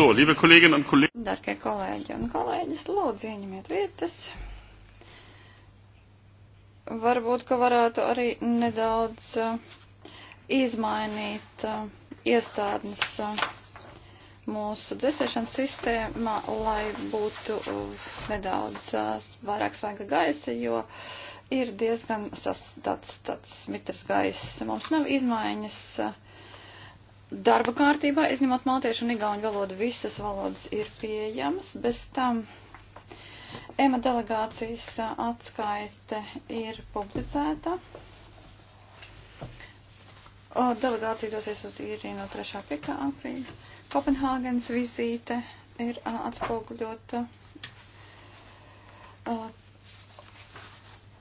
So, liebe Kolleginnen und Kollegen. Darkie kolēģi un kolēģis, lūdzu, ieņemiet vietas. Varbūt, ka varētu arī nedaudz eh, izmainīt eh, iestādnes eh, mūsu dzēsēšanas sistēmā, lai būtu nedaudz vairāk svaiga gaisa, jo ir diezgan sas, tāds, tāds mitrs gaiss. Mums nav izmaiņas. Uh, darba kārtībā, izņemot maltiešu un igauņu valodu, visas valodas ir pieejamas. Bez tam EMA delegācijas atskaite ir publicēta. Delegācija dosies uz īriju no 3. 5. aprīļa. Kopenhāgenes vizīte ir atspoguļota.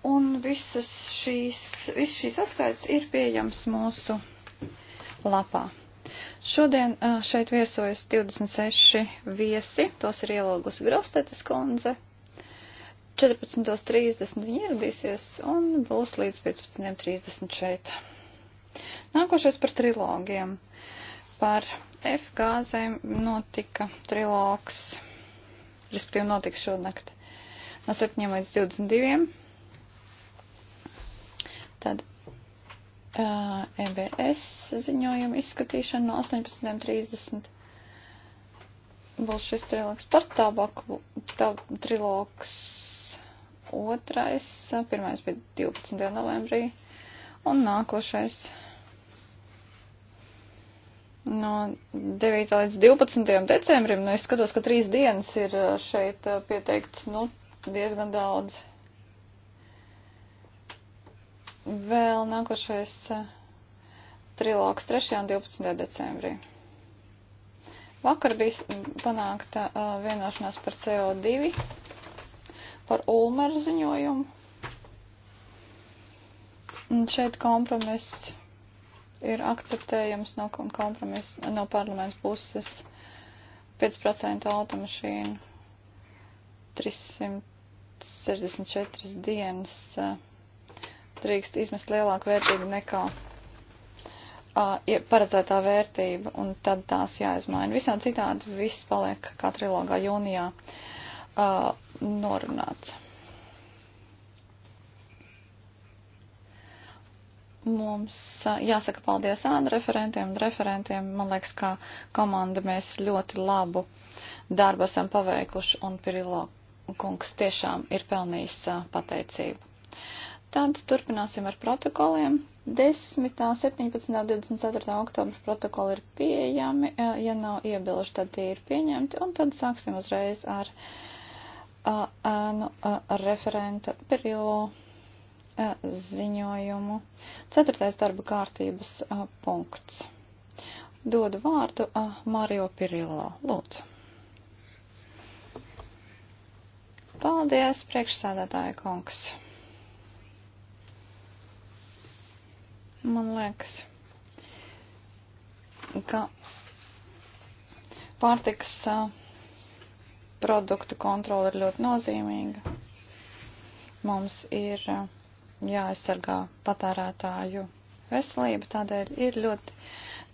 Un visas šīs, visas šīs atskaites ir pieejams mūsu lapā. Šodien šeit viesojas 26 viesi, tos ir ielūgusi Grostetes kundze. 14.30 viņi ieradīsies un būs līdz 15.30 šeit. Nākošais par trilogiem. Par F gāzēm notika trilogs, respektīvi notiks šonakt no 7 līdz 22. Tad EBS ziņojumu izskatīšanu no 18.30. Būs šis trilogs par tabaku, tab, trilogs otrais, pirmais bija 12. novembrī, un nākošais no 9. līdz 12. decembrim, nu es skatos, ka trīs dienas ir šeit pieteikts, nu, diezgan daudz. Vēl nākošais eh, trilogs 3. un 12. decembrī. Vakar bija panākta eh, vienošanās par CO2, par Ulmeru ziņojumu. Un šeit kompromiss ir akceptējams no, kompromis, no parlamenta puses 5% automašīnu 364 dienas. Uh, drīkst izmest lielāku vērtību nekā uh, paredzētā vērtība, un tad tās jāizmaina. Visā citādi viss paliek kā trilogā jūnijā uh, norunāts. Mums uh, jāsaka paldies ānu referentiem un referentiem. Man liekas, ka komanda mēs ļoti labu darbu esam paveikuši, un Pirilo kungs tiešām ir pelnījis uh, pateicību. Tad turpināsim ar protokoliem. 10., 17., 24. oktobra protokoli ir pieejami. E, ja nav iebilžu, tad tie ir pieņemti. Un tad sāksim uzreiz ar ēnu referenta perilo ziņojumu. Ceturtais darba kārtības a, punkts. Dodu vārdu a, Mario Pirillo. Lūdzu. Paldies, priekšsēdētāja kungs. Man liekas, ka pārtikas produktu kontrola ir ļoti nozīmīga. Mums ir jāaizsargā patērētāju veselība, tādēļ ir ļoti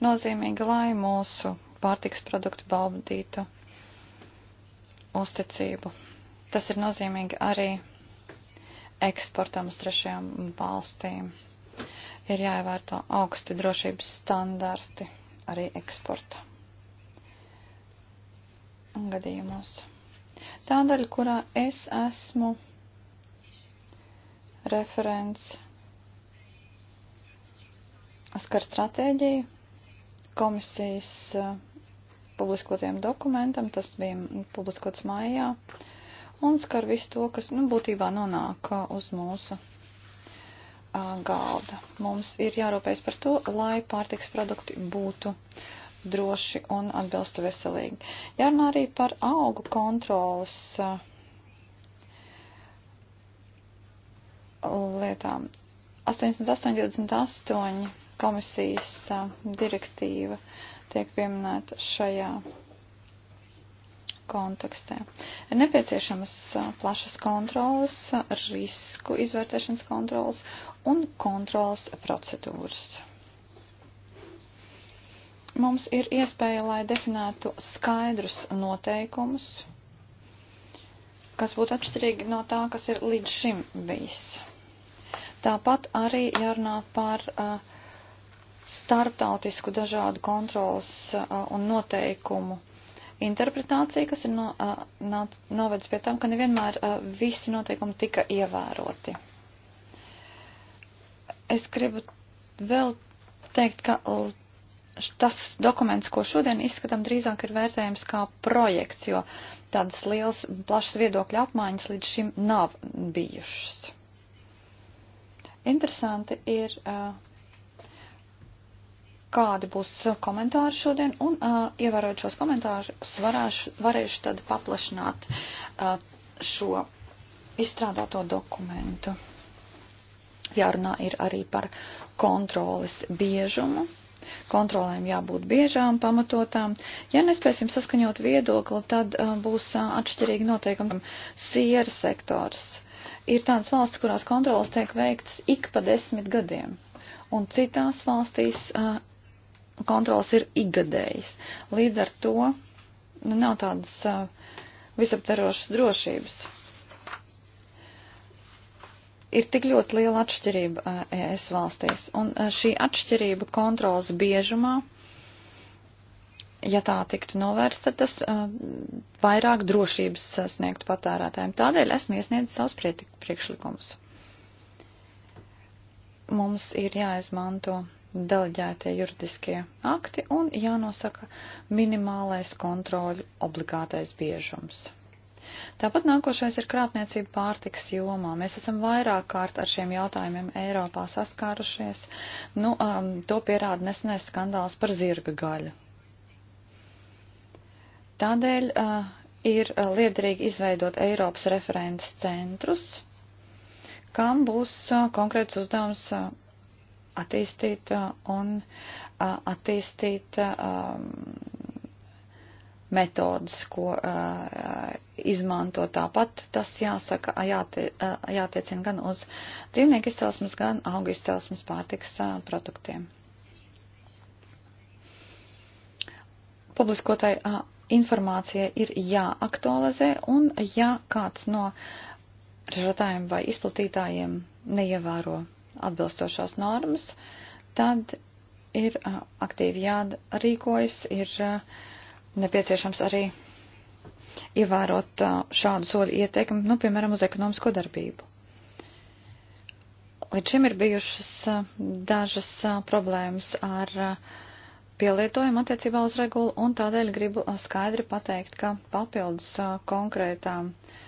nozīmīgi, lai mūsu pārtiks produktu baudītu uzticību. Tas ir nozīmīgi arī eksportam uz trešajām valstīm ir jāievērtā augsti drošības standarti arī eksporta gadījumos. Tā daļa, kurā es esmu referents, skar stratēģiju komisijas eh, publiskotiem dokumentam, tas bija publiskots mājā, un skar visu to, kas, nu, būtībā nonāk eh, uz mūsu galda. Mums ir jārūpējas par to, lai pārtiks produkti būtu droši un atbilstu veselīgi. Jārunā arī par augu kontrolas lietām. 88.28 komisijas direktīva tiek pieminēta šajā kontekstē. Ir nepieciešamas plašas kontrolas, risku izvērtēšanas kontrolas un kontrolas procedūras. Mums ir iespēja, lai definētu skaidrus noteikumus, kas būtu atšķirīgi no tā, kas ir līdz šim bijis. Tāpat arī jārunā par uh, starptautisku dažādu kontrolas uh, un noteikumu uh, interpretācija, kas ir no, nāc, novedis pie tam, ka nevienmēr visi noteikumi tika ievēroti. Es gribu vēl teikt, ka tas dokuments, ko šodien izskatām, drīzāk ir vērtējams kā projekts, jo tādas liels, plašas viedokļa apmaiņas līdz šim nav bijušas. Interesanti ir uh, kādi būs uh, komentāri šodien, un uh, ievērojot šos komentārus, varēšu, varēšu tad paplašināt uh, šo izstrādāto dokumentu. Jārunā ir arī par kontroles biežumu. Kontrolēm jābūt biežām, pamatotām. Ja nespēsim saskaņot viedokli, tad uh, būs uh, atšķirīgi noteikumi siera sektors. Ir tādas valsts, kurās kontrolas tiek veikts ik pa desmit gadiem, un citās valstīs uh, kontrols ir igadējis. Līdz ar to nu, nav tādas uh, visaptverošas drošības. Ir tik ļoti liela atšķirība uh, ES valstīs, un uh, šī atšķirība kontrols biežumā, ja tā tiktu novērsta, tas uh, vairāk drošības sniegtu patērētājiem. Tādēļ esmu iesniedzis savus priekšlikumus. Mums ir jāizmanto deleģētie juridiskie akti un jānosaka minimālais kontroļu obligātais biežums. Tāpat nākošais ir krāpniecība pārtiks jomā. Mēs esam vairāk kārt ar šiem jautājumiem Eiropā saskārušies. Nu, um, to pierāda nesenais skandāls par zirga gaļu. Tādēļ uh, ir uh, liederīgi izveidot Eiropas referents centrus, kam būs uh, konkrēts uzdevums uh, attīstīt un attīstīt metodas, ko izmanto tāpat. Tas jāsaka, jātie, jātiecina gan uz dzīvnieku izcelsmes, gan augu izcelsmes pārtiks produktiem. Publiskotai informācija ir jāaktualizē un ja kāds no ražotājiem vai izplatītājiem neievēro atbilstošās normas, tad ir aktīvi jārīkojas, ir nepieciešams arī ievērot šādu soļu ieteikumu, nu, piemēram, uz ekonomisko darbību. Līdz šim ir bijušas dažas problēmas ar pielietojumu attiecībā uz regulu, un tādēļ gribu skaidri pateikt, ka papildus konkrētām uh,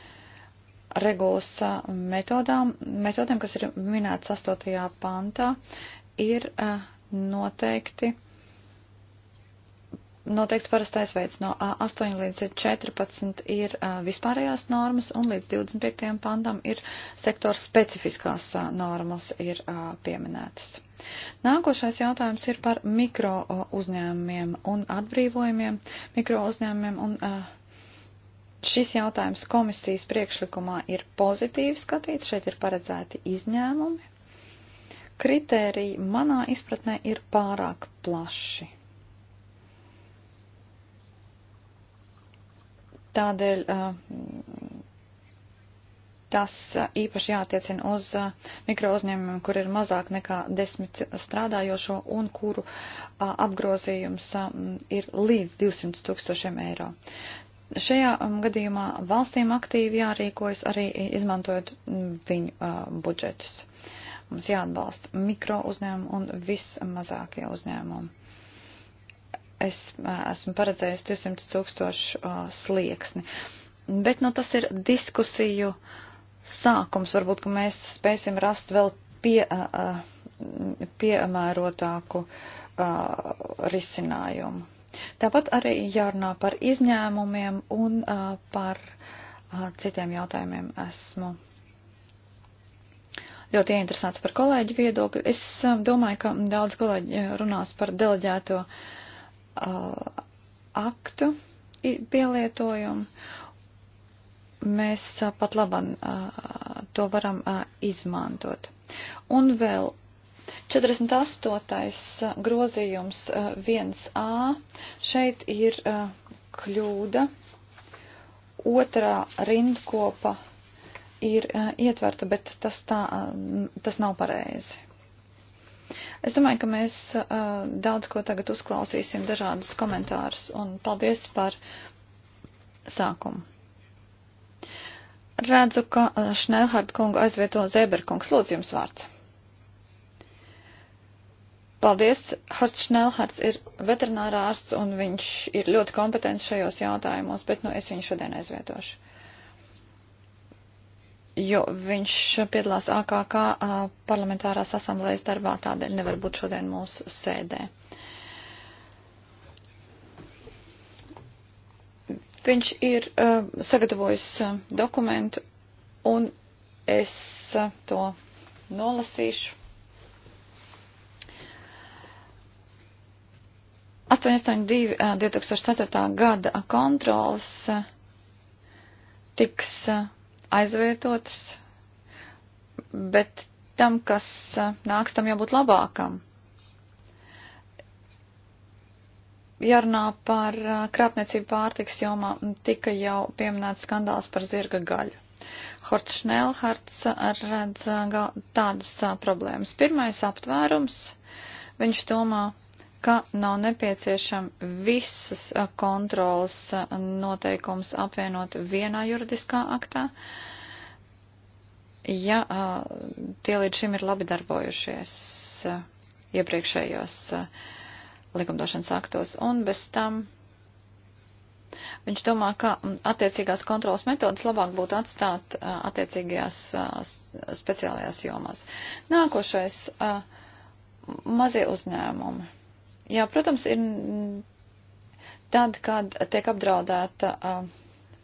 regulas metodām, metodēm, kas ir minētas 8. pantā, ir noteikti, noteikti parastais veids. No 8 līdz 14 ir vispārējās normas un līdz 25. pantam ir sektors specifiskās normas ir pieminētas. Nākošais jautājums ir par mikro uzņēmumiem un atbrīvojumiem, mikro uzņēmumiem un uh, šis jautājums komisijas priekšlikumā ir pozitīvi skatīts, šeit ir paredzēti izņēmumi. Kritēriji manā izpratnē ir pārāk plaši. Tādēļ uh, tas īpaši jātiecina uz uh, mikro uzņēmumiem, kur ir mazāk nekā desmit strādājošo un kuru uh, apgrozījums um, ir līdz 200 tūkstošiem eiro. Šajā um, gadījumā valstīm aktīvi jārīkojas arī izmantojot mm, viņu uh, budžetus. Mums jāatbalsta mikro uzņēmumu un vismazākie uzņēmumi. Es uh, esmu paredzējis 200 tūkstošu uh, slieksni, bet nu, tas ir diskusiju sākums. Varbūt, ka mēs spēsim rast vēl pie, uh, uh piemērotāku uh, risinājumu Tāpat arī jārunā par izņēmumiem un uh, par uh, citiem jautājumiem esmu ļoti ieinteresēts par kolēģu viedokli. Es um, domāju, ka daudz kolēģi runās par deleģēto uh, aktu pielietojumu. Mēs uh, pat labam uh, to varam uh, izmantot. Un vēl 48. Uh, grozījums 1a. Uh, Šeit ir uh, kļūda. Otrā rindkopa ir ietverta, bet tas, tā, tas nav pareizi. Es domāju, ka mēs daudz ko tagad uzklausīsim, dažādus komentārus, un paldies par sākumu. Redzu, ka Šnelhard kungu aizvieto Zēberkungs. Lūdzu, jums vārds. Paldies, Horts Šnelhards ir veterinārārsts un viņš ir ļoti kompetents šajos jautājumos, bet nu es viņu šodien aizvietošu. Jo viņš piedalās AKK parlamentārās asamblējas darbā, tādēļ nevar būt šodien mūsu sēdē. Viņš ir uh, sagatavojis uh, dokumentu un es uh, to nolasīšu 882 2004. gada kontrols tiks aizvietotas, bet tam, kas nāks, tam jābūt labākam. Jārunā par krāpniecību pārtiks jomā tika jau pieminēts skandāls par zirga gaļu. Horts Šnelhards redz tādas problēmas. Pirmais aptvērums, viņš domā, ka nav nepieciešama visas kontrolas noteikums apvienot vienā juridiskā aktā, ja tie līdz šim ir labi darbojušies iepriekšējos likumdošanas aktos. Un bez tam viņš domā, ka attiecīgās kontrolas metodas labāk būtu atstāt attiecīgajās speciālajās jomās. Nākošais - mazie uzņēmumi Jā, protams, ir tad, kad tiek apdraudēta uh,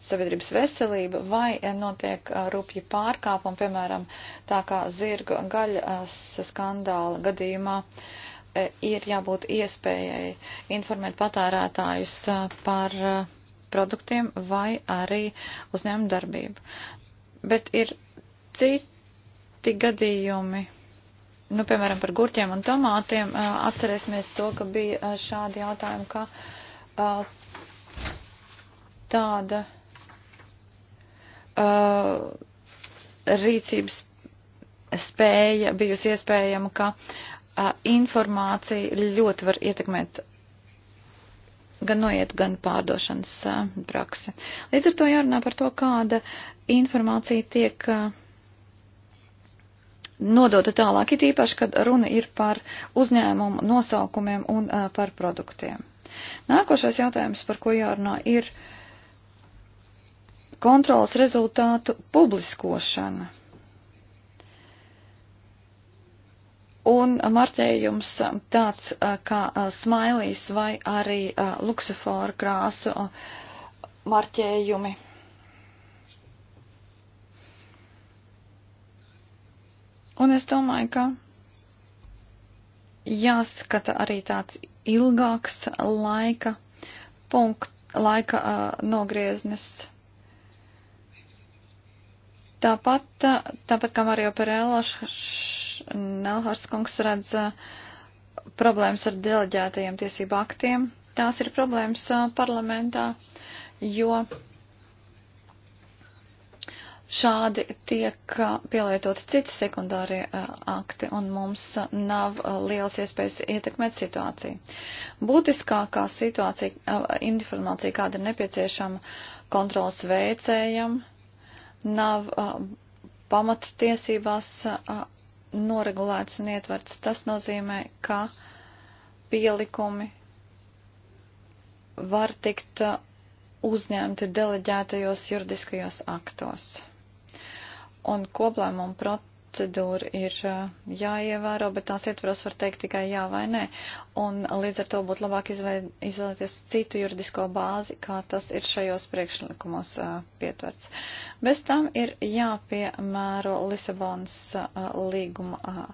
sabiedrības veselība vai notiek uh, rūpju pārkāpumi, piemēram, tā kā zirga gaļas skandāla gadījumā uh, ir jābūt iespējai informēt patērētājus par produktiem vai arī uzņēmumu darbību. Bet ir citi gadījumi, Nu, piemēram, par gurķiem un tomātiem atcerēsimies to, ka bija šādi jautājumi, ka tāda rīcības spēja bijusi iespējama, ka informācija ļoti var ietekmēt gan noiet, gan pārdošanas praksi. Līdz ar to jārunā par to, kāda informācija tiek nodota tālāk, it īpaši, kad runa ir par uzņēmumu nosaukumiem un uh, par produktiem. Nākošais jautājums, par ko jārunā, ir kontrolas rezultātu publiskošana. Un marķējums tāds kā smailijs vai arī luksusforu krāsu marķējumi. Un es domāju, ka jāskata arī tāds ilgāks laika punkt, laika uh, nogrieznes. Tāpat, tāpat kā Mario Perēlā, Nelhārsts kungs redz uh, problēmas ar deleģētajiem tiesību aktiem. Tās ir problēmas uh, parlamentā, jo Šādi tiek pielietoti citi sekundārie akti, un mums nav liels iespējas ietekmēt situāciju. Būtiskākā situācija, informācija, kāda ir nepieciešama kontrols veicējam, nav pamattiesībās noregulēts un ietverts. Tas nozīmē, ka pielikumi var tikt uzņemti deleģētajos juridiskajos aktos un koplēmuma procedūra ir eh, jāievēro, bet tās ietvaros var teikt tikai jā vai nē. Un līdz ar to būtu labāk izvēlēties citu juridisko bāzi, kā tas ir šajos priekšlikumos eh, pietverts. Bez tam ir jāpiemēro Lisabonas eh, līguma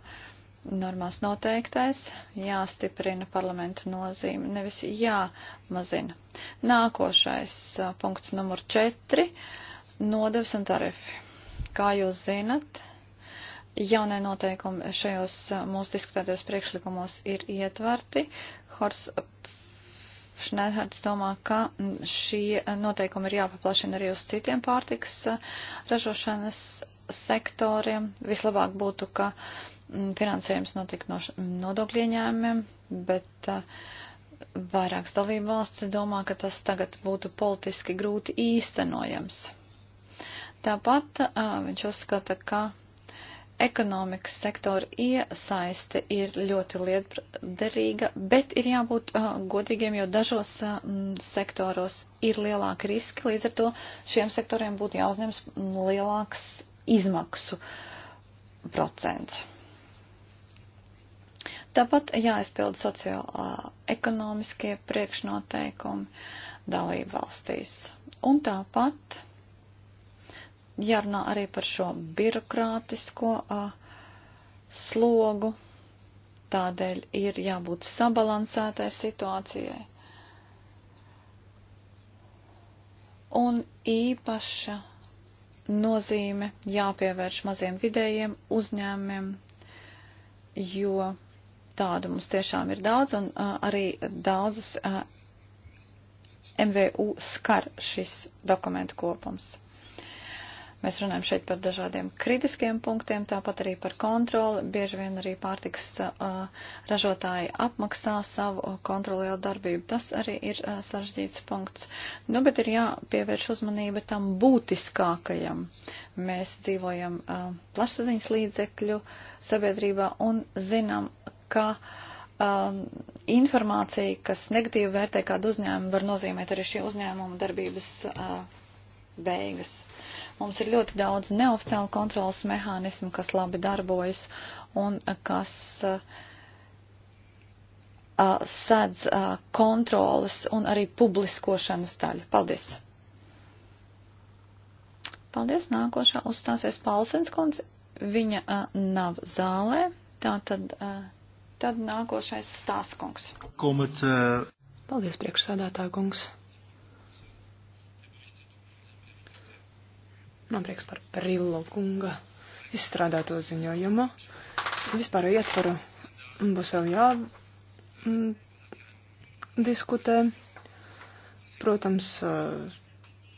normās noteiktais, jāstiprina parlamenta nozīme, nevis jāmazina. Nākošais punkts numur 4 - nodevs un tarifi. Kā jūs zinat, jaunie noteikumi šajos eh, mūsu diskutētajos priekšlikumos ir ietverti. Hors Šnēdhārds domā, ka mm, šī noteikuma ir jāpaplašina arī uz citiem pārtiks eh, ražošanas sektoriem. Vislabāk būtu, ka mm, finansējums notika no nodokļu ieņēmumiem, bet eh, vairākas dalību valsts domā, ka tas tagad būtu politiski grūti īstenojams. Tāpat viņš uzskata, ka ekonomikas sektora iesaiste ir ļoti lietderīga, bet ir jābūt uh, godīgiem, jo dažos um, sektoros ir lielāka riska, līdz ar to šiem sektoriem būtu jāuzņems lielāks izmaksu procents. Tāpat jāizpilda sociālā-ekonomiskie priekšnoteikumi dalību valstīs. Un tāpat jārunā arī par šo birokrātisko uh, slogu. Tādēļ ir jābūt sabalansētai situācijai. Un īpaša nozīme jāpievērš maziem vidējiem uzņēmumiem, jo tādu mums tiešām ir daudz un uh, arī daudzus uh, MVU skar šis dokumentu kopums. Mēs runājam šeit par dažādiem kritiskiem punktiem, tāpat arī par kontroli. Bieži vien arī pārtiks uh, ražotāji apmaksā savu uh, kontrolēlu darbību. Tas arī ir uh, sarežģīts punkts. Nu, bet ir jāpievērš uzmanība tam būtiskākajam. Mēs dzīvojam uh, plašsaziņas līdzekļu sabiedrībā un zinām, ka. Um, informācija, kas negatīvi vērtē kādu uzņēmumu, var nozīmēt arī šī uzņēmuma darbības uh, beigas. Mums ir ļoti daudz neoficiālu kontrolas mehānismu, kas labi darbojas un kas sēdz kontrolas un arī publiskošanas daļu. Paldies! Paldies! Nākošā uzstāsies Pālsens kundze. Viņa a, nav zālē. Tā tad, a, tad nākošais stāsts kungs. Komet, uh... Paldies, priekšsādātā kungs! Man prieks par Perillo kunga izstrādāto ziņojumu. Vispār ietvaru būs vēl jādiskutē. Mm, Protams,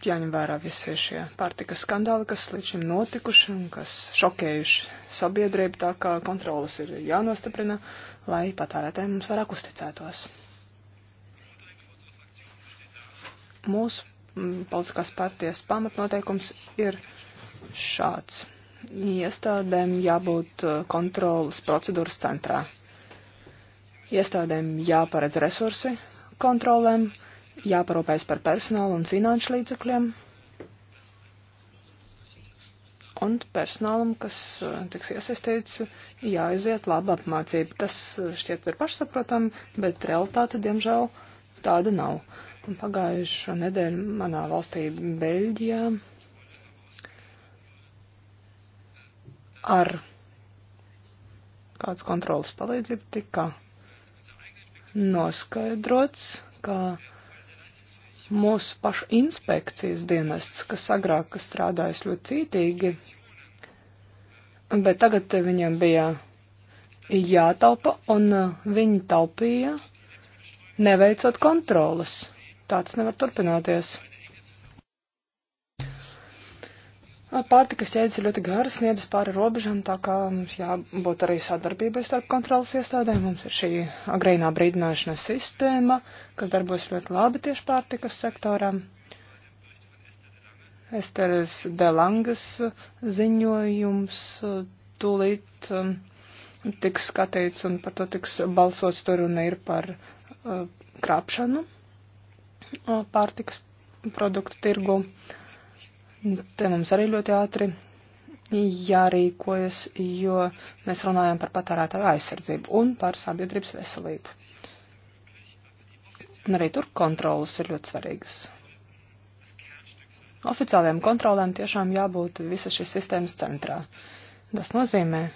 jāņem vērā visi šie pārtikas skandāli, kas līdz šim notikuši un kas šokējuši sabiedrību, tā kā kontrolas ir jānostiprina, lai patērētāji mums vairāk uzticētos. Mūsu politiskās partijas pamatnoteikums ir šāds. Iestādēm jābūt uh, kontrolas procedūras centrā. Iestādēm jāparedz resursi kontrolēm, jāparūpējas par personālu un finanšu līdzekļiem. Un personālam, kas uh, tiks iesaistīts, jāiziet laba apmācība. Tas uh, šķiet ir pašsaprotam, bet realitāte, diemžēl, tāda nav. Uh, Pagājušo nedēļu manā valstī Beļģijā ar kāds kontrolas palīdzību tika noskaidrots, ka mūsu pašu inspekcijas dienests, kas agrāk strādājas ļoti cītīgi, bet tagad viņiem bija jātaupa, un viņi taupīja, neveicot kontrolas. Tāds nevar turpināties. Pārtikas ķēdes ir ļoti garas, sniedzas pāri robežām, tā kā mums jābūt arī sadarbībai starp kontrolas iestādēm. Mums ir šī agrīnā brīdināšanas sistēma, kas darbojas ļoti labi tieši pārtikas sektorā. Esteres Delangas ziņojums eh, tūlīt eh, tiks skatīts un par to tiks balsots tur un ir par uh, krāpšanu pārtikas produktu tirgu. Te mums arī ļoti ātri jārīkojas, jo mēs runājam par patērētāju aizsardzību un par sabiedrības veselību. Un arī tur kontrolas ir ļoti svarīgas. Oficiālajām kontrolēm tiešām jābūt visa šīs sistēmas centrā. Tas nozīmē,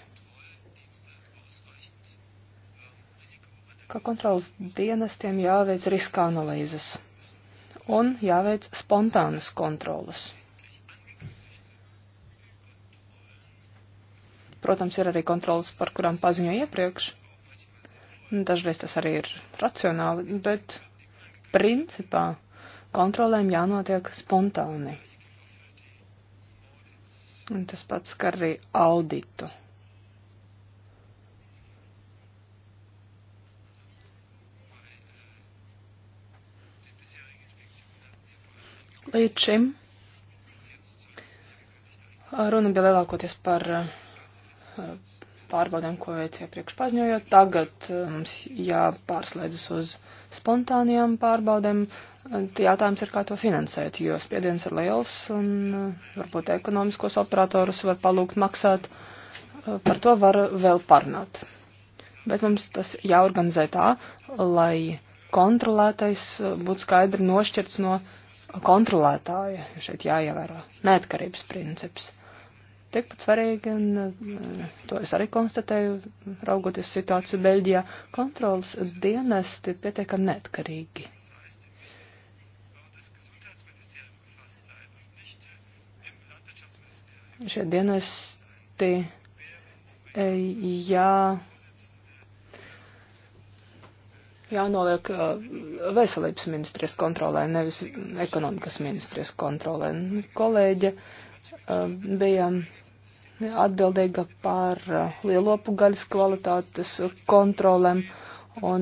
ka kontrolas dienestiem jāveic riska analīzes un jāveic spontānas kontrolas. Protams, ir arī kontrolas, par kurām paziņo iepriekš. Dažreiz tas arī ir racionāli, bet principā kontrolēm jānotiek spontāni. Un tas pats, kā arī auditu. Līdz šim runa bija lielākoties par eh, pārbaudēm, ko veic iepriekš paziņojot. Tagad eh, mums jāpārslēdzas uz spontānajām pārbaudēm. Jātājums ir, kā to finansēt, jo spiediens ir liels un eh, varbūt ekonomiskos operatorus var palūgt maksāt. Par to var vēl parunāt. Bet mums tas jāorganizē tā, lai kontrolētais būtu skaidri nošķirts no kontrolētāja, šeit jāievēro neatkarības princips. Tikpat svarīgi, un e, to es arī konstatēju, raugoties situāciju Beļģijā, kontrolas dienesti pietiekami neatkarīgi. Šie dienesti e, jā. Ja jānoliek veselības ministrijas kontrolē, nevis ekonomikas ministrijas kontrolē. Nu, kolēģe bija atbildīga par lielopu gaļas kvalitātes kontrolēm, un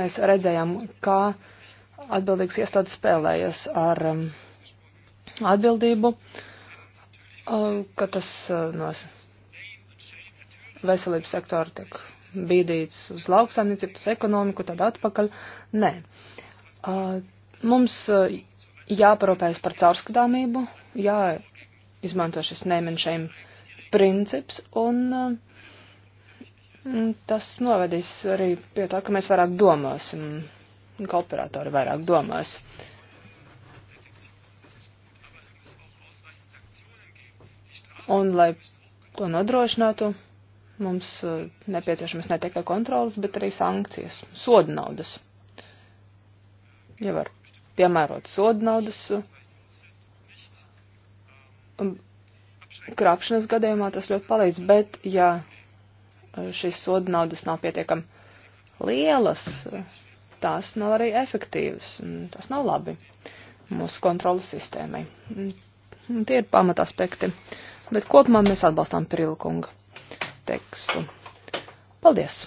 mēs redzējām, kā atbildīgs iestādes spēlējas ar atbildību, ka tas no veselības sektora tiek bīdīts uz lauksaimniecību, uz ekonomiku, tad atpakaļ. Nē. Uh, mums uh, jāparūpējas par caurskatāmību, jāizmanto šis nemenšajiem princips, un uh, tas novedīs arī pie tā, ka mēs vairāk domāsim, ka operatori vairāk domās. Un, lai to nodrošinātu, Mums eh, nepieciešamas ne tikai kontrolas, bet arī sankcijas, soda naudas. Ja var piemērot soda naudas, um, krāpšanas gadījumā tas ļoti palīdz, bet ja eh, šīs soda naudas nav pietiekami lielas, tās nav arī efektīvas, tas nav labi mūsu kontrolas sistēmai. Tie ir pamataspekti, bet kopumā mēs atbalstām Prilkunga tekstu. Paldies!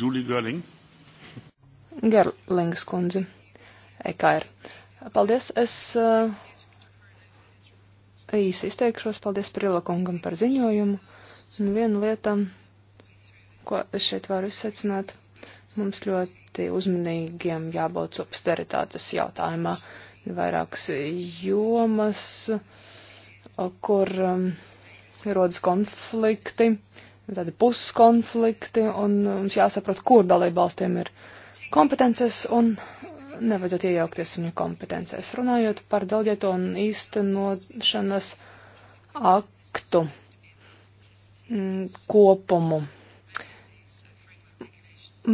Julie Gerling. Gerlings kundze. EKR. Paldies. Es uh, īsi izteikšos. Paldies Prilakungam par ziņojumu. Un viena lieta, ko es šeit varu izsacināt, mums ļoti uzmanīgiem jābūt subsidiaritātes jautājumā. Uh, Ir vairākas jomas, kur um, rodas konflikti, tādi puskonflikti, un mums jāsaprot, kur dalība valstīm ir kompetences un nevajadzētu iejaukties viņu kompetencēs. Runājot par delģeto un īstenošanas aktu mm, kopumu.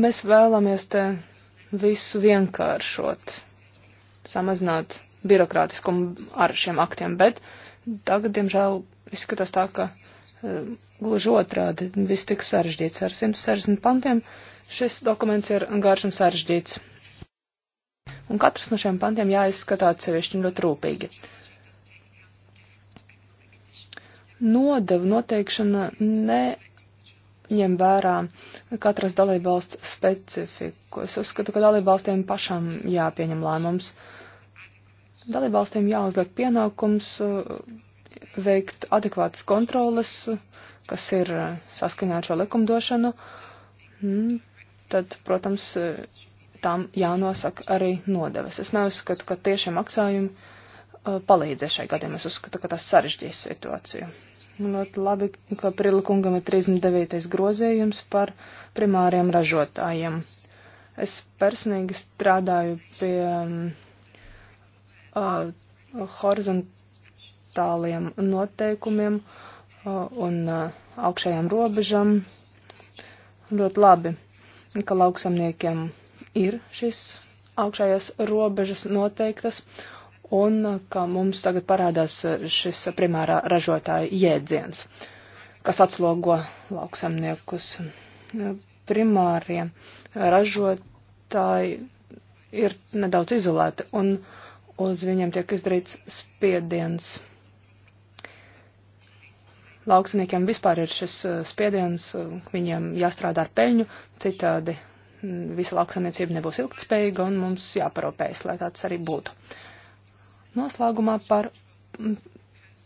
Mēs vēlamies te visu vienkāršot samazināt birokrātiskumu ar šiem aktiem, bet tagad, diemžēl, izskatās tā, ka uh, gluži otrādi viss tik sarežģīts ar 160 pantiem. Šis dokuments ir garš un sarežģīts. Un katrs no šiem pantiem jāizskatā atsevišķi ļoti rūpīgi. Nodevu noteikšana ne ņem vērā katras dalībvalsts specifiku. Es uzskatu, ka dalībvalstiem pašām jāpieņem lēmums. Uh, Dalībvalstīm jāuzliek pienākums uh, veikt adekvātas kontroles, kas ir uh, saskaņā ar šo likumdošanu. Mm, tad, protams, uh, tām jānosaka arī nodevas. Es neuzskatu, ka tiešie maksājumi palīdzēs šai gadījumā. Es uzskatu, ka tas sarežģīs situāciju. Ļoti labi, ka Prila kungam ir 39. grozījums par primāriem ražotājiem. Es personīgi strādāju pie um, uh, horizontāliem noteikumiem uh, un uh, augšējām robežām. Ļoti labi, ka lauksamniekiem ir šis augšējās robežas noteiktas un uh, ka mums tagad parādās uh, šis primārā ražotāja jēdziens, kas atslogo lauksamniekus. Uh, primārie ražotāji ir nedaudz izolēti un uh, uz viņiem tiek izdarīts spiediens. Lauksaniekiem vispār ir šis uh, spiediens, uh, viņiem jāstrādā ar peļņu, citādi mm, visa lauksaniecība nebūs ilgtspējīga un mums jāparūpējas, lai tāds arī būtu. Noslēgumā par mm,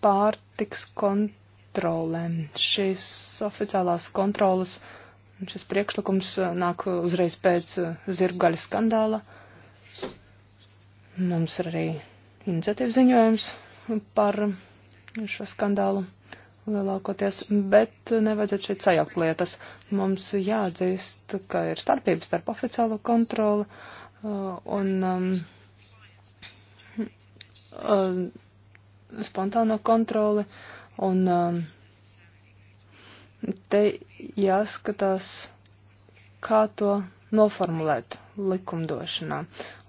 pārtiks kontrolēm. Šīs oficiālās kontrolas, šis priekšlikums uh, nāk uzreiz pēc zirgaļa skandāla. Uh, Mums ir arī iniciatīvas ziņojums par šo skandālu lielākoties, bet nevajadzētu šeit sajaukt lietas. Mums jāatzīst, ka ir starpības starp oficiālo kontroli uh, un um, um, spontāno kontroli, un um, te jāskatās, kā to noformulēt likumdošanā.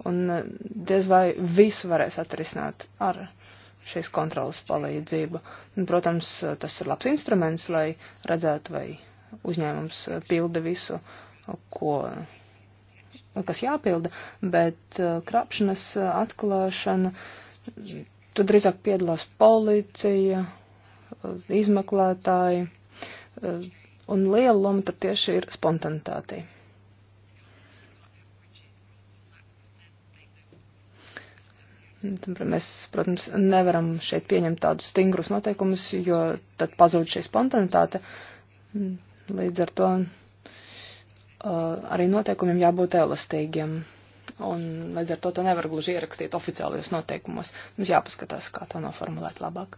Un eh, diez vai visu varēs atrisināt ar šīs kontrolas palīdzību. Un, protams, eh, tas ir labs instruments, lai redzētu, vai uzņēmums eh, pilda visu, ko, kas jāpilda, bet krāpšanas atklāšana, tur drīzāk piedalās policija, izmeklētāji, un liela loma tad tieši ir spontanitātei. Mēs, protams, nevaram šeit pieņemt tādus stingrus noteikumus, jo tad pazūd šī spontanitāte. Līdz ar to uh, arī noteikumiem jābūt elastīgiem. Un līdz ar to to nevar gluži ierakstīt oficiālajos noteikumos. Mums jāpaskatās, kā to noformulēt labāk.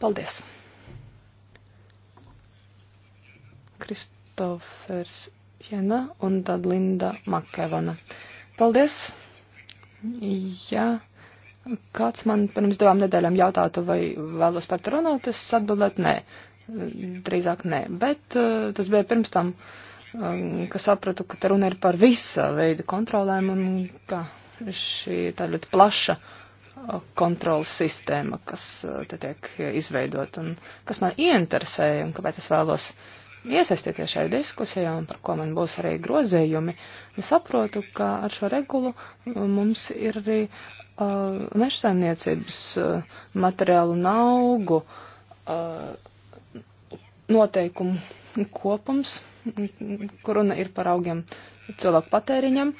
Paldies! Kristofers Jena un tad Linda Makevana. Paldies! Jā. Ja Kāds man pirms divām nedēļām jautātu, vai vēlos par to runāt, es atbildētu nē. Drīzāk nē. Bet uh, tas bija pirms tam, um, ka sapratu, ka te runa ir par visa veida kontrolēm un ka šī tā ļoti plaša eh, kontrolas sistēma, kas te tiek izveidot un kas man ieinteresēja un kāpēc es vēlos iesaistīties šajā diskusijā un par ko man būs arī grozējumi. Es saprotu, ka ar šo regulu mums ir arī Uh, mežsaimniecības uh, materiālu un augu uh, noteikumu kopums, kur runa ir par augiem cilvēku patēriņam,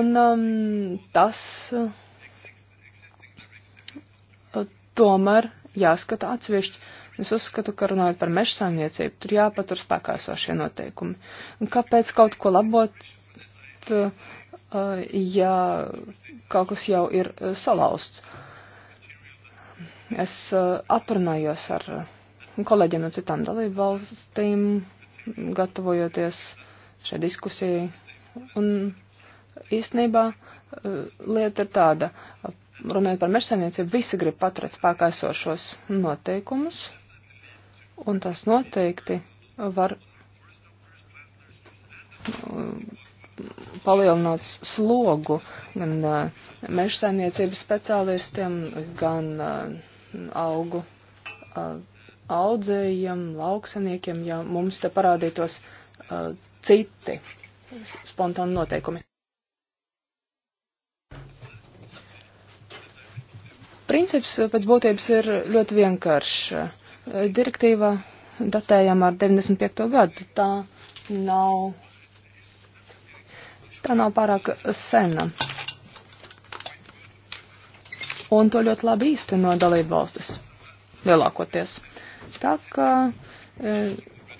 un um, tas uh, tomēr jāskata atsevišķi. Es uzskatu, ka runājot par mežsaimniecību, tur jāpatur spēkā sošie noteikumi. Un kāpēc kaut ko labot, Eh, ja kaut kas jau ir eh, salausts. Es eh, aprunājos ar kolēģiem no citām dalību valstīm, gatavojoties šai diskusijai. Un īstenībā lieta ir tāda, runājot par mežsaimniecību, visi grib paturēt spēkā esošos noteikumus, un tas noteikti var palielināt slogu gan uh, meža saimniecības speciālistiem, gan uh, augu uh, audzējiem, lauksaniekiem, ja mums te parādītos uh, citi spontāni noteikumi. Princips pēc būtības ir ļoti vienkāršs. Direktīva datējama ar 95. gadu. Tā nav tā nav pārāk sena. Un to ļoti labi īsteno dalību valstis lielākoties. Tā kā e,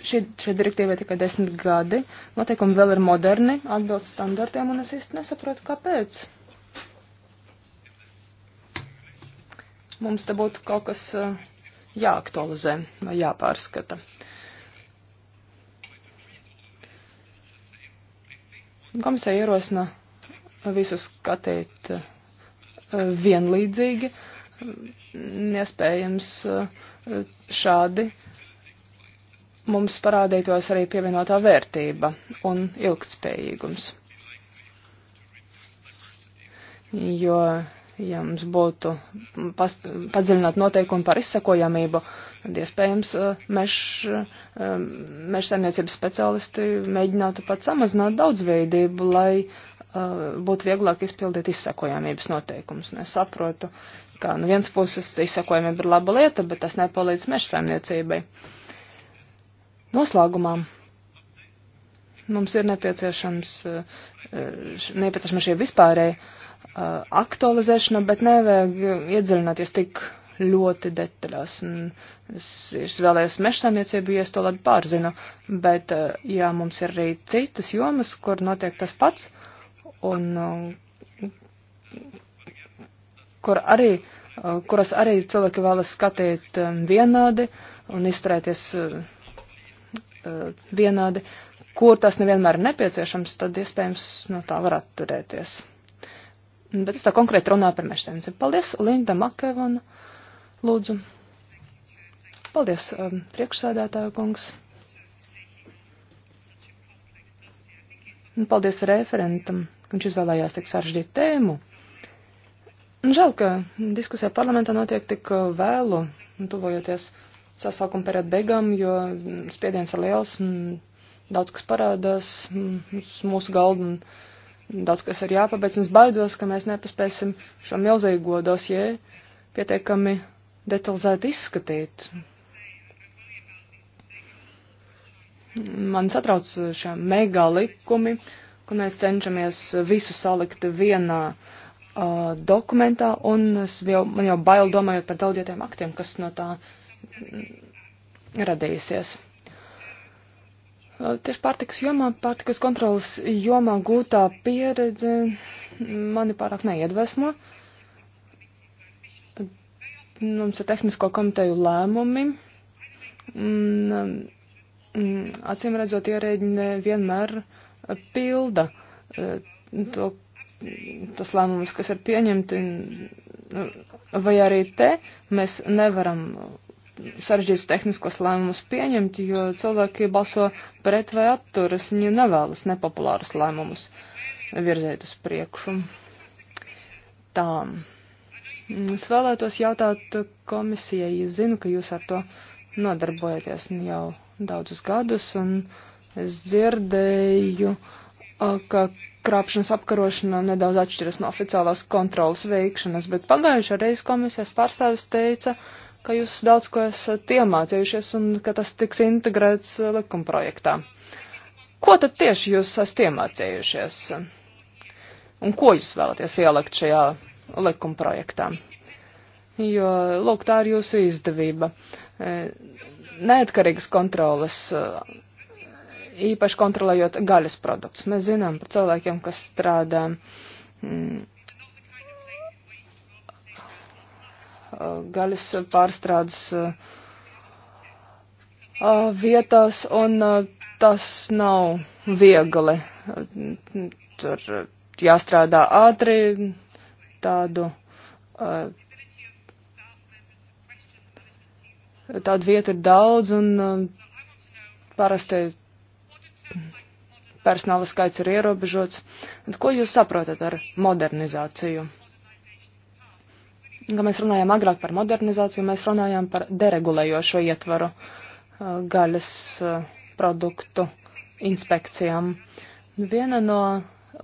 šī, šī direktīva ir tikai desmit gadi, noteikumi vēl ir moderni, atbilst standartiem, un es īsti nesaprotu, kāpēc. Mums te būtu kaut kas e, jāaktualizē vai jāpārskata. Komisija ierosina visus skatīt eh, vienlīdzīgi, iespējams eh, šādi mums parādītos arī pievienotā vērtība un ilgtspējīgums. Jo ja mums būtu past, padziļināt noteikumi par izsakojamību, tad iespējams eh, meš, eh, mežsaimniecības speciālisti mēģinātu pat samazināt daudzveidību, lai uh, būtu vieglāk izpildīt izsakojamības noteikumus. Es saprotu, ka no nu, vienas puses izsakojamība ir laba lieta, bet tas nepalīdz mežsaimniecībai. Noslēgumā mums ir nepieciešams, nepieciešama šie vispārēji Uh, aktualizēšana, bet nevajag iedziļināties tik ļoti detaļās. Un es, es vēlējos mežsaimniecību, ja es to labi pārzinu, bet uh, jā, mums ir arī citas jomas, kur notiek tas pats, un uh, kur arī, kuras arī cilvēki vēlas skatīt um, vienādi un izturēties vienādi, kur tas nevienmēr ir nepieciešams, tad iespējams no tā var atturēties. Nu, bet es tā konkrēti runāju par mežsēmniecību. Paldies, Linda Makevana, lūdzu. Paldies, um, priekšsēdētāju kungs. Un paldies referentam, ka viņš izvēlējās tik saržģīt tēmu. Un žēl, ka diskusija parlamentā notiek tik uh, vēlu, tuvojoties sasaukuma periodu beigām, jo spiediens ir liels un daudz kas parādās mm, uz mūsu galdu. Un, Daudz kas ir jāpabeidz, un es baidos, ka mēs nepaspēsim šo milzīgo dosie pietiekami detalizēti izskatīt. Man satrauc šie mega likumi, ka mēs cenšamies visu salikt vienā uh, dokumentā, un es jau, man jau bail domājot par daudzietiem aktiem, kas no tā mm, radīsies. Tieši pārtikas jomā, pārtikas kontrolas jomā gūtā pieredze mani pārāk neiedvesmo. Mums ir tehnisko komiteju lēmumi. Acīm redzot, ierēģi vienmēr pilda to, tas lēmums, kas ir pieņemti, nu, vai arī te mēs nevaram sarežģītus tehniskos lēmumus pieņemt, jo cilvēki balso pret vai atturas, viņi nevēlas nepopulārus lēmumus virzēt uz priekšu. Tā. Es vēlētos jautāt komisijai, es zinu, ka jūs ar to nodarbojaties nu, jau daudzus gadus, un es dzirdēju, ka krāpšanas apkarošana nedaudz atšķiras no oficiālās kontrolas veikšanas, bet pagājušā reiz komisijas pārstāvis teica, uh, ka jūs daudz ko esat iemācījušies un ka tas tiks integrēts uh, likumprojektā. Ko tad tieši jūs esat iemācījušies? Un ko jūs vēlaties ielikt šajā likumprojektā? Jo, lūk, tā ir jūsu izdevība. E, neatkarīgas kontrolas, e, īpaši kontrolējot gaļas produktus. Mēs zinām par cilvēkiem, kas strādā. Mm, gaļas pārstrādes vietās, un tas nav viegli. Tur jāstrādā ātri tādu. Tādu vietu ir daudz, un parasti personāla skaits ir ierobežots. Un ko jūs saprotat ar modernizāciju? ka mēs runājām agrāk par modernizāciju, mēs runājām par deregulējošo ietvaru uh, gaļas uh, produktu inspekcijām. Viena no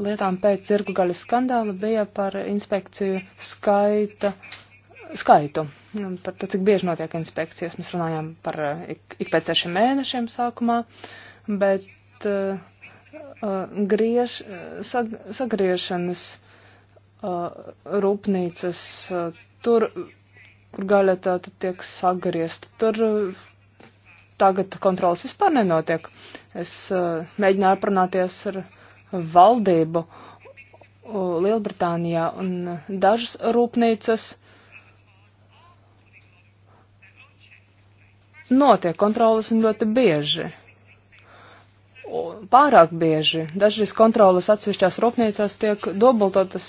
lietām pēc zirgu gaļas skandāla bija par inspekciju skaita, skaitu, par to, cik bieži notiek inspekcijas. Mēs runājām par uh, ik, ik pēc sešiem mēnešiem sākumā, bet uh, griež, sag, sagriešanas uh, rūpnīcas uh, Tur, kur gaļa tāda tiek sagriezta, tur eh, tagad kontrolas vispār nenotiek. Es uh, mēģināju aprunāties ar valdību uh, Lielbritānijā un dažas rūpnīcas notiek kontrolas un ļoti bieži. Pārāk bieži. Dažreiz kontrolas atsevišķās rūpnīcās tiek dobultotas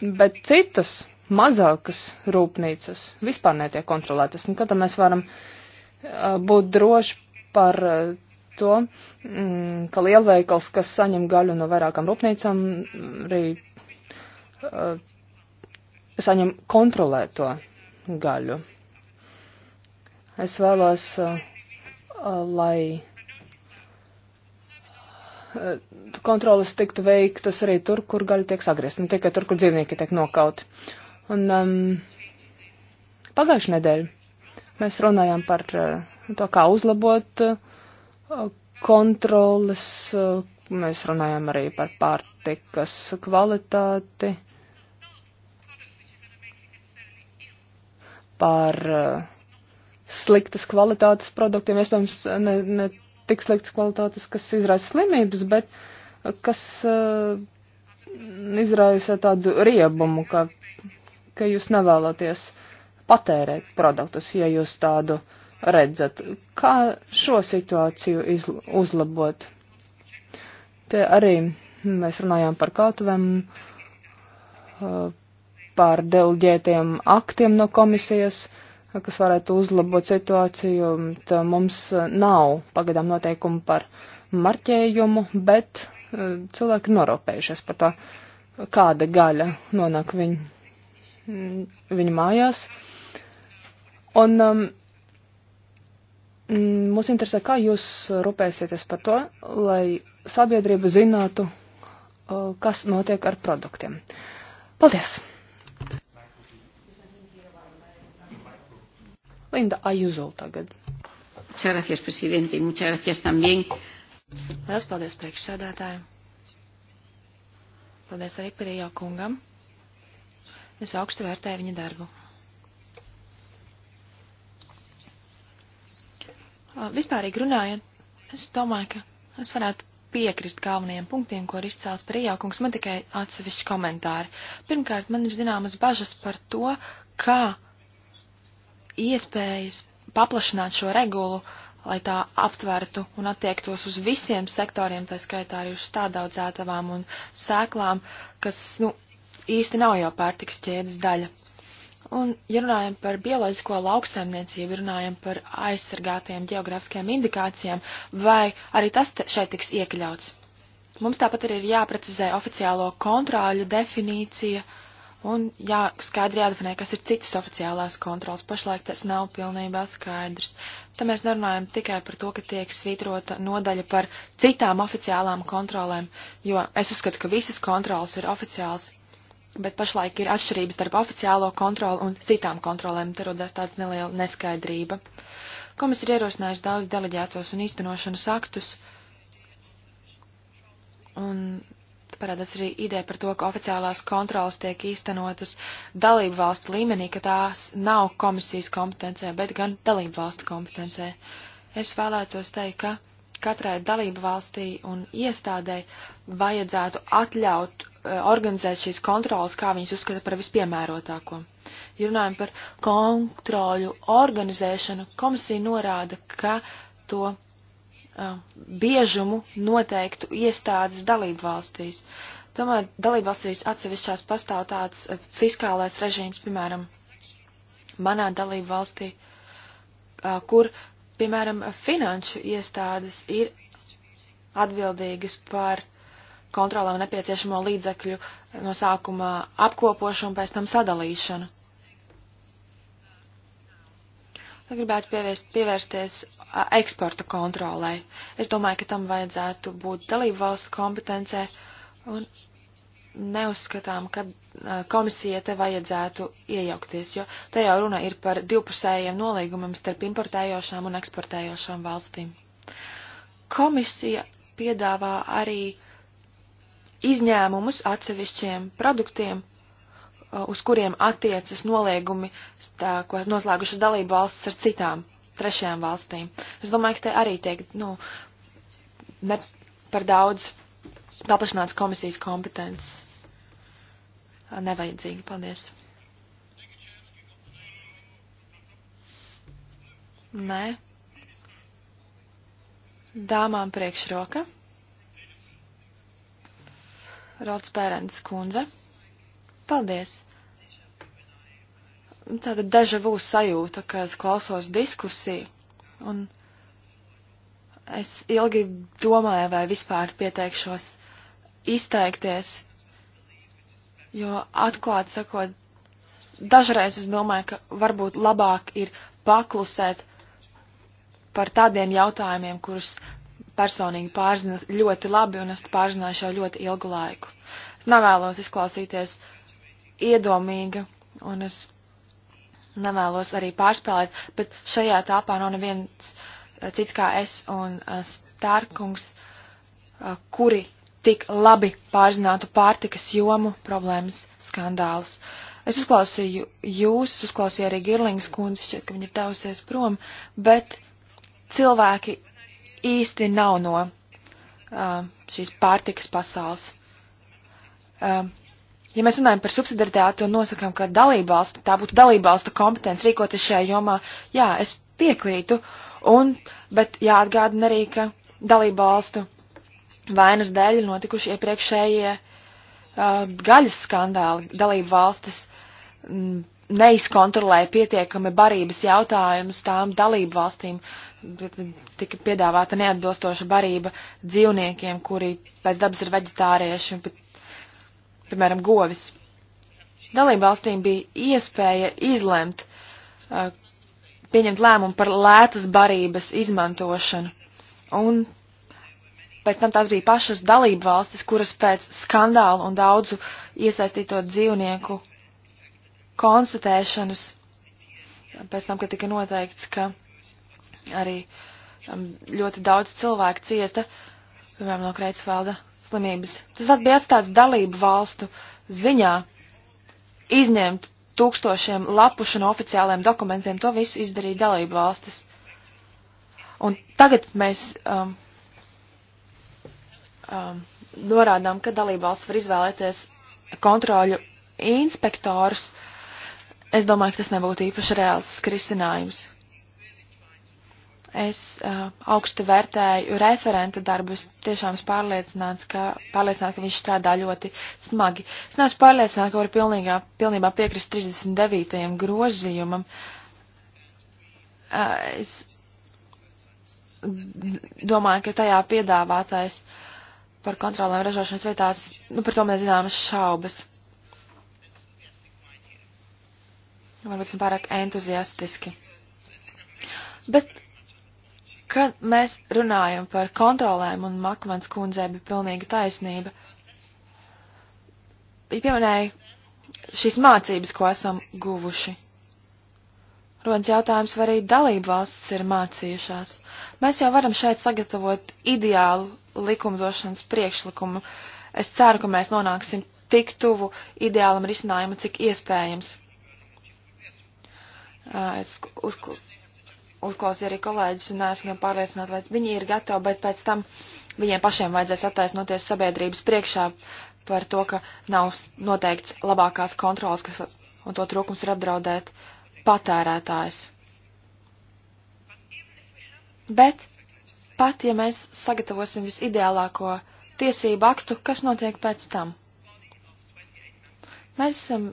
bet citas mazākas rūpnīcas vispār netiek kontrolētas. Un nu, tad mēs varam būt droši par to, mm, ka lielveikals, kas saņem gaļu no vairākām rūpnīcām, arī saņem kontrolēto gaļu. Es vēlos, lai Eh, kontrolas tiktu veiktas arī tur, kur gaļa tiek sagriezt, ne nu, tikai tur, kur dzīvnieki tiek nokauti. Un um, pagājušajā nedēļā mēs runājām par uh, to, kā uzlabot uh, kontrolas, uh, mēs runājām arī par pārtikas kvalitāti, par uh, sliktas kvalitātes produktiem, iespējams, ne, ne tik sliktas kvalitātes, kas izraisa slimības, bet uh, kas uh, izraisa tādu riebumu, ka, ka jūs nevēlaties patērēt produktus, ja jūs tādu redzat. Kā šo situāciju izl uzlabot? Te arī mēs runājām par kautuvēm, uh, par delģētiem aktiem no komisijas. Uh, kas varētu uzlabot situāciju. Tā mums eh, nav pagadām noteikumu par marķējumu, bet eh, cilvēki noropējušies par to, kāda gaļa nonāk viņu, viņu mājās. Un um, mm, mūs interesē, kā jūs rūpēsieties par to, lai sabiedrība zinātu, uh, kas notiek ar produktiem. Paldies! Linda Ajuzo tagad. Muchas gracias, presidente, muchas gracias también. Lielas paldies priekšsēdētājiem. Paldies arī Pirījā kungam. Es augstu vērtēju viņa darbu. Vispārīgi runājot, es domāju, ka es varētu piekrist galvenajiem punktiem, ko ir izcēlis Pirījākungs, man tikai atsevišķi komentāri. Pirmkārt, man ir zināmas bažas par to, kā iespējas paplašināt šo regulu, lai tā aptvertu un attiektos uz visiem sektoriem, tā skaitā arī uz stādaudzētavām un sēklām, kas, nu, īsti nav jau pārtiks ķēdes daļa. Un, ja runājam par bioloģisko lauksaimniecību, runājam par aizsargātajiem geogrāfiskajiem indikācijām, vai arī tas te, šeit tiks iekļauts? Mums tāpat arī ir jāprecizē oficiālo kontroļu definīcija, uh, Un jāskaidri jādefinē, kas ir citas oficiālās kontrols. Pašlaik tas nav pilnībā skaidrs. Te mēs nerunājam tikai par to, ka tiek svītrota nodaļa par citām oficiālām kontrolēm, jo es uzskatu, ka visas kontrols ir oficiāls, bet pašlaik ir atšķirības starp oficiālo kontroli un citām kontrolēm. Te rodās tāda neliela neskaidrība. Komisija ir ierosinājusi daudz deleģētos un īstenošanas aktus. Un parādās arī ideja par to, ka oficiālās kontrolas tiek īstenotas dalību valstu līmenī, ka tās nav komisijas kompetencē, bet gan dalību valstu kompetencē. Es vēlētos teikt, ka katrai dalību valstī un iestādēji vajadzētu atļaut uh, organizēt šīs kontrolas, kā viņas uzskata par vispiemērotāko. Ja runājam par kontroļu organizēšanu, komisija norāda, ka to uh, biežumu noteiktu iestādes dalību valstīs. Tomēr dalību valstīs atsevišķās pastāv tāds uh, fiskālais režīms, piemēram, manā dalību valstī, uh, kur, piemēram, finanšu iestādes ir atbildīgas par kontrolēm nepieciešamo līdzekļu no sākuma apkopošanu, pēc tam sadalīšanu. gribētu pievērst, pievērsties eksporta kontrolai. Es domāju, ka tam vajadzētu būt dalību valstu kompetencē un neuzskatām, ka komisija te vajadzētu iejaukties, jo te jau runa ir par divpusējiem nolīgumiem starp importējošām un eksportējošām valstīm. Komisija piedāvā arī izņēmumus atsevišķiem produktiem, Uh, uz kuriem attiecas noliegumi, tā, ko noslēgušas dalību valsts ar citām trešajām valstīm. Es domāju, ka te arī tiek, nu, ne par daudz paplašināts komisijas kompetences. Uh, nevajadzīgi, paldies. Nē. Dāmām priekšroka. Rots Pērens kundze. Paldies! Tāda deja vu sajūta, ka es klausos diskusiju, un es ilgi domāju, vai vispār pieteikšos izteikties, jo atklāt sakot, dažreiz es domāju, ka varbūt labāk ir paklusēt par tādiem jautājumiem, kurus personīgi pārzinu ļoti labi, un es pārzināšu jau ļoti ilgu laiku. Es nevēlos izklausīties uh, iedomīga, un es nevēlos arī pārspēlēt, bet šajā tāpā nav neviens eh, cits kā es un eh, Stārkungs, eh, kuri tik labi pārzinātu pārtikas jomu problēmas skandālus. Es uzklausīju jūs, es uzklausīju arī Girlings kundzi, šķiet, ka viņa ir devusies prom, bet cilvēki īsti nav no uh, šīs pārtikas pasaules. Uh, ja mēs runājam par subsidiaritāti un nosakām, ka dalībvalstu, tā būtu dalībvalstu kompetence rīkoties šajā jomā, jā, es piekrītu, un, bet jāatgādina arī, ka dalībvalstu vainas dēļ notikuši iepriekšējie uh, gaļas skandāli dalību valstis. M, mm, neizkontrolēja pietiekami barības jautājumus tām dalību valstīm. Tika piedāvāta neatbilstoša barība dzīvniekiem, kuri pēc dabas ir veģetārieši, bet piemēram, govis. Dalībvalstīm bija iespēja izlemt, uh, pieņemt lēmumu par lētas barības izmantošanu. Un pēc tam tās bija pašas dalībvalstis, kuras pēc skandāla un daudzu iesaistīto dzīvnieku konstatēšanas, pēc tam, kad tika noteikts, ka arī um, ļoti daudz cilvēku ciesta, uh, piemēram, no Kreitsfelda slimības. Tas bija atstāts dalību valstu ziņā izņemt tūkstošiem lapušu no oficiāliem dokumentiem. To visu izdarīja dalību valstis. Un tagad mēs um, um, norādām, ka dalību valsts var izvēlēties kontroļu inspektorus. Es domāju, ka tas nebūtu īpaši reāls risinājums. Es uh, augstu vērtēju referenta darbu. Es tiešām esmu pārliecināts, ka, pārliecināts, ka viņš strādā ļoti smagi. Es neesmu pārliecināts, ka varu pilnīgā, pilnībā piekrist 39. grozījumam. Uh, es domāju, ka tajā piedāvātais par kontrolēm ražošanas vietās, nu, par to mēs zinām šaubas. Varbūt esmu pārāk entuziastiski. Bet Kad mēs runājam par kontrolēm, un Makmans kundzē bija pilnīga taisnība, bija pieminēja šīs mācības, ko esam guvuši. Rodas jautājums, vai arī dalību valstis ir mācījušās. Mēs jau varam šeit sagatavot ideālu likumdošanas priekšlikumu. Es ceru, ka mēs nonāksim tik tuvu ideālam risinājumam, cik iespējams. Es uzkl uzklausīju arī kolēģis un esmu gan pārliecināta, vai viņi ir gatavi, bet pēc tam viņiem pašiem vajadzēs attaisnoties sabiedrības priekšā par to, ka nav noteikts labākās kontrolas, kas, un to trūkums ir apdraudēt patērētājs. Bet pat ja mēs sagatavosim visideālāko tiesību aktu, kas notiek pēc tam? Mēs esam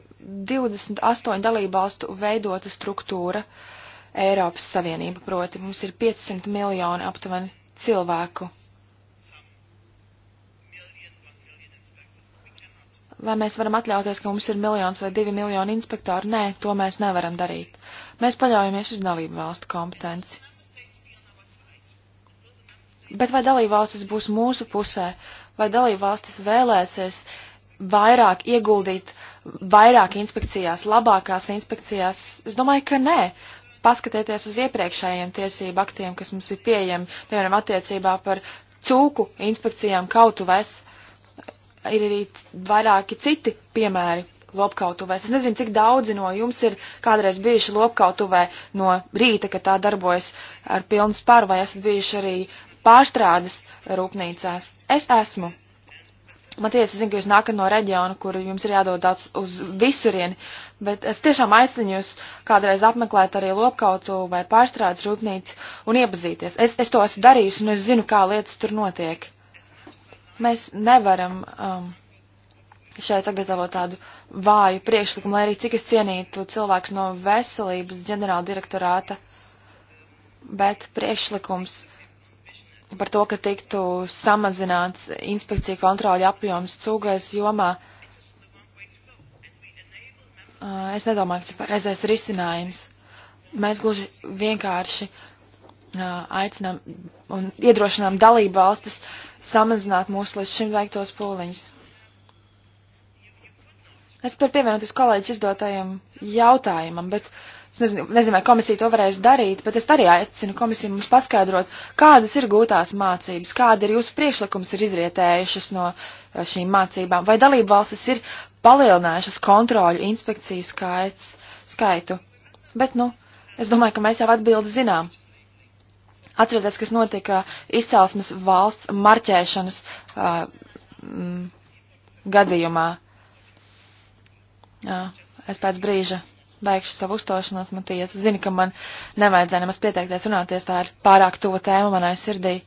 28 dalībvalstu veidota struktūra, uh, Eiropas Savienību, proti mums ir 500 miljoni aptuveni cilvēku. Vai mēs varam atļauties, ka mums ir miljons vai divi miljoni inspektori? Nē, to mēs nevaram darīt. Mēs paļaujamies uz dalību valstu kompetenci. Bet vai dalību valstis būs mūsu pusē, vai dalību valstis vēlēsies vairāk ieguldīt vairāk inspekcijās, labākās inspekcijās? Es domāju, ka nē paskatieties uz iepriekšējiem tiesību aktiem, kas mums ir pieejami, piemēram, attiecībā par cūku inspekcijām kautuvēs. Ir arī vairāki citi piemēri lopkautuvēs. Es nezinu, cik daudzi no jums ir kādreiz bijuši lopkautuvē no rīta, kad tā darbojas ar pilnu spāru, vai esat bijuši arī pārstrādes rūpnīcās. Es esmu. Maties, es zinu, ka jūs nākat no reģiona, kur jums ir jādodas uz visurieni, bet es tiešām aicinu jūs kādreiz apmeklēt arī lopkautu vai pārstrādes rūpnīcu un iepazīties. Es, es to esmu darījusi un es zinu, kā lietas tur notiek. Mēs nevaram um, šeit sagatavot tādu vāju priekšlikumu, lai arī cik es cienītu cilvēks no veselības ģenerāla direktorāta, bet priekšlikums par to, ka tiktu samazināts inspekcija kontroļa apjoms cūgais jomā. Es nedomāju, ka tas ir pareizais risinājums. Mēs gluži vienkārši aicinām un iedrošinām dalību valstis samazināt mūsu līdz šim veiktos pūliņus. Es par pievienoties kolēģis izdotajam jautājumam, bet uh, Es nezinu, nezinu, vai komisija to varēs darīt, bet es arī aicinu komisiju mums paskaidrot, kādas ir gūtās mācības, kāda ir jūsu priekšlikums ir izrietējušas no eh, šīm mācībām, vai dalību valstis ir palielinājušas kontroļu inspekciju skaits, skaitu. Bet, nu, es domāju, ka mēs jau atbildi zinām. Atcerieties, kas notika izcelsmes valsts marķēšanas uh, mm, gadījumā. Jā, es pēc brīža beigšu savu uzstāšanos, Matijas. Zini, ka man nevajadzēja nemaz pieteikties runāties, tā ir pārāk tuva tēma manai sirdī.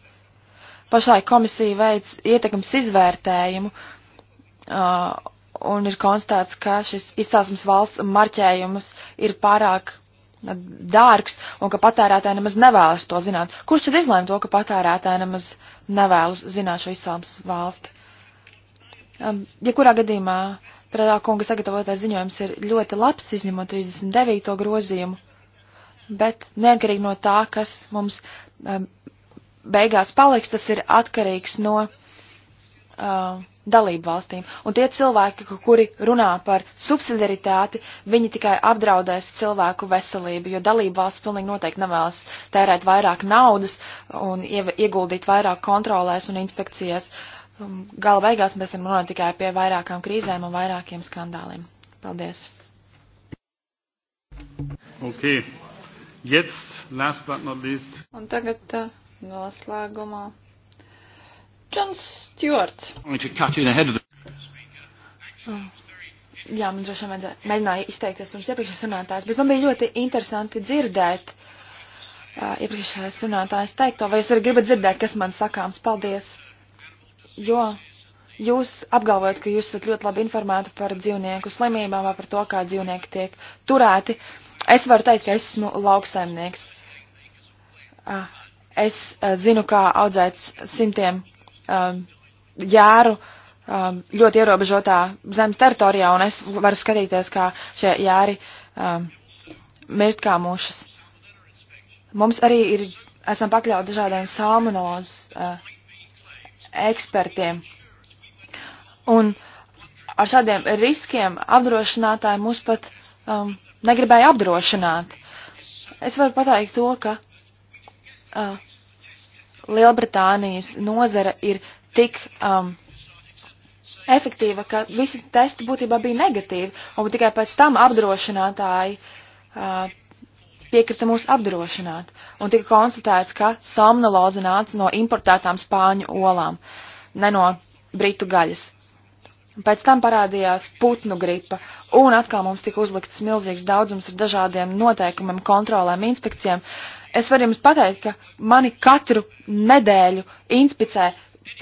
Pašlaik komisija veids ietekmes izvērtējumu uh, un ir konstatēts, ka šis izcelsmes valsts marķējums ir pārāk dārgs un ka patērētāji nemaz nevēlas to zināt. Kurš tad izlēma to, ka patērētāji nemaz nevēlas zināt šo izcelsmes valsti? Um, ja kurā gadījumā Prādā kunga sagatavotais ziņojums ir ļoti labs, izņemot 39. grozījumu, bet neatkarīgi no tā, kas mums um, beigās paliks, tas ir atkarīgs no uh, dalību valstīm. Un tie cilvēki, kuri runā par subsidiaritāti, viņi tikai apdraudēs cilvēku veselību, jo dalību valsts pilnīgi noteikti nevēlas tērēt vairāk naudas un ieguldīt vairāk kontrolēs un inspekcijās. Uh, Um, gala beigās mēs esam runājuši tikai pie vairākām krīzēm un vairākiem skandāliem. Paldies! Okay. Jetzt, last but not least. Un tagad uh, noslēgumā. Johns Stewarts. Mm. Jā, man droši vien mēģināja izteikties pirms iepriekšējās runātājas, bet man bija ļoti interesanti dzirdēt uh, iepriekšējās runātājas teikto, vai jūs arī gribat dzirdēt, kas man sakāms. Paldies! jo jūs apgalvojat, ka jūs esat ļoti labi informēti par dzīvnieku slimībām vai par to, kā dzīvnieki tiek turēti. Es varu teikt, ka esmu lauksaimnieks. Ah, es eh, zinu, kā audzēt simtiem ehm, jēru ehm, ļoti ierobežotā zemes teritorijā, un es varu skatīties, kā šie jēri ehm, mirst kā mušas. Mums arī ir, esam pakļauti dažādiem salmonelozes eh, ekspertiem. Un ar šādiem riskiem apdrošinātāji mūs pat um, negribēja apdrošināt. Es varu pateikt to, ka uh, Lielbritānijas nozara ir tik um, efektīva, ka visi testi būtībā bija negatīvi, un tikai pēc tam apdrošinātāji uh, piekrita mūs apdrošināt, un tika konstatēts, ka somnoloze nāca no importētām spāņu olām, ne no britu gaļas. Pēc tam parādījās putnu gripa, un atkal mums tika uzlikts milzīgs daudzums ar dažādiem noteikumiem, kontrolēm, inspekcijām. Es varu jums pateikt, ka mani katru nedēļu inspicē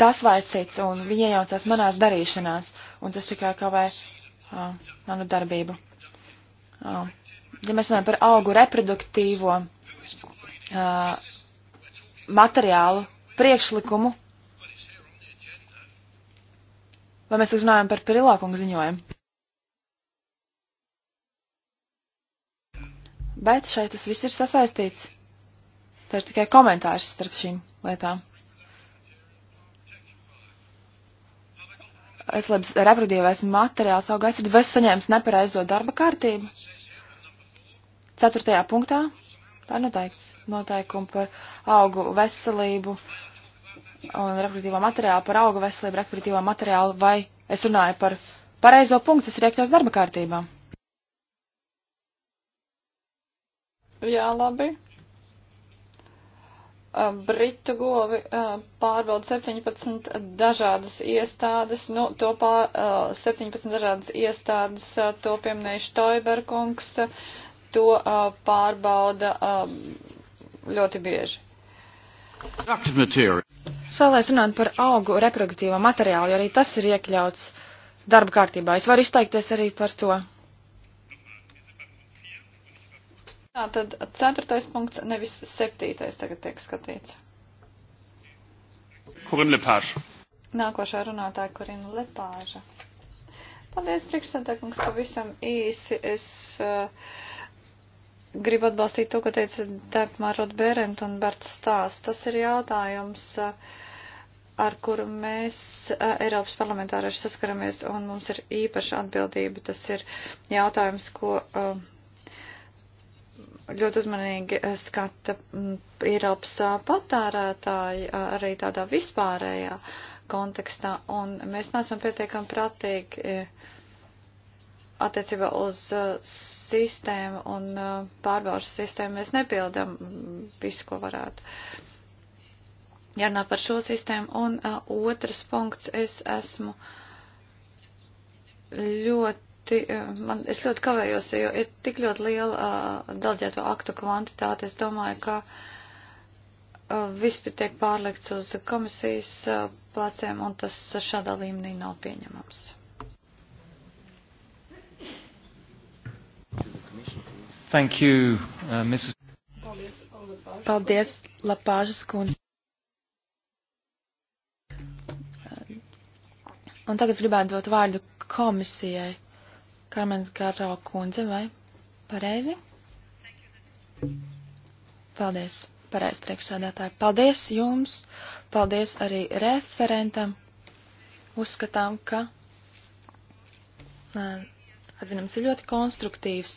tas vai cits, un viņi iejaucās manās darīšanās, un tas tikai kavē uh, manu darbību. Uh ja mēs runājam par augu reproduktīvo uh, materiālu priekšlikumu, vai mēs runājam par prilākumu ziņojumu? Bet šeit tas viss ir sasaistīts. Tā ir tikai komentārs starp šīm lietām. Veselības reproduktīvais materiāls auga aizsardzība. Es saņēmu nepareizo darba kārtību. Ceturtajā punktā tā ir noteikts noteikumi par augu veselību un reproduktīvo materiālu, par augu veselību, reproduktīvo materiālu, vai es runāju par pareizo punktu, tas ir iekļauts darba kārtībā. Jā, labi. Britu govi pārbauda 17 dažādas iestādes, nu, to pār, 17 dažādas iestādes, to pieminējuši Toiberkungs, to uh, pārbauda uh, ļoti bieži. Es vēlēs runāt par augu reproduktīvo materiālu, jo arī tas ir iekļauts darba kārtībā. Es varu izteikties arī par to. Jā, tad ceturtais punkts, nevis septītais tagad tiek skatīts. Kurina Lepāža. Nākošā runātāja Kurina Lepāža. Paldies, priekšsēdētājs, pavisam īsi. Es uh, gribu atbalstīt to, ko teica Dagmarot Berent un Berts Stās. Tas ir jautājums, ar kuru mēs Eiropas parlamentārieši saskaramies, un mums ir īpaša atbildība. Tas ir jautājums, ko ļoti uzmanīgi skata Eiropas patārētāji arī tādā vispārējā kontekstā, un mēs neesam pietiekami prātīgi e, attiecībā uz uh, sistēmu un uh, pārbaudas sistēmu mēs nepildam mm, visu, ko varētu. Jārunā par šo sistēmu. Un uh, otrs punkts, es esmu ļoti, man, es ļoti kavējos, jo ir tik ļoti liela daļģēto aktu kvantitāte. Es domāju, ka viss tiek pārlikts uz komisijas pleciem, un tas šādā līmenī nav pieņemams. Thank you, uh, Mrs. Paldies, Paldies Lapāžas kundze. Un tagad gribētu dot vārdu komisijai. Karmens Garo kundze, vai pareizi? Paldies, pareizi priekšsādātāji. Paldies jums, paldies arī referentam. Uzskatām, ka atzinums ir ļoti konstruktīvs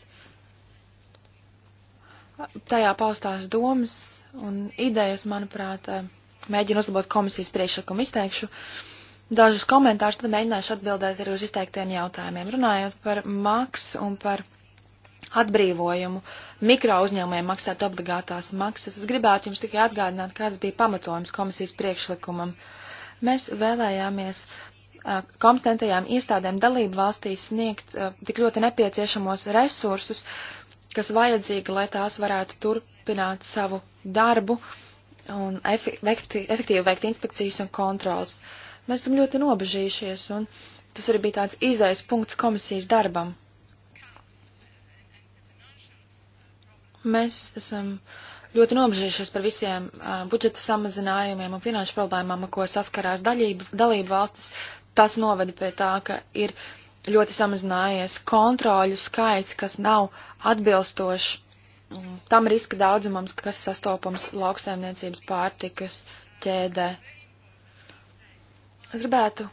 tajā paustās domas un idejas, manuprāt, eh, mēģinu uzlabot komisijas priekšlikumu izteikšu. Dažus komentārus tad mēģināšu atbildēt arī uz izteiktiem jautājumiem. Runājot par maksu un par atbrīvojumu mikro uzņēmumiem maksāt obligātās maksas, es gribētu jums tikai atgādināt, kāds bija pamatojums komisijas priekšlikumam. Mēs vēlējāmies eh, kompetentajām iestādēm dalību valstīs sniegt eh, tik ļoti nepieciešamos resursus, kas vajadzīga, lai tās varētu turpināt savu darbu un efekti, efektīvi veikt inspekcijas un kontrols. Mēs esam ļoti nobežījušies, un tas arī bija tāds izais punkts komisijas darbam. Mēs esam ļoti nobežījušies par visiem uh, budžeta samazinājumiem un finanšu problēmām, ko saskarās daļību, dalību valstis. Tas noveda pie tā, ka ir uh, ļoti samazinājies kontroļu skaits, kas nav atbilstošs mm, tam riska daudzumam, kas sastopams lauksaimniecības pārtikas ķēdē. Es gribētu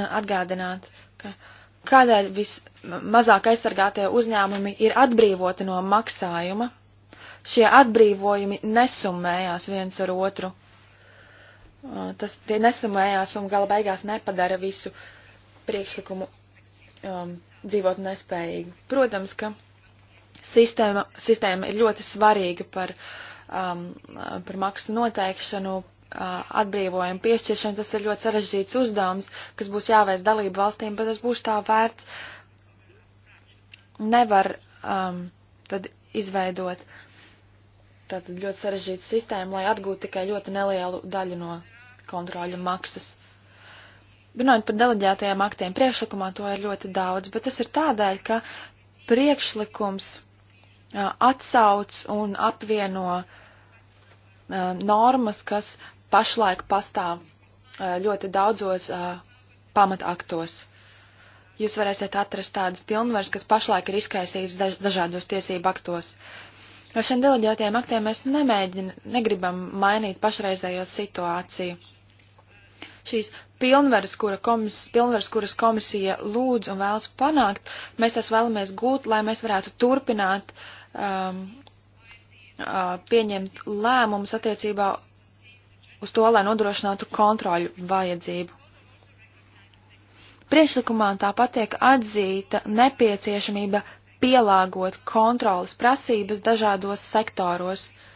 atgādināt, ka kādēļ vismazāk aizsargātie uzņēmumi ir atbrīvoti no maksājuma. Šie atbrīvojumi nesummējās viens ar otru. Uh, tas tie nesummējās un gala beigās nepadara visu uh, priekšlikumu um, dzīvot nespējīgi. Protams, ka sistēma, sistēma ir ļoti svarīga par, um, par maksu noteikšanu, uh, atbrīvojumu piešķiršanu. Tas ir ļoti sarežģīts uzdevums, kas būs jāveic dalību valstīm, bet tas būs tā vērts. Nevar um, tad izveidot tātad ļoti sarežģītu sistēmu, lai atgūtu tikai ļoti nelielu daļu no kontroļu maksas. Runājot par deleģētajiem aktiem, priekšlikumā to ir ļoti daudz, bet tas ir tādēļ, ka priekšlikums atsauc un apvieno normas, kas pašlaik pastāv ļoti daudzos pamataktos. Jūs varēsiet atrast tādas pilnvaras, kas pašlaik ir izkaisītas dažādos tiesību aktos. Ar šiem deleģētajiem aktiem mēs nemēģinam, negribam mainīt pašreizējo situāciju šīs pilnvaras, kura komis, pilnvaras, kuras komisija lūdz un vēlas panākt, mēs tās vēlamies gūt, lai mēs varētu turpināt um, uh, pieņemt lēmumus attiecībā uz to, lai nodrošinātu kontroļu vajadzību. Priekšlikumā tāpat tiek atzīta nepieciešamība pielāgot kontrolas prasības dažādos sektoros. Uh,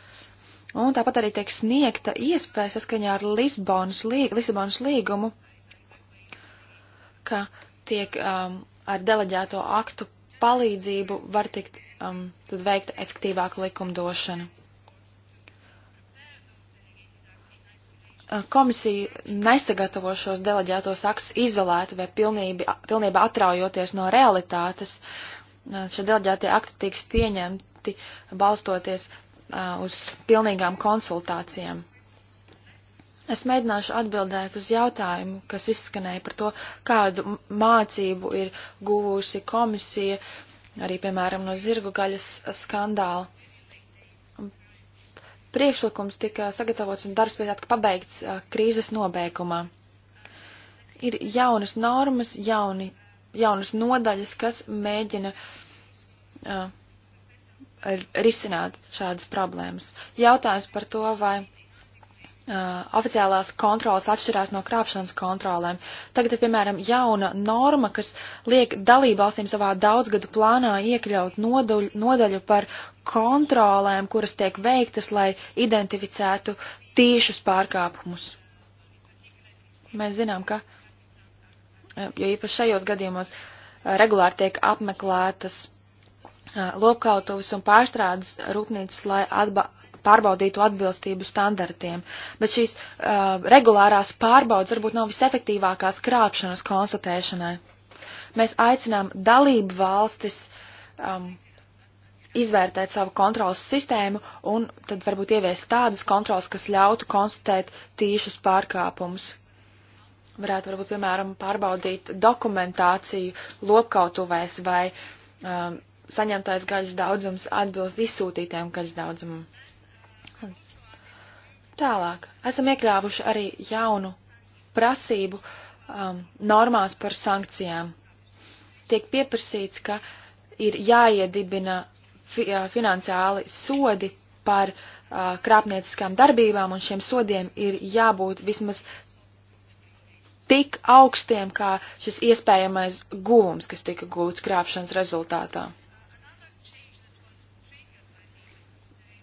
Un tāpat arī tiek sniegta iespēja saskaņā ar Lisbonas, līg, Lisabonas līgumu, ka tiek um, ar deleģēto aktu palīdzību var tikt um, veikta efektīvāka likumdošana. Komisija nesagatavo šos deleģētos aktus izolēti vai pilnība, pilnībā atraujoties no realitātes. Šie deleģētie akti tiks pieņemti balstoties Uh, uz pilnīgām konsultācijām. Es mēģināšu atbildēt uz jautājumu, kas izskanēja par to, kādu mācību ir guvusi komisija, arī, piemēram, no zirgu gaļas skandāla. Priekšlikums tika sagatavots un darbs bija tātad pabeigts uh, krīzes nobeigumā. Ir jaunas normas, jauni, jaunas nodaļas, kas mēģina uh, risināt šādas problēmas. Jautājums par to, vai Uh, oficiālās kontrolas atšķirās no krāpšanas kontrolēm. Tagad ir, piemēram, jauna norma, kas liek dalībvalstīm savā daudzgadu plānā iekļaut nodaļu, nodaļu par kontrolēm, kuras tiek veiktas, lai identificētu tīšus pārkāpumus. Mēs zinām, ka, jo īpaši šajos gadījumos, regulāri tiek apmeklētas lopkautuvas un pārstrādes rūpnīcas, lai atba pārbaudītu atbilstību standartiem. Bet šīs uh, regulārās pārbaudas varbūt nav visefektīvākās krāpšanas konstatēšanai. Mēs aicinām dalību valstis um, izvērtēt savu kontrolas sistēmu un tad varbūt ieviest tādas kontrolas, kas ļautu konstatēt tīšus pārkāpumus. Varētu varbūt, piemēram, pārbaudīt dokumentāciju lopkautuvēs vai um, saņemtais gaļas daudzums atbilst izsūtītajam gaļas daudzumam. Tālāk, esam iekļāvuši arī jaunu prasību um, normās par sankcijām. Tiek pieprasīts, ka ir jāiedibina fi, uh, finansiāli sodi par uh, krāpnieciskām darbībām, un šiem sodiem ir jābūt vismaz tik augstiem kā šis iespējamais guvums, kas tika gūts krāpšanas rezultātā.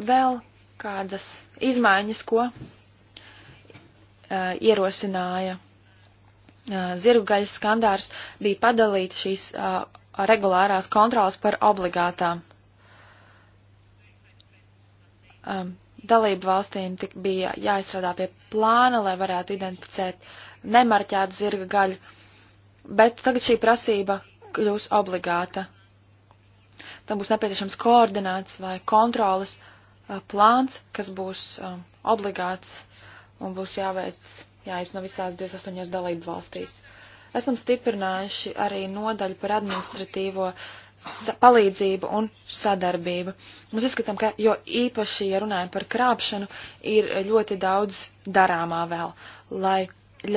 vēl kādas izmaiņas, ko eh, ierosināja eh, zirgaļas skandārs, bija padalīt šīs eh, regulārās kontrolas par obligātām. Ehm, dalību valstīm tik bija jāizstrādā pie plāna, lai varētu identificēt nemarķētu zirga gaļu, bet tagad šī prasība kļūs obligāta. Tam būs nepieciešams koordināts vai kontrolas uh, Uh, plāns, kas būs um, obligāts un būs jāveic, jāizno visās 28 dalību valstīs. Esam stiprinājuši arī nodaļu par administratīvo palīdzību un sadarbību. Mēs uzskatām, ka, jo īpaši, ja runājam par krāpšanu, ir ļoti daudz darāmā vēl, lai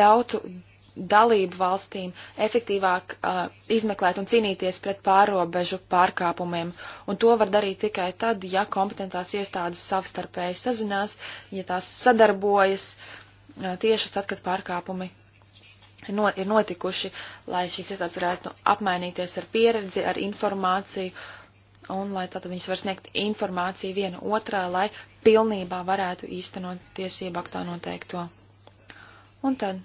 ļautu dalību valstīm efektīvāk uh, izmeklēt un cīnīties pret pārobežu pārkāpumiem, un to var darīt tikai tad, ja kompetentās iestādes savstarpēji sazinās, ja tās sadarbojas uh, tieši tad, kad pārkāpumi no, ir notikuši, lai šīs iestādes varētu apmainīties ar pieredzi, ar informāciju, un lai tātad viņas var sniegt informāciju viena otrā, lai pilnībā varētu īstenot tiesību aktā noteikto. Un tad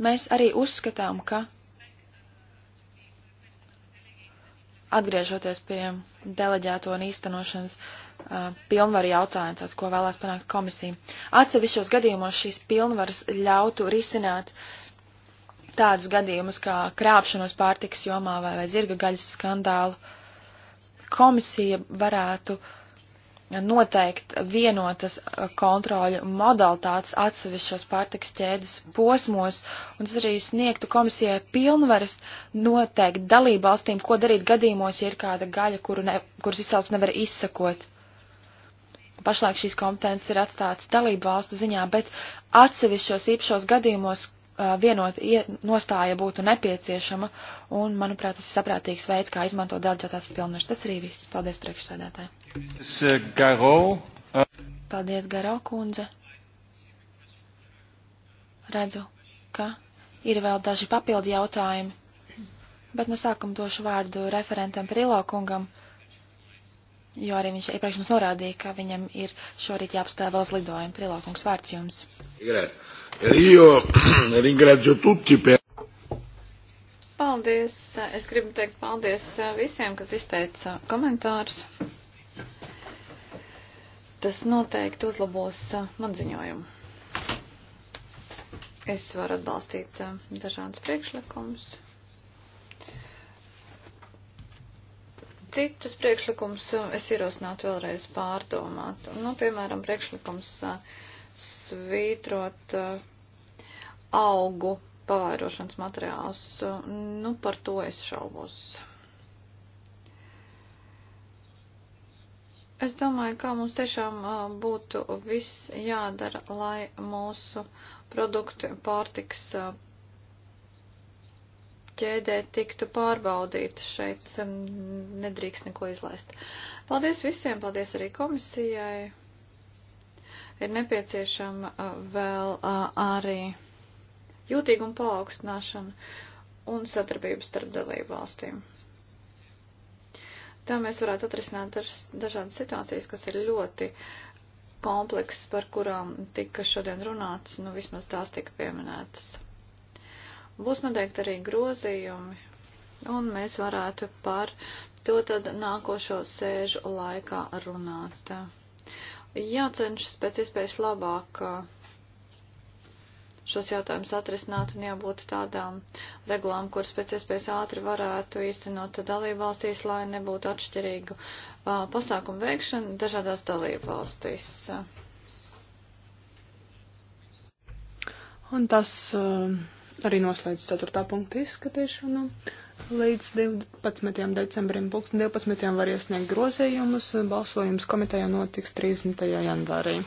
Mēs arī uzskatām, ka atgriežoties pie deleģēto un īstenošanas uh, pilnvaru jautājumu, tātad, ko vēlās panākt komisija. Atsevišķos gadījumos šīs pilnvaras ļautu risināt tādus gadījumus kā krāpšanos pārtikas jomā vai, vai zirga gaļas skandālu. Komisija varētu uh, noteikt vienotas eh, kontroļu modalitātes atsevišķos pārtiks ķēdes posmos, un tas arī sniegtu komisijai pilnvaras noteikt dalību valstīm, ko darīt gadījumos, ja ir kāda gaļa, kuru ne, kuras izcelsmes nevar izsakot. Pašlaik šīs kompetences ir atstātas dalību valstu ziņā, bet atsevišķos īpašos gadījumos vienot nostāja būtu nepieciešama, un, manuprāt, tas ir saprātīgs veids, kā izmantot delģētās pilnvaras. Tas arī viss. Paldies, priekšsēdētāji. Uh, Garo. Uh, Paldies, Garo kundze. Redzu, ka ir vēl daži papildi jautājumi, bet no sākuma došu vārdu referentam Prilo kungam, jo arī viņš iepriekš mums norādīja, ka viņam ir šorīt jāapstāv vēl uz lidojumu. Prilo kungs, vārds jums. Grēt. Rio, e ringrazio tutti per. Paldies! Es gribu teikt paldies visiem, kas izteica komentārus. Tas noteikti uzlabos man ziņojumu. Es varu atbalstīt eh, dažādas priekšlikumus. citus priekšlikumus es ierosinātu vēlreiz pārdomāt. Nu, piemēram, priekšlikums eh, svītrot uh, augu pavērošanas materiālus. Uh, nu, par to es šaubos. Es domāju, kā mums tiešām uh, būtu viss jādara, lai mūsu produkti pārtiks ķēdē tiktu pārbaudīti. Šeit um, nedrīkst neko izlaist. Paldies visiem, paldies arī komisijai ir nepieciešama vēl arī jūtīguma paaugstināšana un sadarbības starp dalību valstīm. Tā mēs varētu atrisināt dažādas situācijas, kas ir ļoti komplekss, par kurām tika šodien runāts, nu vismaz tās tika pieminētas. Būs noteikti arī grozījumi, un mēs varētu par to tad nākošo sēžu laikā runāt jācenšas pēc iespējas labāk uh, šos jautājumus atrisināt un jābūt tādām regulām, kuras pēc iespējas ātri varētu īstenot dalībvalstīs, lai nebūtu atšķirīgu uh, pasākumu veikšanu dažādās dalībvalstīs. Un tas uh, arī noslēdz ceturtā punkta izskatīšanu. Līdz 12. decembrim 2012. var iesniegt grozējumus, balsojums komitejā notiks 30. janvārī.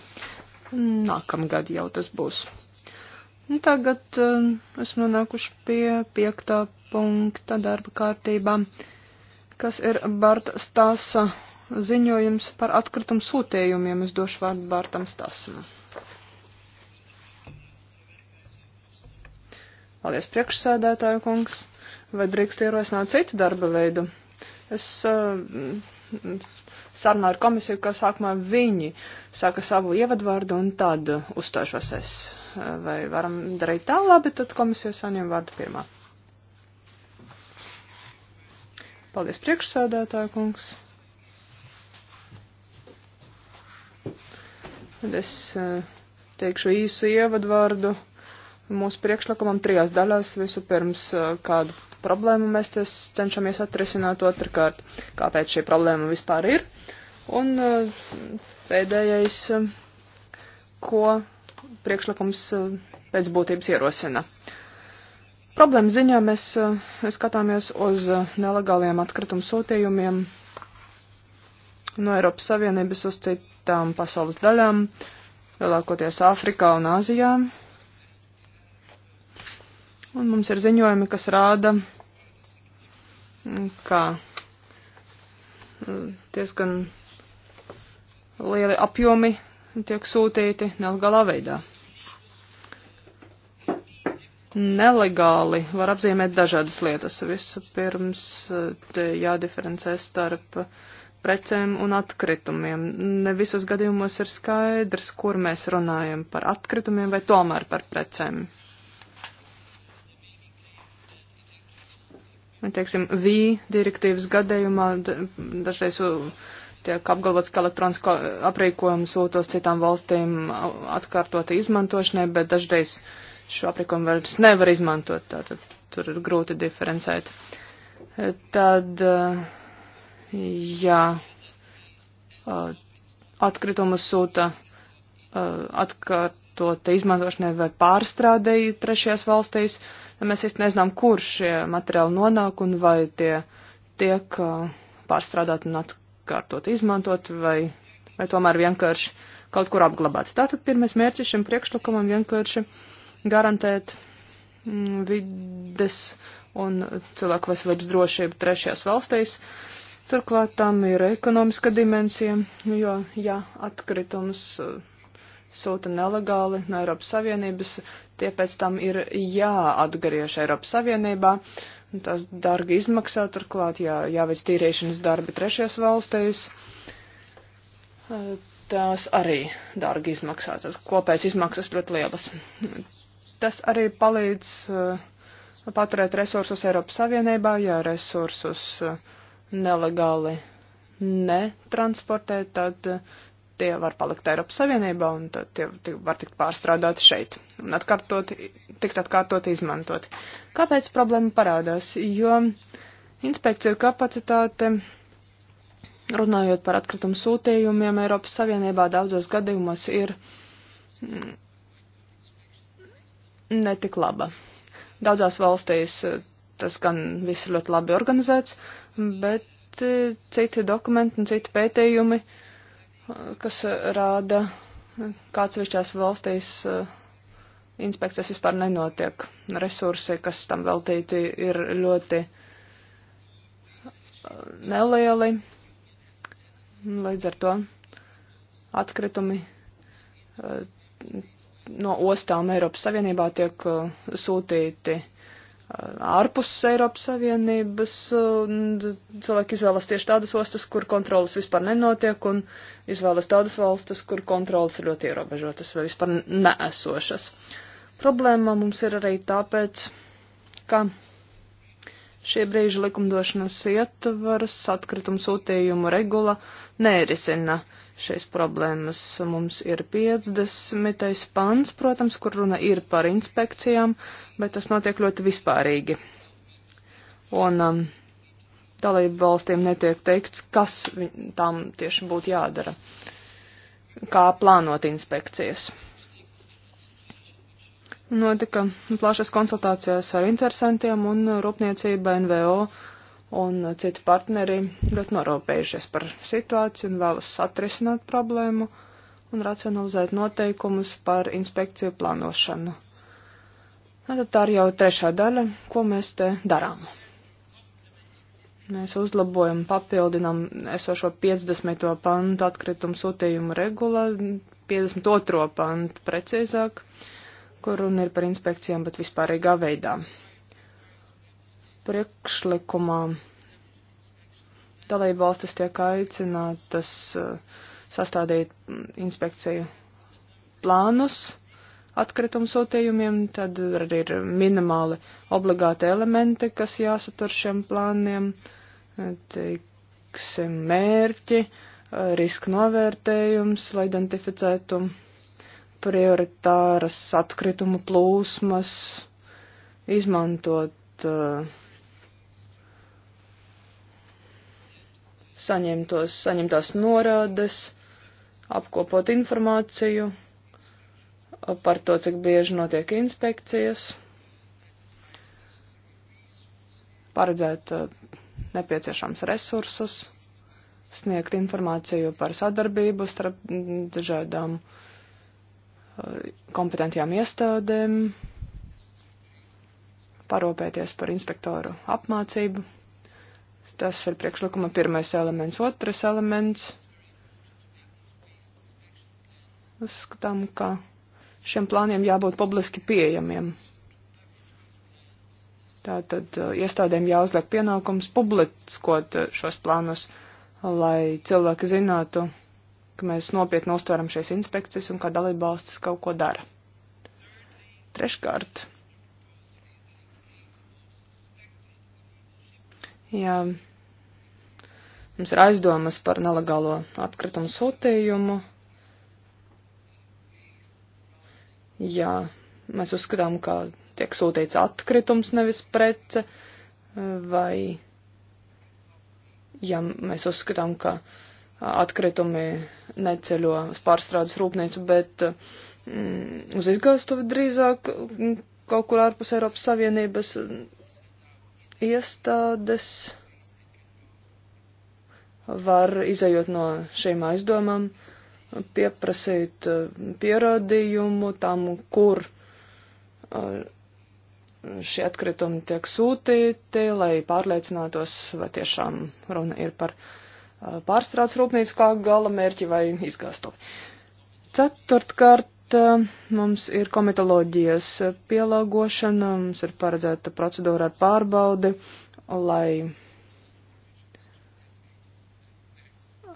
Nākamgad jau tas būs. Tagad uh, esmu nonākuši pie piektā punkta darba kārtībā, kas ir Barta Stāsa ziņojums par atkritumu sūtējumiem. Es došu vārdu Bartam Stāsam. Paldies priekšsēdētāju kungs vai drīkst ierosināt citu darba veidu. Es uh, eh, sarunāju ar komisiju, ka sākumā viņi saka savu ievadvārdu un tad uzstāšos es. Vai varam darīt tā labi, tad komisija saņem vārdu pirmā. Paldies priekšsēdētāju kungs. Es eh, teikšu īsu ievadvārdu mūsu priekšlikumam trijās daļās. Visu pirms eh, kādu problēmu mēs cenšamies atrisināt otrkārt, kāpēc šī problēma vispār ir. Un eh, pēdējais, eh, ko priekšlikums eh, pēc būtības ierosina. Problēmas ziņā mēs skatāmies uz nelegāliem atkritumu sūtījumiem no Eiropas Savienības uz citām pasaules daļām, lielākoties Āfrikā un Āzijā. Un mums ir ziņojumi, kas rāda, ka diezgan lieli apjomi tiek sūtīti nelegālā veidā. Nelegāli var apzīmēt dažādas lietas. Vispirms jādiferencē starp precēm un atkritumiem. Ne visos gadījumos ir skaidrs, kur mēs runājam par atkritumiem vai tomēr par precēm. Nu, teiksim, V direktīvas gadījumā dažreiz tiek apgalvots, ka elektronisko aprīkojumu sūtos citām valstīm atkārtoti izmantošanai, bet dažreiz šo aprīkojumu vairs nevar izmantot, tātad tur ir grūti diferencēt. Tad, jā, atkritumu sūta atkārtoti izmantošanai vai pārstrādēji trešajās valstīs. Uh, Mēs īsti nezinām, kur šie materiāli nonāk un vai tie tiek pārstrādāti un atkārtot izmantot, vai, vai tomēr vienkārši kaut kur apglabāts. Tātad pirmais mērķis šim priekšlikumam vienkārši garantēt mm, vides un cilvēku veselības drošību trešajās valstīs. Turklāt tam ir ekonomiska dimensija, jo, ja atkritums sūta nelegāli no Eiropas Savienības, tie pēc tam ir jāatgriež Eiropas Savienībā. Tas dārgi izmaksā, turklāt jā, jāveic tīrīšanas darbi trešies valstīs. Tās arī dārgi izmaksā, tas kopējas izmaksas ļoti lielas. Tas arī palīdz uh, paturēt resursus Eiropas Savienībā, ja resursus nelegāli netransportē, tad tie var palikt Eiropas Savienībā un tad tie, tie var tikt pārstrādāti šeit un atkārtot, tikt atkārtot izmantot. Kāpēc problēma parādās? Jo inspekciju kapacitāte, runājot par atkritumu sūtījumiem Eiropas Savienībā, daudzos gadījumos ir mm, netik laba. Daudzās valstīs eh, tas gan viss ir ļoti labi organizēts, bet eh, citi dokumenti un citi pētījumi uh, kas rāda, ka atsevišķās valstīs eh, inspekcijas vispār nenotiek. Resursi, kas tam veltīti, ir ļoti eh, nelieli. Līdz ar to atkritumi eh, no ostām Eiropas Savienībā tiek sūtīti ārpus Eiropas Savienības. Cilvēki izvēlas tieši tādas ostas, kur kontrolas vispār nenotiek, un izvēlas tādas valstis, kur kontrolas ir ļoti ierobežotas vai vispār neesošas. Problēma mums ir arī tāpēc, ka šie brīža likumdošanas ietvars, atkritumu sūtījumu regula nerisina uh, šīs problēmas. Mums ir 50. pants, protams, kur runa ir par inspekcijām, bet tas notiek ļoti vispārīgi. Un um, dalību valstīm netiek teikts, kas tām tieši būtu jādara, kā plānot inspekcijas. Notika plašas konsultācijas ar interesantiem un rūpniecība NVO un citi partneri ļoti norūpējušies par situāciju un vēlas atrisināt problēmu un racionalizēt noteikumus par inspekciju plānošanu. Tātad tā ir jau trešā daļa, ko mēs te darām. Mēs uzlabojam, papildinam esošo 50. pantu atkritumu sūtījumu regulā, 52. pantu precīzāk, kur runa ir par inspekcijām, bet vispārīgā veidā priekšlikumā dalībvalstis tiek aicinātas eh, sastādīt mm, inspekciju plānus atkritumu sūtījumiem, tad arī ir minimāli obligāti elementi, kas jāsatur šiem plāniem, eh, teiksim, mērķi, eh, riska novērtējums, lai identificētu prioritāras atkritumu plūsmas, izmantot uh, saņemtos, saņemtās norādes, apkopot informāciju par to, cik bieži notiek inspekcijas, paredzēt eh, nepieciešams resursus, sniegt informāciju par sadarbību starp dažādām eh, kompetentajām iestādēm, parūpēties par inspektoru apmācību. Tas ir priekšlikuma pirmais elements. Otrais elements. Uzskatām, ka šiem plāniem jābūt publiski pieejamiem. Tātad uh, iestādēm jāuzliek pienākums publiskot uh, šos plānus, lai cilvēki zinātu, ka mēs nopietni uztveram šīs inspekcijas un kā dalībvalstis kaut ko dara. Treškārt. Jā. Yeah Mums ir aizdomas par nelegālo atkritumu sūtījumu. Jā, mēs uzskatām, ka tiek sūtīts atkritums, nevis prece, vai, ja mēs uzskatām, ka atkritumi neceļo uz pārstrādes rūpnīcu, bet mm, uz izgāstuvi drīzāk kaut kur ārpus Eiropas Savienības iestādes var, izējot no šīm aizdomām, pieprasīt eh, pierādījumu tam, kur eh, šie atkritumi tiek sūtīti, lai pārliecinātos, vai tiešām runa ir par eh, pārstrādes rūpnīcu kā gala mērķi vai izgāstu. Ceturtkārt, mums ir komitoloģijas pielāgošana, mums ir paredzēta procedūra ar pārbaudi, lai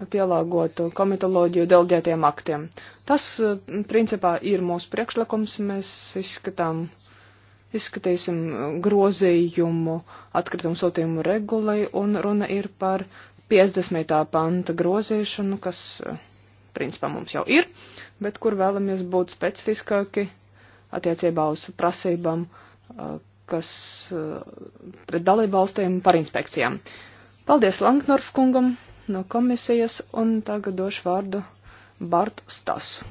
pielāgot komitoloģiju delģētiem aktiem. Tas, eh, principā, ir mūsu priekšlikums. Mēs izskatām, izskatīsim eh, grozījumu atkritumu sūtījumu regulai, un runa ir par 50. panta grozīšanu, kas, eh, principā, mums jau ir, bet kur vēlamies būt specifiskāki attiecībā uz prasībām, kas pret dalībvalstīm par inspekcijām. Paldies Langnorf kungam! no komisijas, un tagad došu vārdu Bartu Stasu.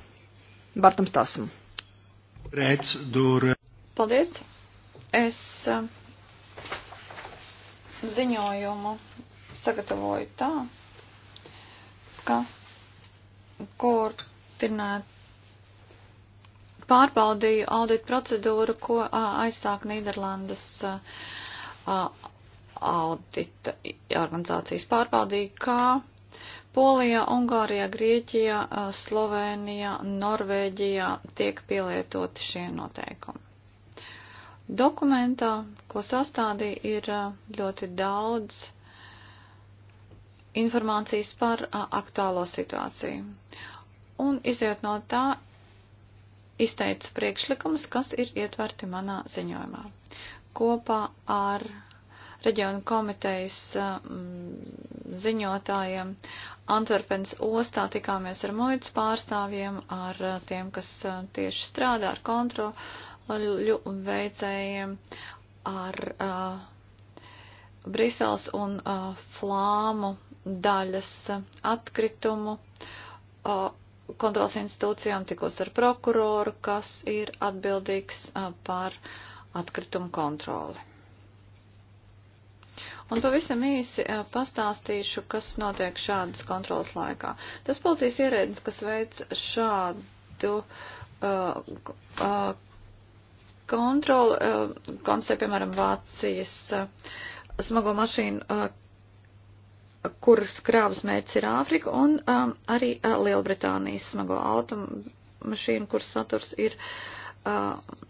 Bartam Stasam. Rēc, dūr. Paldies. Es eh, ziņojumu sagatavoju tā, ka koordinēt pārbaudīju audit procedūru, ko eh, aizsāk Nīderlandes eh, audita organizācijas pārbaudīja, kā Polijā, Ungārijā, Grieķijā, Slovenijā, Norvēģijā tiek pielietoti šie noteikumi. Dokumentā, ko sastādīja, ir ļoti daudz informācijas par aktuālo situāciju. Un izjot no tā, izteica priekšlikumus, kas ir ietverti manā ziņojumā. Kopā ar reģionu komitejas mm, ziņotājiem. Antverpens ostā tikāmies ar muitas pārstāvjiem, ar tiem, kas tieši strādā ar kontroļu veicējiem, ar Briseles un Flāmu daļas atkritumu kontrols institūcijām, tikos ar prokuroru, kas ir atbildīgs par atkritumu kontroli. Un pavisam īsi pastāstīšu, kas notiek šādas kontrolas laikā. Tas policijas ierēdnis, kas veic šādu uh, uh, kontroli, uh, konstatē, piemēram, Vācijas uh, smago mašīnu. Uh, kuras krāvas mērķis ir Āfrika, un um, arī uh, Lielbritānijas smago automašīnu, kuras saturs ir uh,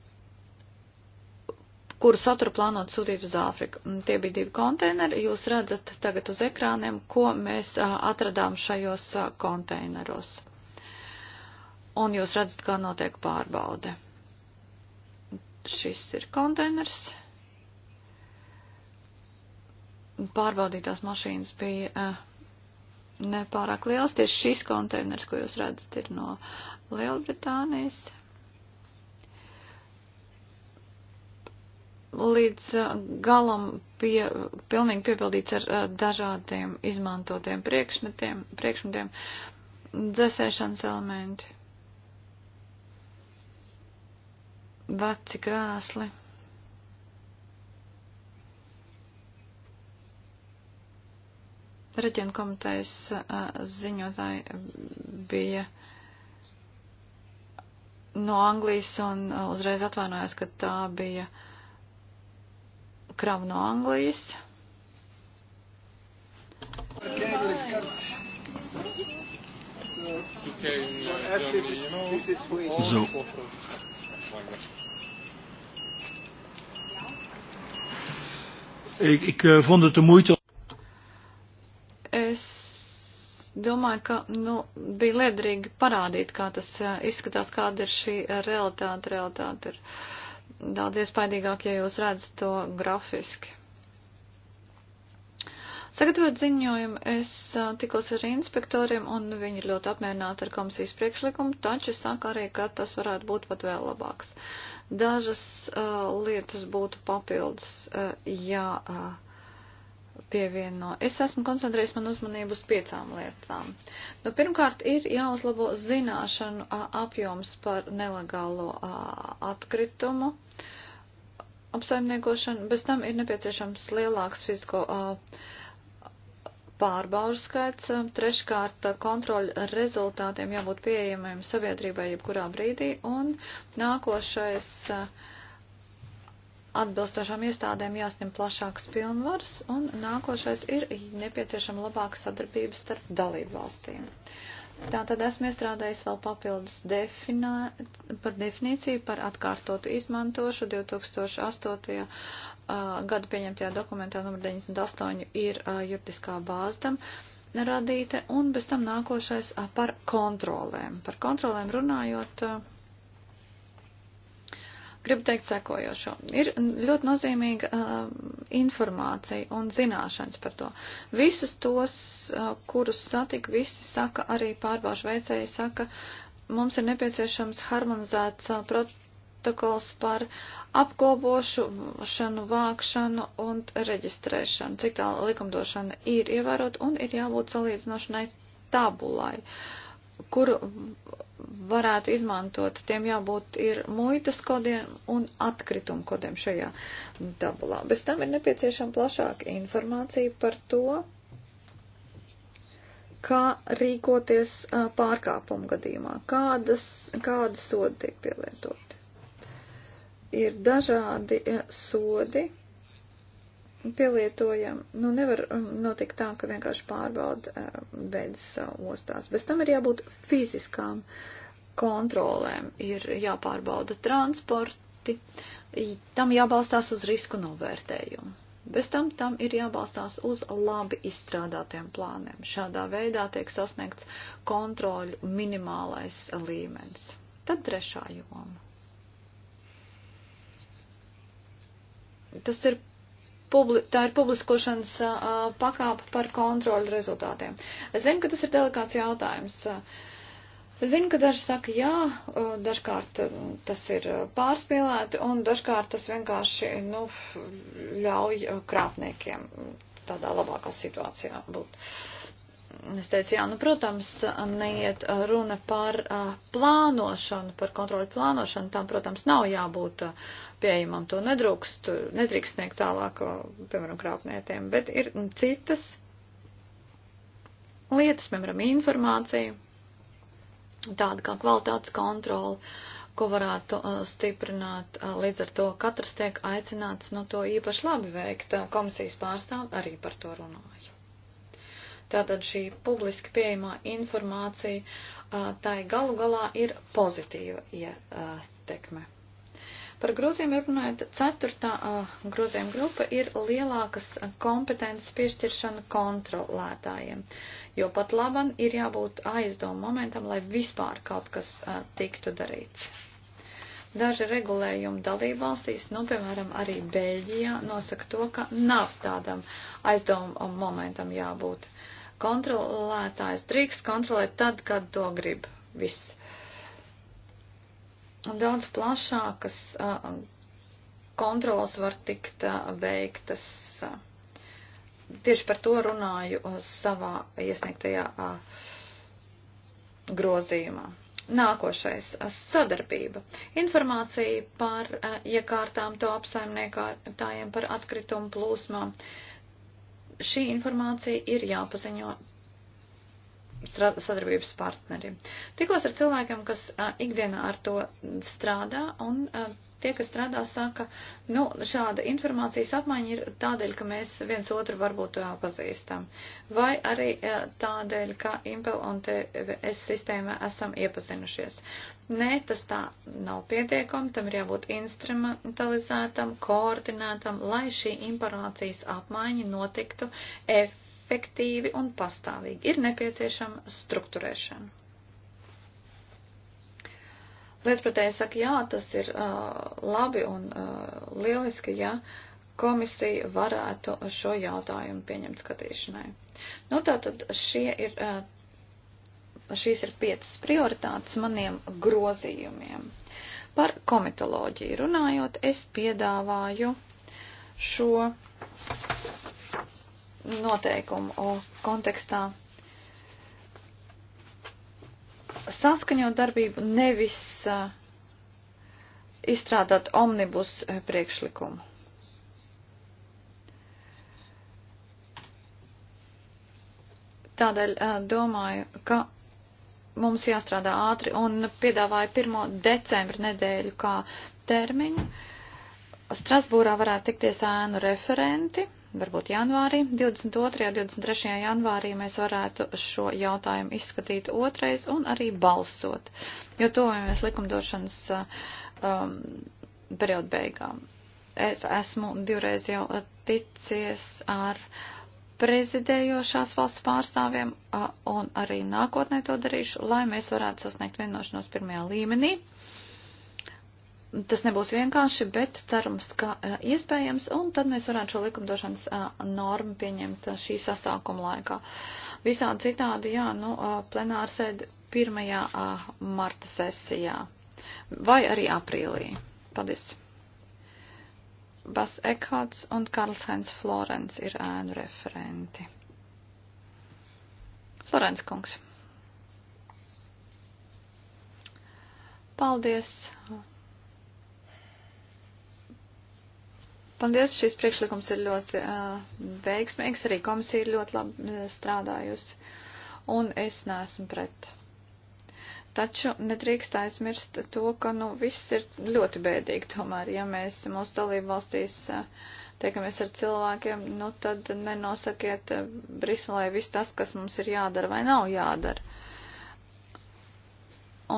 kuru saturu plānot sūtīt uz Āfriku. Tie bija divi konteineri. Jūs redzat tagad uz ekrāniem, ko mēs atradām šajos konteineros. Un jūs redzat, kā notiek pārbaude. Šis ir konteiners. Pārbaudītās mašīnas bija nepārāk liels. Tieši šis konteiners, ko jūs redzat, ir no Lielbritānijas. līdz galam pie, pilnīgi piepildīts ar dažādiem izmantotiem priekšmetiem, priekšmetiem dzēsēšanas elementi, veci krēsli. Reģionu komitejas ziņotāji bija no Anglijas un uzreiz atvainojās, ka tā bija uh, kravu no Anglijas. So. Ik, ik uh, vond het de moeite. Es domāju, ka nu, bija liederīgi parādīt, kā tas uh, izskatās, kāda ir šī realitāte. realitāte ir. Uh, daudz iespaidīgāk, ja jūs redzat to grafiski. Sagatavot ziņojumu, es tikos ar inspektoriem, un viņi ir ļoti apmierināti ar komisijas priekšlikumu, taču saka arī, ka tas varētu būt pat vēl labāks. Dažas uh, lietas būtu papildus uh, jā, uh, pievieno. Es esmu koncentrējis man uzmanību uz piecām lietām. Nu, pirmkārt, ir jāuzlabo zināšanu apjoms par nelegālo atkritumu apsaimniekošanu. Bez tam ir nepieciešams lielāks fizisko pārbaužu skaits. Treškārt, kontroļu rezultātiem jābūt pieejamiem sabiedrībai jebkurā brīdī. Un nākošais. A, atbilstošām iestādēm jāsņem plašāks pilnvars, un nākošais ir nepieciešama labāka sadarbība starp dalību valstīm. Tātad esmu iestrādājis vēl papildus definā, par definīciju par atkārtotu izmantošu 2008. gada pieņemtajā dokumentā numur 98 ir juridiskā bāzdam radīta, un bez tam nākošais par kontrolēm. Par kontrolēm runājot. A, Gribu teikt sekojošo. Ir ļoti nozīmīga uh, informācija un zināšanas par to. Visus tos, uh, kurus satika, visi saka, arī pārbaužu veicēji saka, mums ir nepieciešams harmonizēts uh, protokols par apkopošanu, vākšanu un reģistrēšanu, cik tā likumdošana ir ievērot un ir jābūt salīdzinošanai tabulai. Uh, kuru varētu izmantot, tiem jābūt ir muitas kodiem un atkritumu kodiem šajā tabulā. Bez tam ir nepieciešama plašāka informācija par to, kā rīkoties pārkāpumu gadījumā, kādas, kādas sodi tiek pielietoti. Ir dažādi sodi, pielietojam. Nu, nevar um, notikt tā, ka vienkārši pārbauda uh, beidzas uh, ostās. Bez tam ir jābūt fiziskām kontrolēm, ir jāpārbauda transporti, tam jābalstās uz risku novērtējumu. Bez tam tam ir jābalstās uz labi izstrādātiem plāniem. Šādā veidā tiek sasniegts kontroļu minimālais līmenis. Tad trešā joma. Tas ir publi, tā ir publiskošanas uh, pakāpe par kontroļu rezultātiem. Es zinu, ka tas ir delikāts jautājums. Es zinu, ka daži saka, jā, dažkārt tas ir pārspīlēti un dažkārt tas vienkārši, nu, ļauj krāpniekiem tādā labākā situācijā būt. Uh, es teicu, jā, nu, protams, neiet runa par plānošanu, par kontroli plānošanu, tam, protams, nav jābūt pieejamam, to nedrūkst, nedrīkst sniegt tālāk, piemēram, krāpnietiem, bet ir citas lietas, piemēram, informācija, tāda kā kvalitātes kontrola, ko varētu stiprināt, līdz ar to katrs tiek aicināts no nu, to īpaši labi veikt, komisijas pārstāv arī par to runāja. Tātad šī publiski pieejamā informācija, tai galu galā ir pozitīva ietekme. Ja, Par grozījumiem runājot, ceturtā grozījuma grupa ir lielākas kompetences piešķiršana kontrolētājiem, jo pat laban ir jābūt aizdomu momentam, lai vispār kaut kas a, tiktu darīts. Daži regulējumi dalībvalstīs, nu, piemēram, arī Beļģijā, nosaka to, ka nav tādam aizdomu momentam jābūt. Kontrolētājs drīkst kontrolēt tad, kad to grib. Viss. Un daudz plašākas uh, kontrols var tikt uh, veiktas. Tieši par to runāju uh, savā iesniegtajā grozījumā. Nākošais - sadarbība. Informācija par iekārtām to apsaimniekotājiem par atkritumu plūsmām. Šī informācija ir jāpaziņo sadarbības partneri. Tikos ar cilvēkiem, kas a, ikdienā ar to strādā, un a, tie, kas strādā, saka, nu, šāda informācijas apmaiņa ir tādēļ, ka mēs viens otru varbūt pazīstam, vai arī a, tādēļ, ka Impel un TVS sistēmā esam iepazinušies. Nē, tas tā nav pietiekami, tam ir jābūt instrumentalizētam, koordinētam, lai šī informācijas apmaiņa notiktu efektīvi efektīvi un pastāvīgi. Ir nepieciešama struktūrēšana. Lietpratēji saka, jā, tas ir uh, labi un uh, lieliski, ja komisija varētu šo jautājumu pieņemt skatīšanai. Nu, tātad šie ir, uh, šīs ir piecas prioritātes maniem grozījumiem. Par komitoloģiju runājot, es piedāvāju šo noteikumu kontekstā. Saskaņot darbību nevis uh, izstrādāt omnibus priekšlikumu. Tādēļ uh, domāju, ka mums jāstrādā ātri un piedāvāja 1. decembra nedēļu kā termiņu. Strasbūrā varētu tikties ēnu referenti varbūt janvārī, 22. un 23. janvārī mēs varētu šo jautājumu izskatīt otrais un arī balsot, jo tuvojamies likumdošanas um, periodu beigām. Es esmu divreiz jau ticies ar prezidējošās valsts pārstāvjiem un arī nākotnē to darīšu, lai mēs varētu sasniegt vienošanos pirmajā līmenī. Uh, tas nebūs vienkārši, bet cerams, ka e, iespējams, un tad mēs varētu šo likumdošanas e, normu pieņemt e, šī sasākuma laikā. Visādi citādi, jā, nu, plenārsēd 1. marta sesijā vai arī aprīlī. Paldies! Bas Ekhārds un Karls Heinz Florence ir ēnu referenti. Florence kungs. Paldies! Paldies, šis priekšlikums ir ļoti uh, veiksmīgs, arī komisija ir ļoti labi uh, strādājusi, un es neesmu pret. Taču nedrīkst aizmirst to, ka, nu, viss ir ļoti bēdīgi tomēr, ja mēs mūsu dalību valstīs uh, tiekamies ar cilvēkiem, nu, tad nenosakiet uh, Briselē viss tas, kas mums ir jādara vai nav jādara.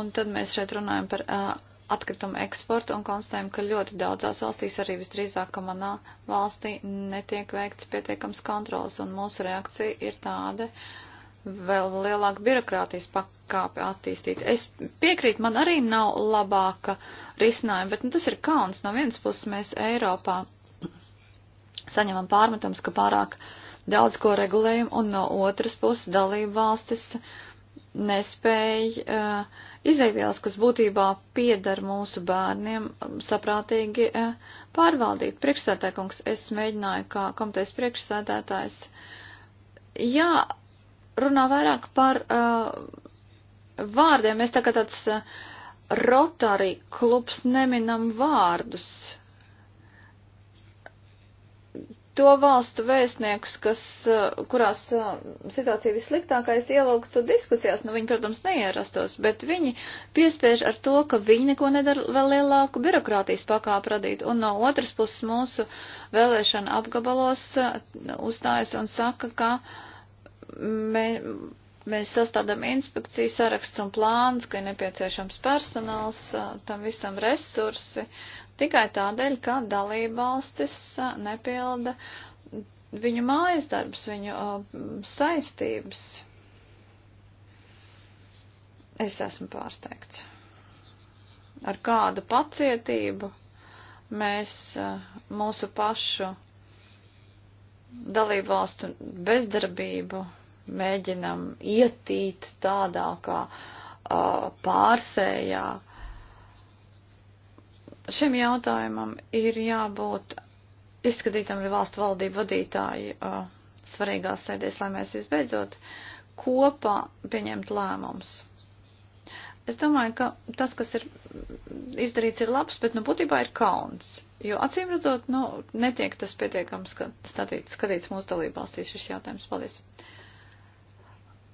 Un tad mēs šeit runājam par uh, atkritumu eksportu un konstatējam, ka ļoti daudzās valstīs, arī visdrīzāk, ka manā valstī netiek veikts pietiekams kontrols, un mūsu reakcija ir tāda vēl lielāka birokrātijas pakāpe attīstīt. Es piekrītu, man arī nav labāka risinājuma, bet nu, tas ir kauns. No vienas puses mēs Eiropā saņemam pārmetums, ka pārāk daudz ko regulējam, un no otras puses dalību valstis uh, nespēja uh, eh, izēvielas, kas būtībā piedara mūsu bērniem, saprātīgi uh, pārvaldīt. Priekšsētājkungs, es mēģināju kā komitejas priekšsētājs, jā, runā vairāk par uh, vārdiem. Mēs tā kā tāds uh, Rotary klubs neminam vārdus to valstu vēstniekus, kas, eh, kurās eh, situācija vissliktākais ielūgtu diskusijās, nu viņi, protams, neierastos, bet viņi piespiež ar to, ka viņi neko nedara vēl lielāku birokrātijas pakāpu radīt. Un no otras puses mūsu vēlēšana apgabalos eh, uzstājas un saka, ka mē, mēs sastādām inspekciju saraksts un plāns, ka ir nepieciešams personāls, tam visam resursi, tikai tādēļ, ka dalībvalstis nepilda viņu mājas darbs, viņu uh, saistības. Es esmu pārsteigts. Ar kādu pacietību mēs uh, mūsu pašu dalībvalstu bezdarbību mēģinam ietīt tādā kā uh, pārsējā Šim jautājumam ir jābūt izskatītam arī valstu valdību vadītāju uh, svarīgās sēdēs, lai mēs visbeidzot kopā pieņemtu lēmumus. Es domāju, ka tas, kas ir izdarīts, ir labs, bet nu būtībā ir kauns. Jo acīm redzot, nu, netiek tas pietiekams skatīts, skatīts mūsu dalībvalstīs šis jautājums. Paldies!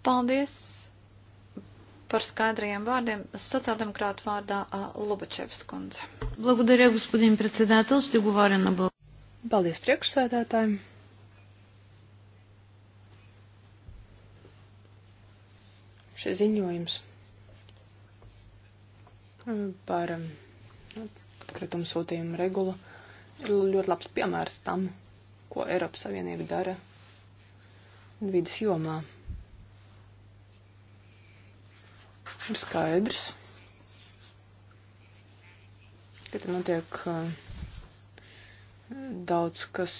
Paldies! par skaidrajiem vārdiem. Sociāldemokrāta vārdā Lubačevs kundze. Благодаря, господин председател. Ще говоря на българ. Paldies priekšsēdētājiem. Šis ziņojums par atkritumu sūtījumu regulu ir ļoti labs piemērs tam, ko Eiropas Savienība dara vidas jomā. ir skaidrs, ka te notiek eh, daudz kas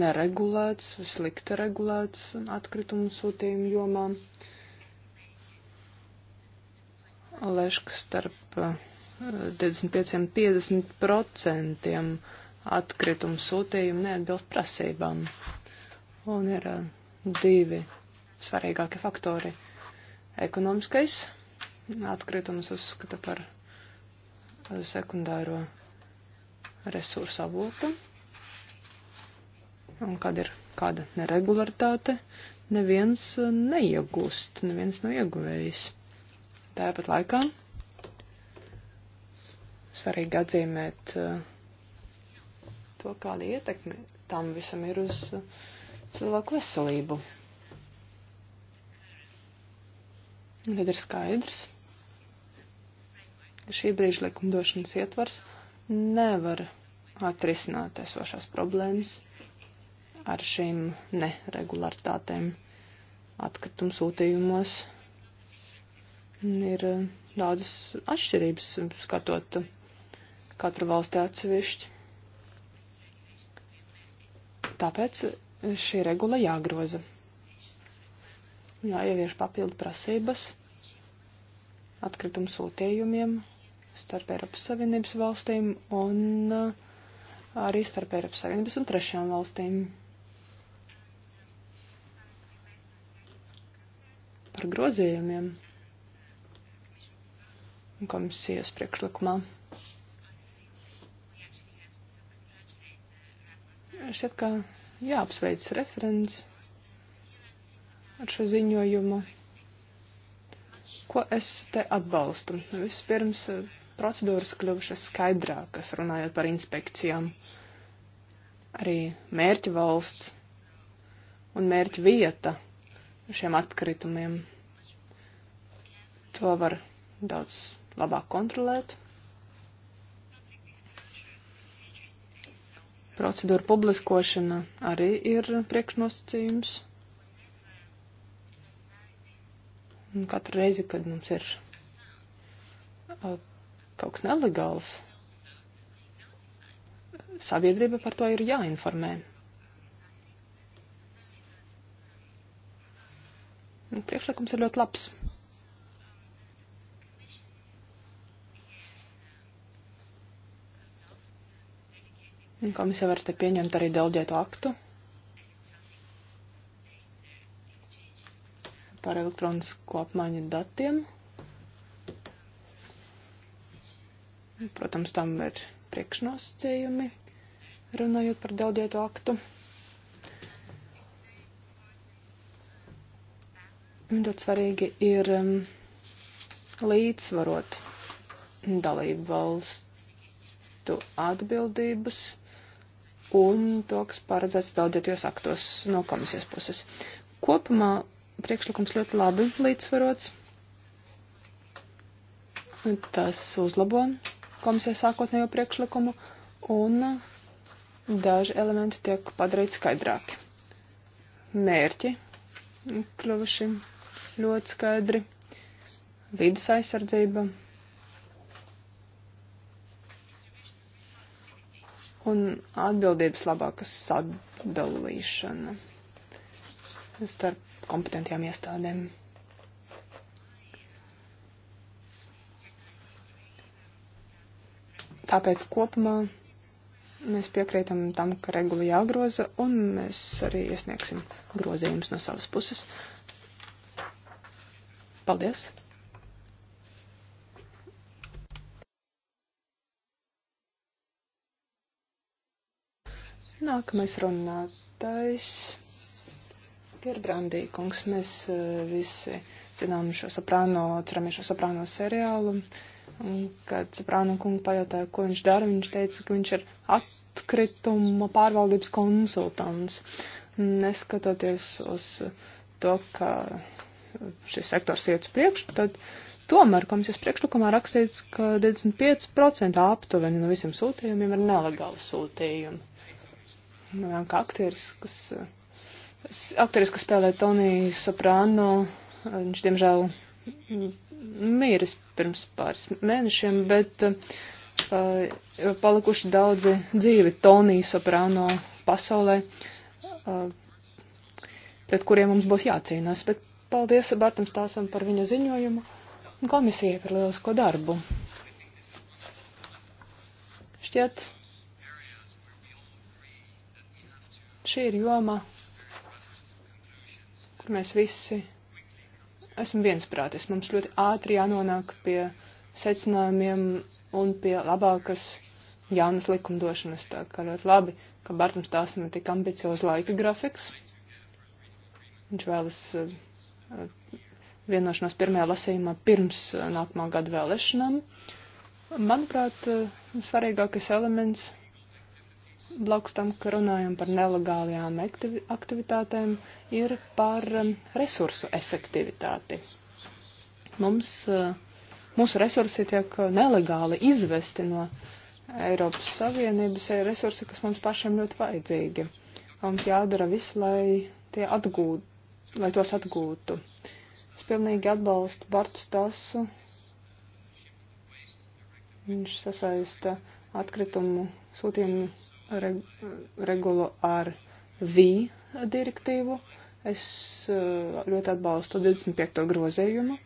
neregulēts, slikti regulēts atkritumu sūtījumu jomā. Leška starp 25-50% eh, atkritumu sūtījumu neatbilst prasībām. Un ir eh, divi svarīgākie faktori - ekonomiskais atkritumus uzskata par eh, sekundāro resursu avotu. Un kad ir kāda neregularitāte, neviens eh, neiegūst, neviens nav ieguvējis. Tāpat laikā svarīgi atzīmēt eh, to, kāda ietekme tam visam ir uz cilvēku veselību. Un tad ir skaidrs, ka šī brīža likumdošanas ietvars nevar atrisināt esošās problēmas ar šīm neregulārtātēm atkritumu sūtījumos. Ir eh, daudzas atšķirības, skatot eh, katru valsti atsevišķi. Tāpēc eh, šī regula jāgroza jāievieš papildu prasības atkritumu sūtījumiem starp Eiropas Savienības valstīm un uh, arī starp Eiropas Savienības un trešajām valstīm. Par grozījumiem komisijas priekšlikumā. Šķiet, ka jāapsveic referents ar šo ziņojumu. Ko es te atbalstu? Vispirms eh, procedūras kļuvušas skaidrākas, runājot par inspekcijām. Arī mērķa valsts un mērķa vieta šiem atkritumiem. To var daudz labāk kontrolēt. Procedūra publiskošana arī ir priekšnosacījums. Katru reizi, kad mums ir kaut kas nelegāls, sabiedrība par to ir jāinformē. Priekšlikums ir ļoti labs. Komisija var te pieņemt arī delģētu aktu. par elektronisko apmaiņu datiem. Protams, tam ir priekšnosacījumi, runājot par daudzietu aktu. Ļoti svarīgi ir um, līdzsvarot dalību valstu atbildības un to, kas paredzēts daudzietos aktos no komisijas puses. Kopumā priekšlikums ļoti labi līdzsvarots. Tas uzlabo komisijas sākotnējo priekšlikumu un daži elementi tiek padarīti skaidrāki. Mērķi kļuvuši ļoti skaidri. Vides aizsardzība. Un atbildības labākas sadalīšana starp kompetentajām iestādēm. Tāpēc kopumā mēs piekrītam tam, ka regula jāgroza, un mēs arī iesniegsim grozījumus no savas puses. Paldies! Nākamais runātājs. Gerbrandī kungs, mēs eh, visi zinām šo soprāno, ceramies šo soprāno seriālu. Un, kad soprāno kungu pajautāja, ko viņš dara, viņš teica, ka viņš ir atkrituma pārvaldības konsultants. Neskatoties uz to, ka šis sektors iet uz priekšu, tad tomēr komisijas priekšlikumā rakstīts, ka 25% aptuveni no visiem sūtījumiem ir nelegāli sūtījumi. Nu, kā aktieris, kas uh, Aktieris, kas spēlē Toniju Soprānu, viņš diemžēl mīris pirms pāris mēnešiem, bet uh, palikuši daudzi dzīvi Toniju Soprāno pasaulē, uh, pret kuriem mums būs jācīnās. Bet paldies Bartam Stāsam par viņa ziņojumu un komisijai par lielisko darbu. Šķiet, šī ir joma, kur mēs visi esam viensprātis. Mums ļoti ātri jānonāk pie secinājumiem un pie labākas jaunas likumdošanas. Tā kā ļoti labi, ka Bartam stāstam ir tik ambiciozs laika grafiks. Viņš vēlas eh, vienošanos pirmajā lasījumā pirms eh, nākamā gada vēlēšanām. Manuprāt, eh, svarīgākais elements blakus tam, ka runājam par nelegālajām aktivitātēm, ir par um, resursu efektivitāti. Mums, uh, mūsu resursi tiek nelegāli izvesti no Eiropas Savienības, ir resursi, kas mums pašiem ļoti vajadzīgi. Mums jādara viss, lai, tie atgūt, lai tos atgūtu. Es pilnīgi atbalstu Bartu Stasu. Viņš sasaista atkritumu sūtījumu regulu ar V direktīvu. Es uh, ļoti atbalstu 25. grozējumu,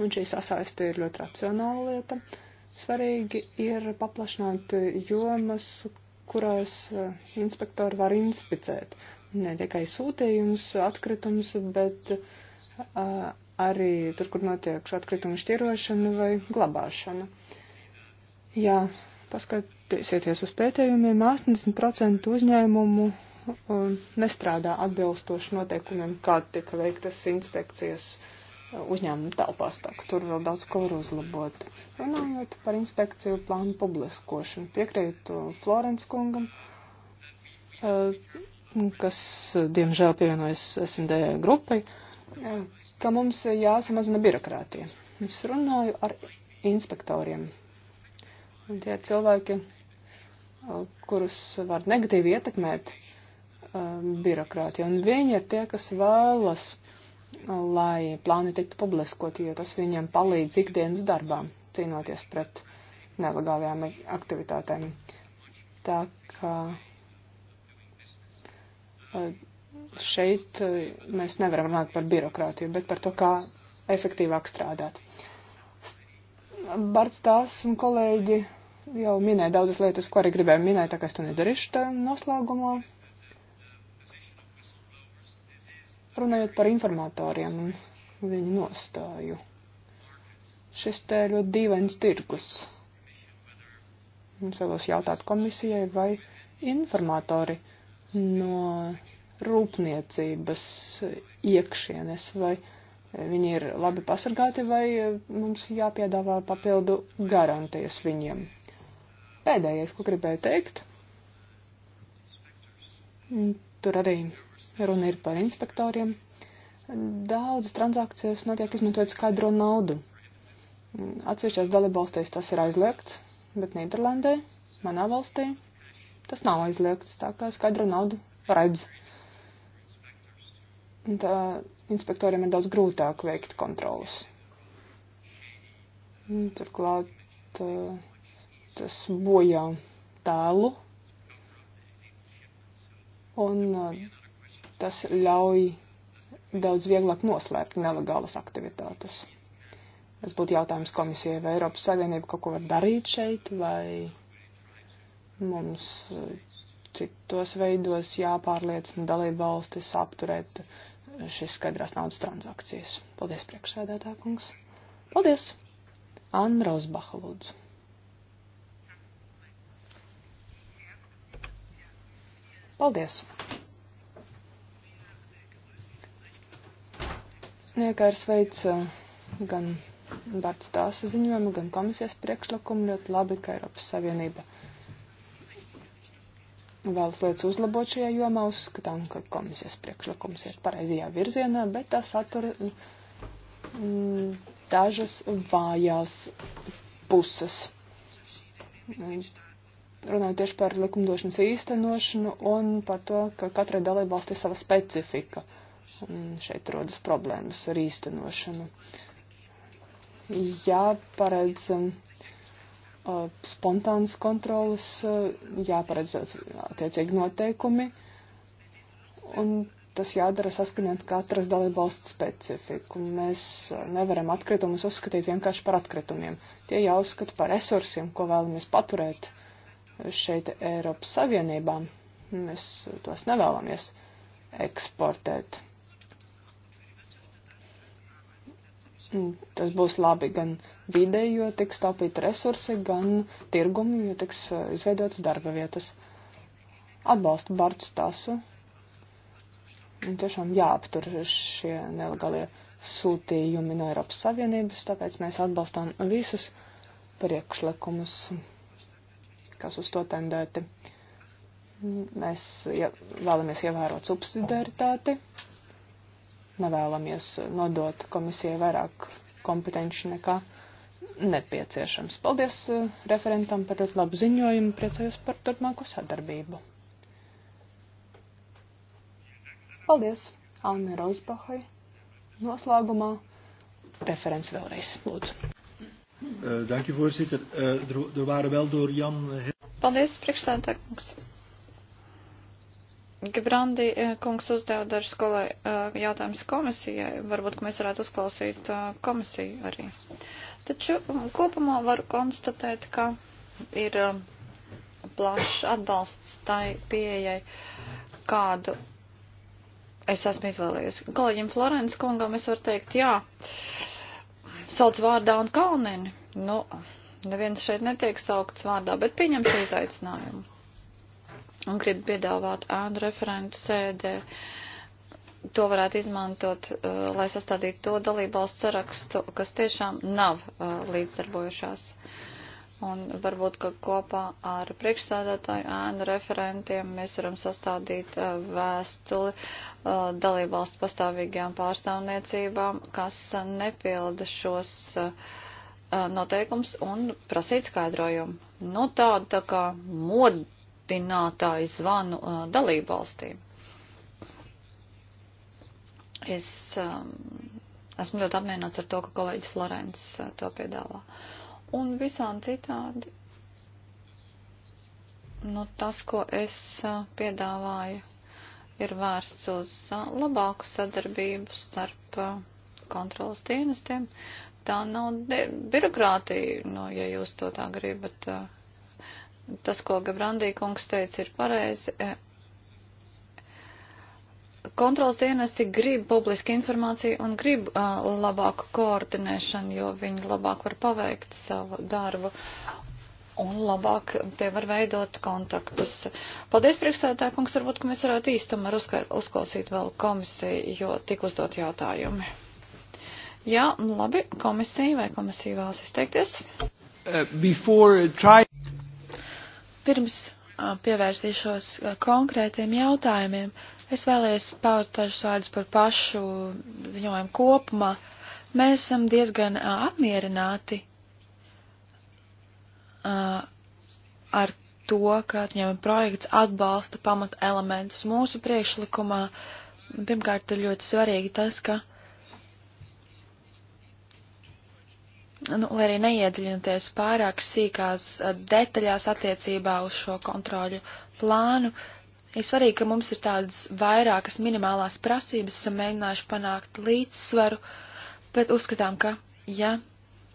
un šī sasaiste ir ļoti racionāla lieta. Svarīgi ir paplašināt jomas, kurās uh, inspektori var inspicēt. Ne tikai sūtījums, atkritums, bet uh, arī tur, kur notiek atkrituma šķirošana vai glabāšana. Jā, paskatīsieties uz pētījumiem, 80% uzņēmumu uh, nestrādā atbilstoši noteikumiem, kā tika veiktas inspekcijas uh, uzņēmuma telpās, tā ka tur vēl daudz ko var uzlabot. Runājot par inspekciju plānu publiskošanu, piekrītu uh, Florence kungam, kas, diemžēl, pievienojas SND grupai, ka mums jāsamazina birokrātija. Es runāju ar inspektoriem Un tie cilvēki, kurus var negatīvi ietekmēt birokrātija, un viņi ir tie, kas vēlas, lai plāni tiktu publiskoti, jo tas viņiem palīdz ikdienas darbā, cīnoties pret nelegālajām aktivitātēm. Tā kā šeit mēs nevaram runāt par birokrātiju, bet par to, kā efektīvāk strādāt. Barts tās un kolēģi jau minēja daudzas lietas, ko arī gribēju minēt, tā kā es to nedarīšu tā noslēgumā. Runājot par informatoriem un viņu nostāju. Šis te ļoti dīvains tirgus. Es vēlos jautāt komisijai, vai informatori no rūpniecības iekšienes, vai viņi ir labi pasargāti, vai mums jāpiedāvā papildu garantijas viņiem. Pēdējais, ko gribēju teikt, tur arī runa ir par inspektoriem. Daudzas transakcijas notiek izmantojot skaidro naudu. Atsevišķās dalībvalstīs tas ir aizliegts, bet Nīderlandē, manā valstī, tas nav aizliegts, tā kā skaidru naudu redz. Un tā inspektoriem ir daudz grūtāk veikt kontrolas. Un, turklāt. Uh, tas bojā tēlu un eh, tas ļauj daudz vieglāk noslēpt nelegālas aktivitātes. Tas būtu jautājums komisijai, vai Eiropas Savienība kaut ko var darīt šeit, vai mums eh, citos veidos jāpārliecina dalība valstis apturēt šīs skaidrās naudas transakcijas. Paldies, priekšsēdētā kungs. Paldies! Anna Rozbaha, lūdzu. Paldies! Niekārs veids gan Bārts Tāsa ziņojumu, gan komisijas priekšlikumu ļoti labi, ka Eiropas Savienība vēlas lietas uzlabot šajā jomā, uzskatām, ka komisijas priekšlikums ir pareizajā virzienā, bet tā satura mm, dažas vājās puses runāju tieši par likumdošanas īstenošanu un par to, ka katrai dalībvalstī ir sava specifika. Un šeit rodas problēmas ar īstenošanu. Jāparedz uh, spontānas kontrolas, uh, jāparedz attiecīgi noteikumi, un tas jādara saskaņot katras dalībvalsts specifiku. Mēs uh, nevaram atkritumus uzskatīt vienkārši par atkritumiem. Tie jāuzskata par resursiem, ko vēlamies paturēt šeit Eiropas Savienībā. Mēs tos nevēlamies eksportēt. Tas būs labi gan videi, jo tiks taupīti resursi, gan tirgumi, jo tiks uh, izveidotas darba vietas. Atbalstu Bartu Stasu. Un tiešām jāaptur šie nelegālie sūtījumi no Eiropas Savienības, tāpēc mēs atbalstām visus priekšlikumus kas uz to tendēti. Mēs ja, vēlamies ievērot subsidiaritāti, nevēlamies nodot komisijai vairāk kompetenci nekā nepieciešams. Paldies eh, referentam par ļoti labu ziņojumu, priecājos par turpmāko sadarbību. Paldies Anne Rozbahai. Noslēgumā referents vēlreiz, lūdzu. Uh, dank u, voorzitter. Uh, er, er waren wel door Jan... Eh, Paldies, priekšsēdētāj, kungs. Gebrandi kungs uzdeva dažas kolē, jautājumus komisijai. Varbūt, ka mēs varētu uzklausīt komisiju arī. Taču mm, kopumā varu konstatēt, ka ir plašs atbalsts tai pieejai, kādu es esmu izvēlējusi. Kolēģim Florence kungam es varu teikt, jā, sauc vārdā un kaunini. Nu, neviens šeit netiek saukts vārdā, bet pieņem šo izaicinājumu. Un gribu piedāvāt ēnu referentu sēdē. To varētu izmantot, uh, lai sastādītu to dalībvalstu sarakstu, kas tiešām nav uh, līdzdarbojušās. Uh, Un varbūt, ka kopā ar priekšsēdētāju ēnu referentiem mēs varam sastādīt eh, vēstuli eh, dalībvalstu pastāvīgajām pārstāvniecībām, kas nepilda šos eh, noteikums un prasīt skaidrojumu. Nu, tāda tā kā modinātāju zvanu dalībvalstīm. Es um, esmu ļoti apmierināts ar to, ka kolēģis Florence to piedāvā. Uh, un visām citādi. Nu, tas, ko es piedāvāju, ir vērsts uz labāku sadarbību starp kontrolas dienestiem. Tā nav birokrātija, nu, ja jūs to tā gribat. Tas, ko Gabrandī kungs teica, ir pareizi kontrols dienesti grib publisku informāciju un grib uh, labāku koordinēšanu, jo viņi labāk var paveikt savu darbu un labāk tie var veidot kontaktus. Paldies, priekšsēdētāji, kungs, varbūt, ka mēs varētu īstumā uzklausīt vēl komisiju, jo tik uzdot jautājumi. Jā, nu labi, komisija vai komisija vēlas izteikties? Uh, before, uh, try... Pirms pievērsīšos konkrētiem jautājumiem. Uh, Es vēlējos paust dažus vārdus par pašu ziņojumu kopumā. Mēs esam diezgan apmierināti ar to, ka atņēma projekts atbalsta pamata elementus mūsu priekšlikumā. Pirmkārt, ir ļoti svarīgi tas, ka, nu, lai arī neiedziļinoties pārāk sīkās detaļās attiecībā uz šo kontroļu plānu, uh, ir svarīgi, ka mums ir tādas vairākas minimālās prasības, esam mēģinājuši panākt līdzsvaru, bet uzskatām, ka, ja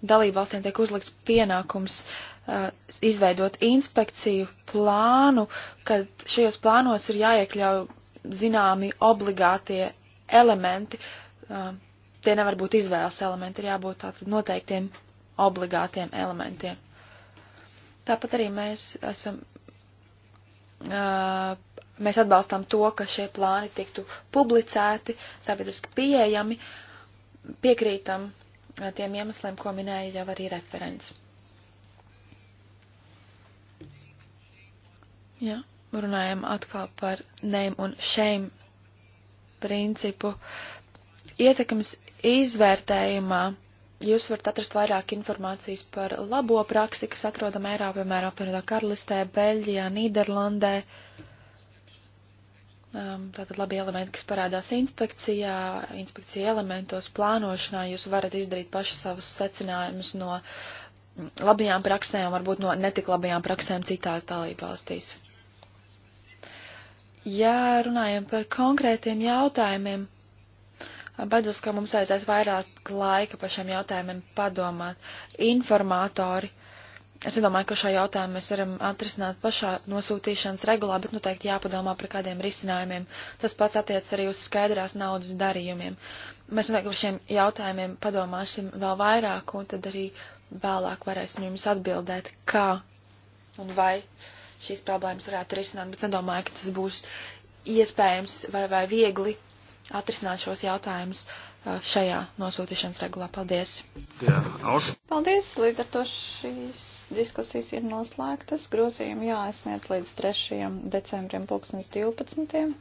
dalībvalstīm tiek uzlikts pienākums uh, izveidot inspekciju plānu, kad šajos plānos ir jāiekļauj zināmi obligātie elementi, uh, tie nevar būt izvēles elementi, ir jābūt tātad noteiktiem obligātiem elementiem. Tāpat arī mēs esam uh, mēs atbalstām to, ka šie plāni tiktu publicēti, sabiedriski pieejami, piekrītam eh, tiem iemesliem, ko minēja jau arī referents. Jā, runājam atkal par name un shame principu. Ietekmes izvērtējumā jūs varat atrast vairāk informācijas par labo praksi, kas atrodama Eiropā, piemēram, Karalistē, Beļģijā, Nīderlandē. Uh, Um, tātad labi elementi, kas parādās inspekcijā, inspekcija elementos, plānošanā, jūs varat izdarīt paši savus secinājumus no labajām praksēm, varbūt no netik labajām praksēm citās dalībvalstīs. Ja runājam par konkrētiem jautājumiem, baidos, ka mums aizies vairāk laika par šiem jautājumiem padomāt. Informatori. Uh, Es domāju, ka šo jautājumu mēs varam atrisināt pašā nosūtīšanas regulā, bet noteikti nu, jāpadomā par kādiem risinājumiem. Tas pats attiec arī uz skaidrās naudas darījumiem. Mēs noteikti par šiem jautājumiem padomāsim vēl vairāk, un tad arī vēlāk varēsim jums atbildēt, kā un vai šīs problēmas varētu risināt, bet nedomāju, ka tas būs iespējams vai, vai viegli, atrisināt šos jautājumus uh, šajā nosūtīšanas regulā. Paldies! Jā, Paldies! Līdz ar to šīs diskusijas ir noslēgtas. Grozījumi jāiesniedz līdz 3. decembrim 2012.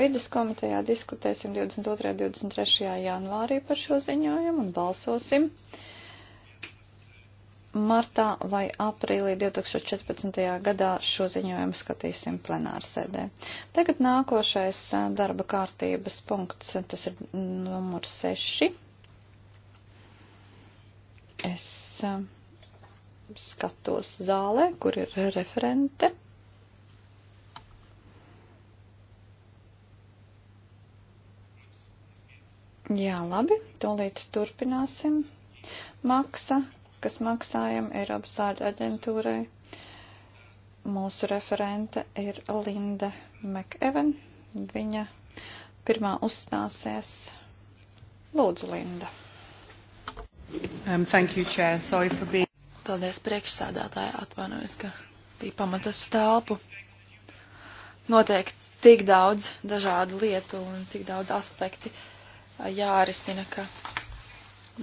Vides komitejā diskutēsim 22. un 23. janvārī par šo ziņojumu un balsosim martā vai aprīlī 2014. gadā šo ziņojumu skatīsim plenārsēdē. Tagad nākošais darba kārtības punkts, tas ir numur 6. Es skatos zālē, kur ir referente. Jā, labi, tolīt turpināsim. Maksa kas maksājam Eiropas ārļu aģentūrai. Mūsu referente ir Linda McEwen. Viņa pirmā uzstāsies. Lūdzu, Linda. Um, thank you, Chair. Sorry for being... Paldies priekšsādātāji, atvainojos, ka bija pamatas telpu. Noteikti tik daudz dažādu lietu un tik daudz aspekti uh, jārisina, ka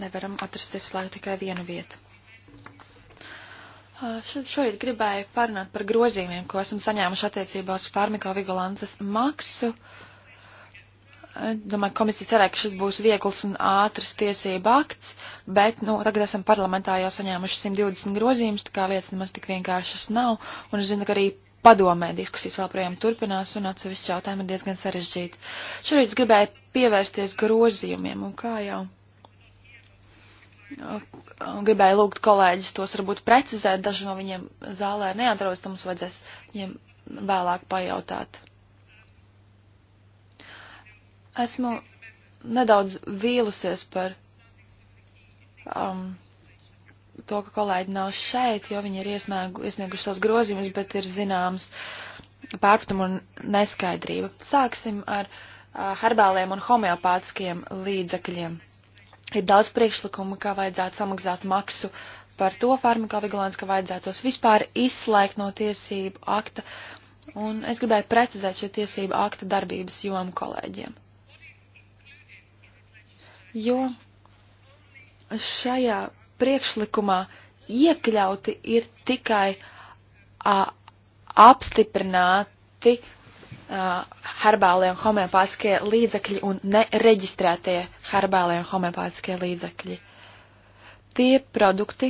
nevaram atrast visu laiku tikai vienu vietu. Šorīt gribēju parunāt par grozījumiem, ko esam saņēmuši attiecībā uz farmiko vigilances maksu. Domāju, komisija cerēja, ka šis būs viegls un ātrs tiesība akts, bet, nu, tagad esam parlamentā jau saņēmuši 120 grozījumus, tā kā lietas nemaz tik vienkāršas nav, un es zinu, ka arī padomē diskusijas vēl projām turpinās, un atsevišķi jautājumi ir diezgan sarežģīti. Šorīt es gribēju pievērsties grozījumiem, un kā jau gribēju lūgt kolēģis tos varbūt precizēt, daži no viņiem zālē neatrodas, tam mums vajadzēs viņiem vēlāk pajautāt. Esmu nedaudz vīlusies par um, to, ka kolēģi nav šeit, jo viņi ir iesniegu, iesnieguši savus grozījumus, bet ir zināms pārpratumu un neskaidrība. Sāksim ar uh, herbāliem un homeopātiskiem līdzekļiem Ir daudz priekšlikumu, kā vajadzētu samaksāt maksu par to farmakovigilants, ka vajadzētu tos vispār izslēgt no tiesību akta. Un es gribēju precizēt šī tiesību akta darbības jomu kolēģiem. Jo šajā priekšlikumā iekļauti ir tikai a, apstiprināti uh, herbālie un homeopātiskie līdzekļi un nereģistrētie herbālie un homeopātiskie līdzekļi. Tie produkti,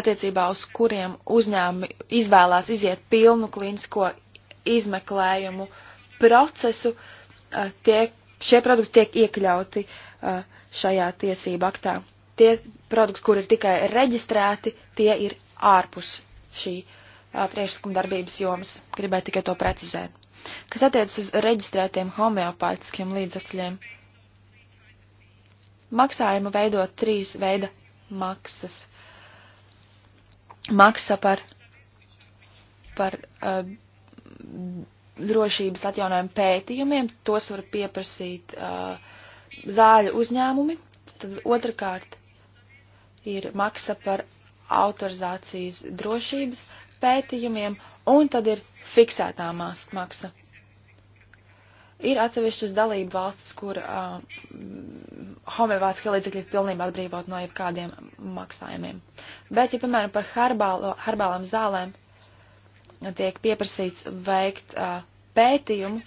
attiecībā uz kuriem uzņēmumi izvēlās iziet pilnu klīnisko izmeklējumu procesu, uh, tiek, šie produkti tiek iekļauti uh, šajā tiesību aktā. Tie produkti, kur ir tikai reģistrēti, tie ir ārpus šī priekšlikuma darbības jomas. Gribēju tikai to precizēt. Kas attiecas uz reģistrētiem homeopātiskiem līdzekļiem? Maksājumu veido trīs veida maksas. Maksa par, par uh, drošības atjaunojumu pētījumiem, tos var pieprasīt uh, zāļu uzņēmumi. Tad otrkārt ir maksa par autorizācijas drošības pētījumiem, un tad ir fiksētā maksa. Ir atsevišķas dalību valstis, kur uh, homeopātiskie līdzekļi ir pilnībā atbrīvot no jebkādiem maksājumiem. Bet, ja piemēram par herbālo, herbālām zālēm tiek pieprasīts veikt uh, pētījumu,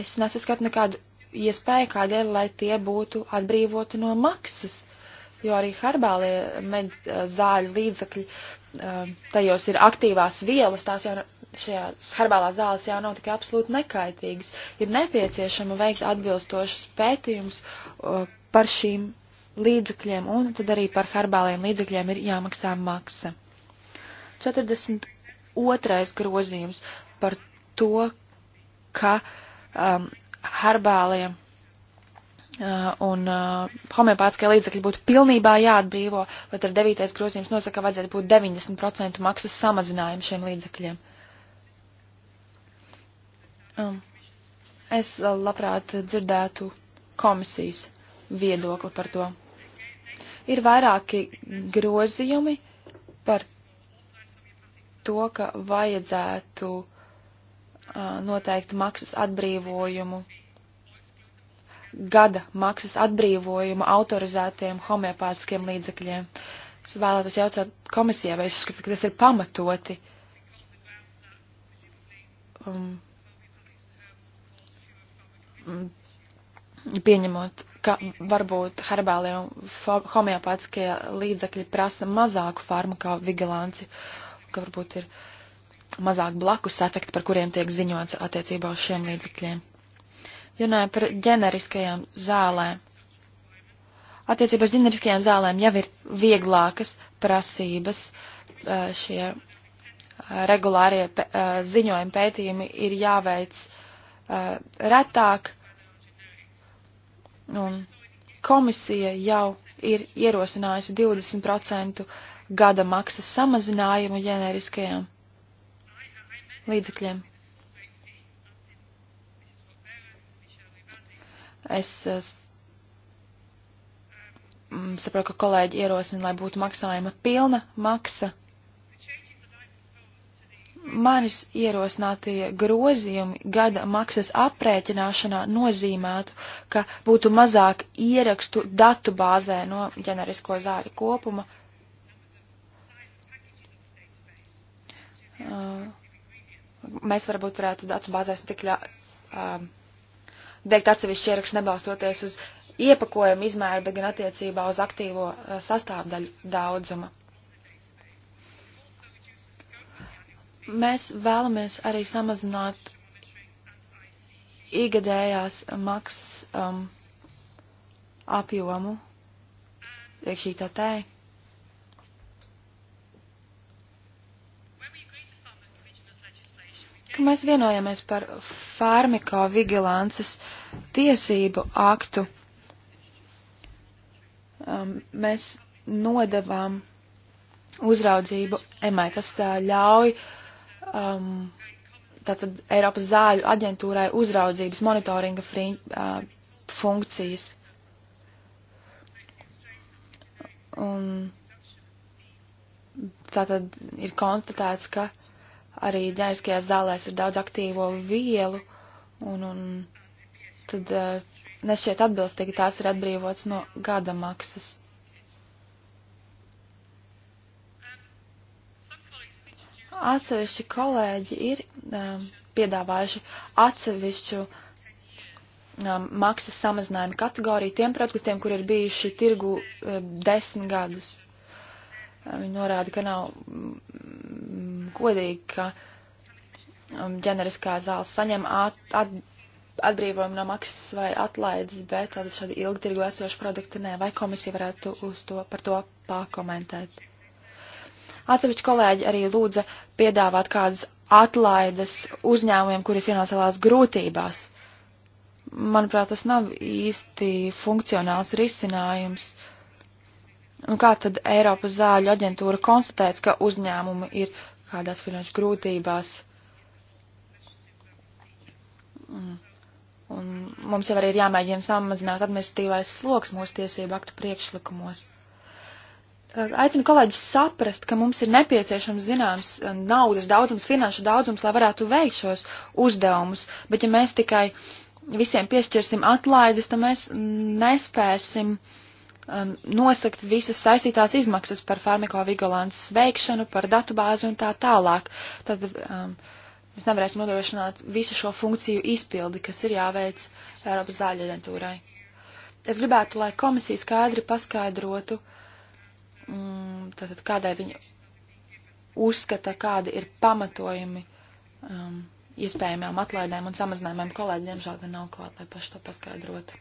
es nesaskatu nekādu iespēju, kādēļ, lai tie būtu atbrīvoti no maksas jo arī herbālie med, eh, zāļu līdzakļi, eh, tajos ir aktīvās vielas, tās jau šajās herbālās zāles jau nav tik absolūti nekaitīgas. Ir nepieciešama veikt atbilstošas pētījums eh, par šīm līdzakļiem, un tad arī par herbāliem līdzakļiem ir jāmaksā maksa. 42. grozījums par to, ka um, herbāliem Eh, un uh, homeopātiskie līdzekļi būtu pilnībā jāatbrīvo, bet ar devītais grozījums nosaka, ka vajadzētu būt 90% maksas samazinājumu šiem līdzekļiem. Um, es eh, labprāt dzirdētu komisijas viedokli par to. Ir vairāki grozījumi par to, ka vajadzētu uh, noteikt maksas atbrīvojumu gada maksas atbrīvojumu autorizētiem homeopātiskiem līdzekļiem. Es vēlētos jautāt komisijai, vai es uzskatu, ka tas ir pamatoti. Um, mm, pieņemot, ka varbūt herbālie un homeopātiskie līdzekļi prasa mazāku farmakovigilanci, ka varbūt ir mazāk blakus efekti, par kuriem tiek ziņots attiecībā uz šiem līdzekļiem. Runājot par ģeneriskajām zālēm. Attiecībā uz ģeneriskajām zālēm jau ir vieglākas prasības. Šie regulārie ziņojumi pētījumi ir jāveic retāk. Un komisija jau ir ierosinājusi 20% gada maksas samazinājumu ģeneriskajām līdzekļiem. Es mm, saprotu, ka kolēģi ierosina, lai būtu maksājuma pilna maksa. Manis ierosinātie grozījumi gada maksas aprēķināšanā nozīmētu, ka būtu mazāk ierakstu datu bāzē no ģenerisko zāļu kopuma. Uh, mēs varbūt varētu datu bāzēs tik ļā, um, uh, veikt atsevišķu ierakstu nebalstoties uz iepakojumu izmēru, bet gan attiecībā uz aktīvo eh, sastāvdaļu daudzumu. Mēs vēlamies arī samazināt igadējās maksas um, apjomu, iekšītā tēja. ka mēs vienojamies par farmakovigilances tiesību aktu. Um, mēs nodevām uzraudzību EMAI, kas tā uh, ļauj um, tātad Eiropas zāļu aģentūrai uzraudzības monitoringa fri, uh, funkcijas. Un tātad ir konstatēts, ka uh, arī ģēniskajās zālēs ir daudz aktīvo vielu, un, un tad eh, nešķiet atbilstīgi tās ir atbrīvots no gada maksas. Atsevišķi kolēģi ir um, piedāvājuši atsevišķu um, maksas samazinājumu kategoriju tiem produktiem, kur ir bijuši tirgu um, desmit gadus. Viņi norāda, ka nav godīgi, ka um, ģeneriskā zāle saņem at, at, atbrīvojumu no maksas vai atlaides, bet tātad šādi ilgtirgu esošu produktu nē, vai komisija varētu uz to, par to pakomentēt. Atsevišķi kolēģi arī lūdza piedāvāt kādas atlaides uzņēmumiem, kuri ir finansiālās grūtībās. Manuprāt, tas nav īsti funkcionāls risinājums. Un kā tad Eiropas zāļu aģentūra konstatēts, ka uzņēmumi ir kādās finanšu grūtībās. Un, mm. un mums jau arī ir jāmēģina samazināt administratīvais sloks mūsu tiesību aktu priekšlikumos. Aicinu kolēģus saprast, ka mums ir nepieciešams zināms naudas daudzums, finanšu daudzums, lai varētu veikt šos uzdevumus, bet ja mēs tikai visiem piešķirsim atlaides, tad mēs nespēsim uh, um, nosakt visas saistītās izmaksas par farmakovigilants veikšanu, par datubāzi un tā tālāk. Tad um, mēs nevarēsim nodrošināt visu šo funkciju izpildi, kas ir jāveic Eiropas zāļu aģentūrai. Es gribētu, lai komisija skaidri paskaidrotu, um, tātad kādai viņa uzskata, kādi ir pamatojumi um, iespējamām atlaidēm un samazinājumiem. Kolēģi, diemžēl, gan nav klāt, lai paši to paskaidrotu.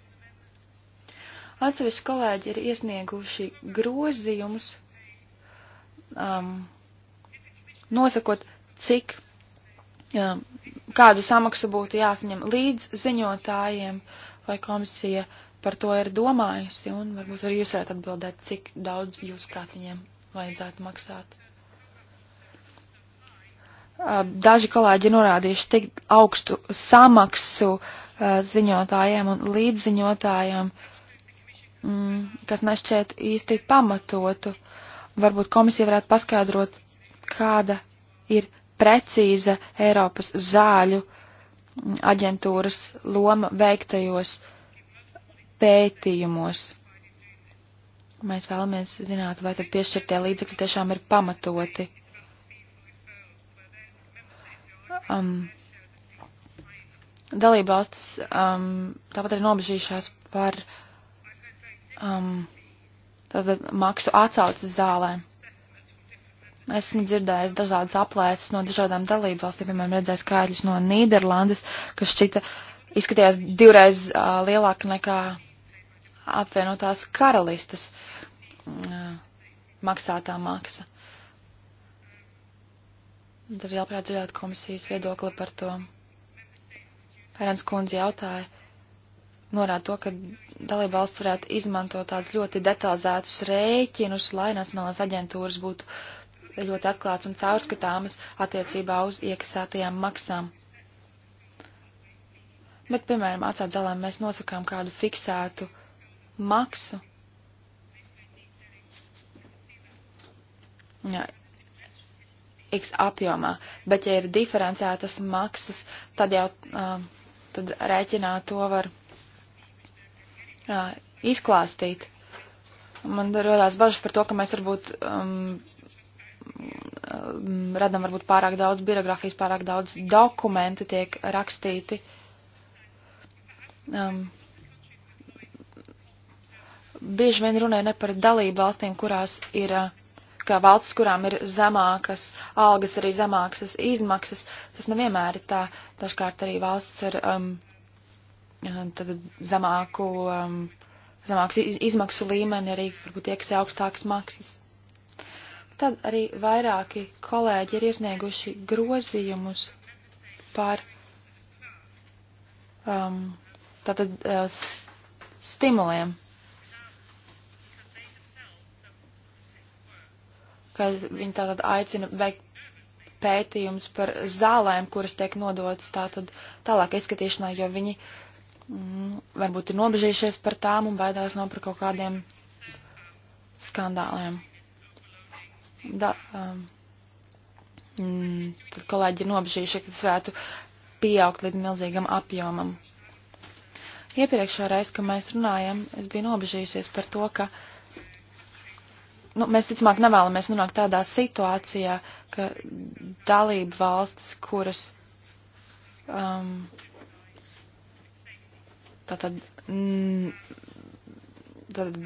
Atsevišķi kolēģi ir iesnieguši grozījumus, um, nosakot, cik, um, kādu samaksu būtu jāsaņem līdz ziņotājiem, vai komisija par to ir domājusi, un varbūt arī jūs varat atbildēt, cik daudz jūs prāt viņiem vajadzētu maksāt. Uh, daži kolēģi norādījuši tik augstu samaksu uh, ziņotājiem un līdziņotājiem. Uh, Mm, kas nešķiet īsti pamatotu. Varbūt komisija varētu paskaidrot, kāda ir precīza Eiropas zāļu mm, aģentūras loma veiktajos pētījumos. Mēs vēlamies zināt, vai tad piešķirtie līdzekļi tiešām ir pamatoti. Um, dalībvalstis um, tāpat arī nobežījušās par uh, um, tātad maksu atsaucas zālēm. Esmu dzirdējis dažādas aplēses no dažādām dalību valstīm, piemēram, redzēju skaitļus no Nīderlandes, kas šķita izskatījās divreiz uh, lielāka nekā apvienotās karalistas uh, maksātā maksa. Tad ir jāprāt dzirdēt komisijas viedokli par to. Pērns kundze jautāja, norāda to, ka dalība valsts varētu izmantot tādus ļoti detalizētus rēķinus, lai nacionālās aģentūras būtu ļoti atklāts un caurskatāmas attiecībā uz iekasētajām maksām. Bet, piemēram, atsādzalēm mēs nosakām kādu fiksētu maksu. Jā, X apjomā, bet ja ir diferencētas maksas, tad jau uh, tad rēķinā to var uh, izklāstīt. Man radās bažas par to, ka mēs varbūt um, um radam varbūt pārāk daudz birografijas, pārāk daudz dokumenti tiek rakstīti. Um, bieži vien runāja ne par dalību valstīm, kurās ir, kā valsts, kurām ir zemākas algas, arī zemākas izmaksas. Tas nevienmēr ir tā. Dažkārt arī valsts ar um, tad zemāku, um, zemāks izmaksu līmeni arī varbūt iekasē augstākas maksas. Tad arī vairāki kolēģi ir iesnieguši grozījumus par um, tātad uh, stimuliem, ka viņi tātad aicina veikt pētījums par zālēm, kuras tiek nodotas tātad tālāk izskatīšanai, jo viņi Mm, varbūt ir nobežījušies par tām un baidās no par kaut kādiem skandāliem. Da, um, mm, tad kolēģi ir nobežījuši, ka tas varētu pieaugt līdz milzīgam apjomam. Iepriekšā reiz, kad mēs runājam, es biju nobežījusies par to, ka nu, mēs ticamāk nevēlamies nonākt tādā situācijā, ka dalība valstis, kuras um, tātad, mm, tātad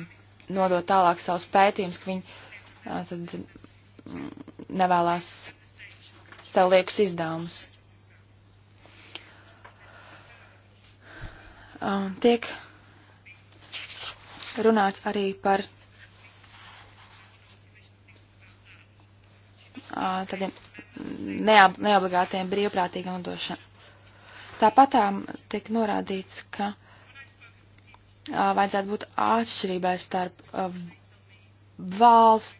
nodot tālāk savus pētījumus, ka viņi tātad, mm, nevēlas sev liekus izdevumus. Um, tiek runāts arī par uh, tādiem neab, neobligātiem brīvprātīgiem nodošanām. Tāpatām tiek norādīts, ka vajadzētu būt atšķirībai starp valsts,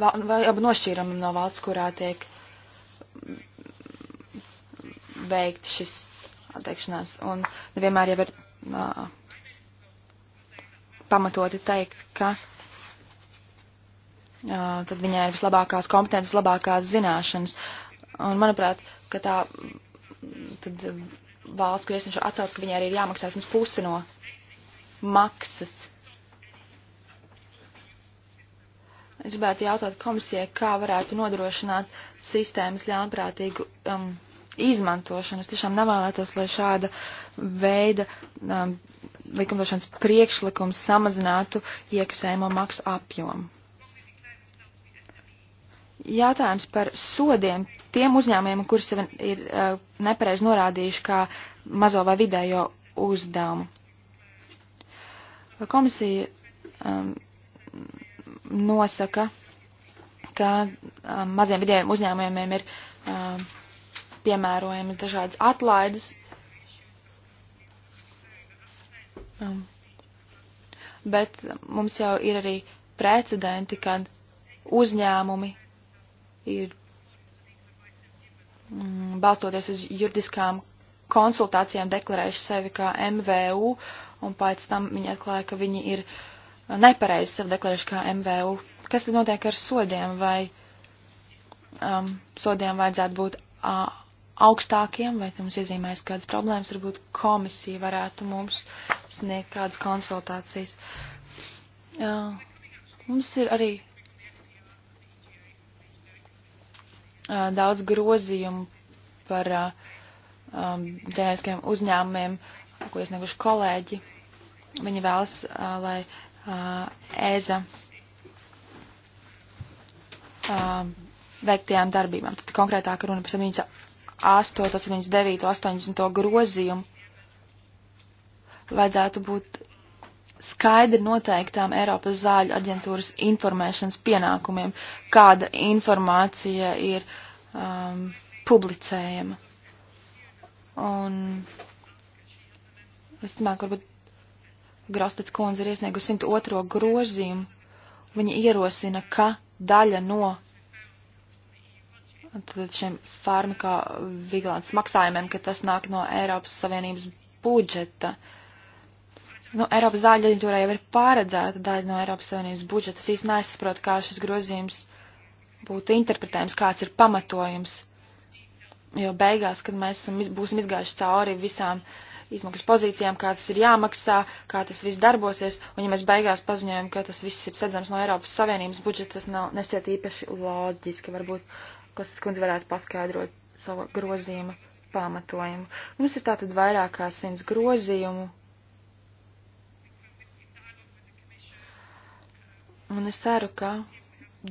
val, vai nošķīram no valsts, kurā tiek veikt šis atteikšanās. Un nevienmēr jau ir nā, pamatoti teikt, ka nā, tad viņai ir vislabākās kompetences, labākās zināšanas. Un manuprāt, ka tā tad valsts, kur iesniegšu atcelt, ka viņai arī ir jāmaksā vismaz pusi no maksas. Es gribētu jautāt komisijai, kā varētu nodrošināt sistēmas ļaunprātīgu um, izmantošanu. Es tiešām nevēlētos, lai šāda veida um, likumdošanas priekšlikums samazinātu iekasējumu maksu apjomu jautājums par sodiem tiem uzņēmumiem, kuri sev ir uh, eh, nepareiz norādījuši kā mazo vai vidējo uzdevumu. Komisija um, nosaka, ka um, maziem vidējiem uzņēmumiem ir um, piemērojamas dažādas atlaides. Um, bet mums jau ir arī precedenti, kad uzņēmumi ir mm, balstoties uz juridiskām konsultācijām deklarējuši sevi kā MVU, un pēc tam viņi atklāja, ka viņi ir nepareizi sevi deklarējuši kā MVU. Kas tad notiek ar sodiem? Vai um, sodiem vajadzētu būt uh, augstākiem, vai mums iezīmēs kādas problēmas? Varbūt komisija varētu mums sniegt kādas konsultācijas. Uh, mums ir arī daudz grozījumu par ģeneriskiem uzņēmumiem, ko iesnieguši kolēģi. Viņi vēlas, lai ēza veiktajām darbībām. Tad konkrētāk runa par 78, 89, 80 grozījumu vajadzētu būt skaidri noteiktām Eiropas zāļu aģentūras informēšanas pienākumiem, kāda informācija ir um, publicējama. Un es domāju, ka varbūt Grostets kundze ir iesniegusi 102. grozījumu. Viņa ierosina, ka daļa no šiem farmakā vigilants maksājumiem, ka tas nāk no Eiropas Savienības budžeta. Uh, Nu, Eiropas zāļu aģentūrai jau ir pāredzēta daļa no Eiropas Savienības budžeta. Es īsti nesaprotu, kā šis grozījums būtu interpretējams, kāds ir pamatojums. Jo beigās, kad mēs esam, būsim izgājuši cauri visām izmaksas pozīcijām, kā tas ir jāmaksā, kā tas viss darbosies, un ja mēs beigās paziņojam, ka tas viss ir sedzams no Eiropas Savienības budžeta, tas nav nešķiet īpaši loģiski. Varbūt Kostas kundze varētu paskaidrot savu grozījumu pamatojumu. Mums ir tātad vairākās simts grozījumu, Un es ceru, ka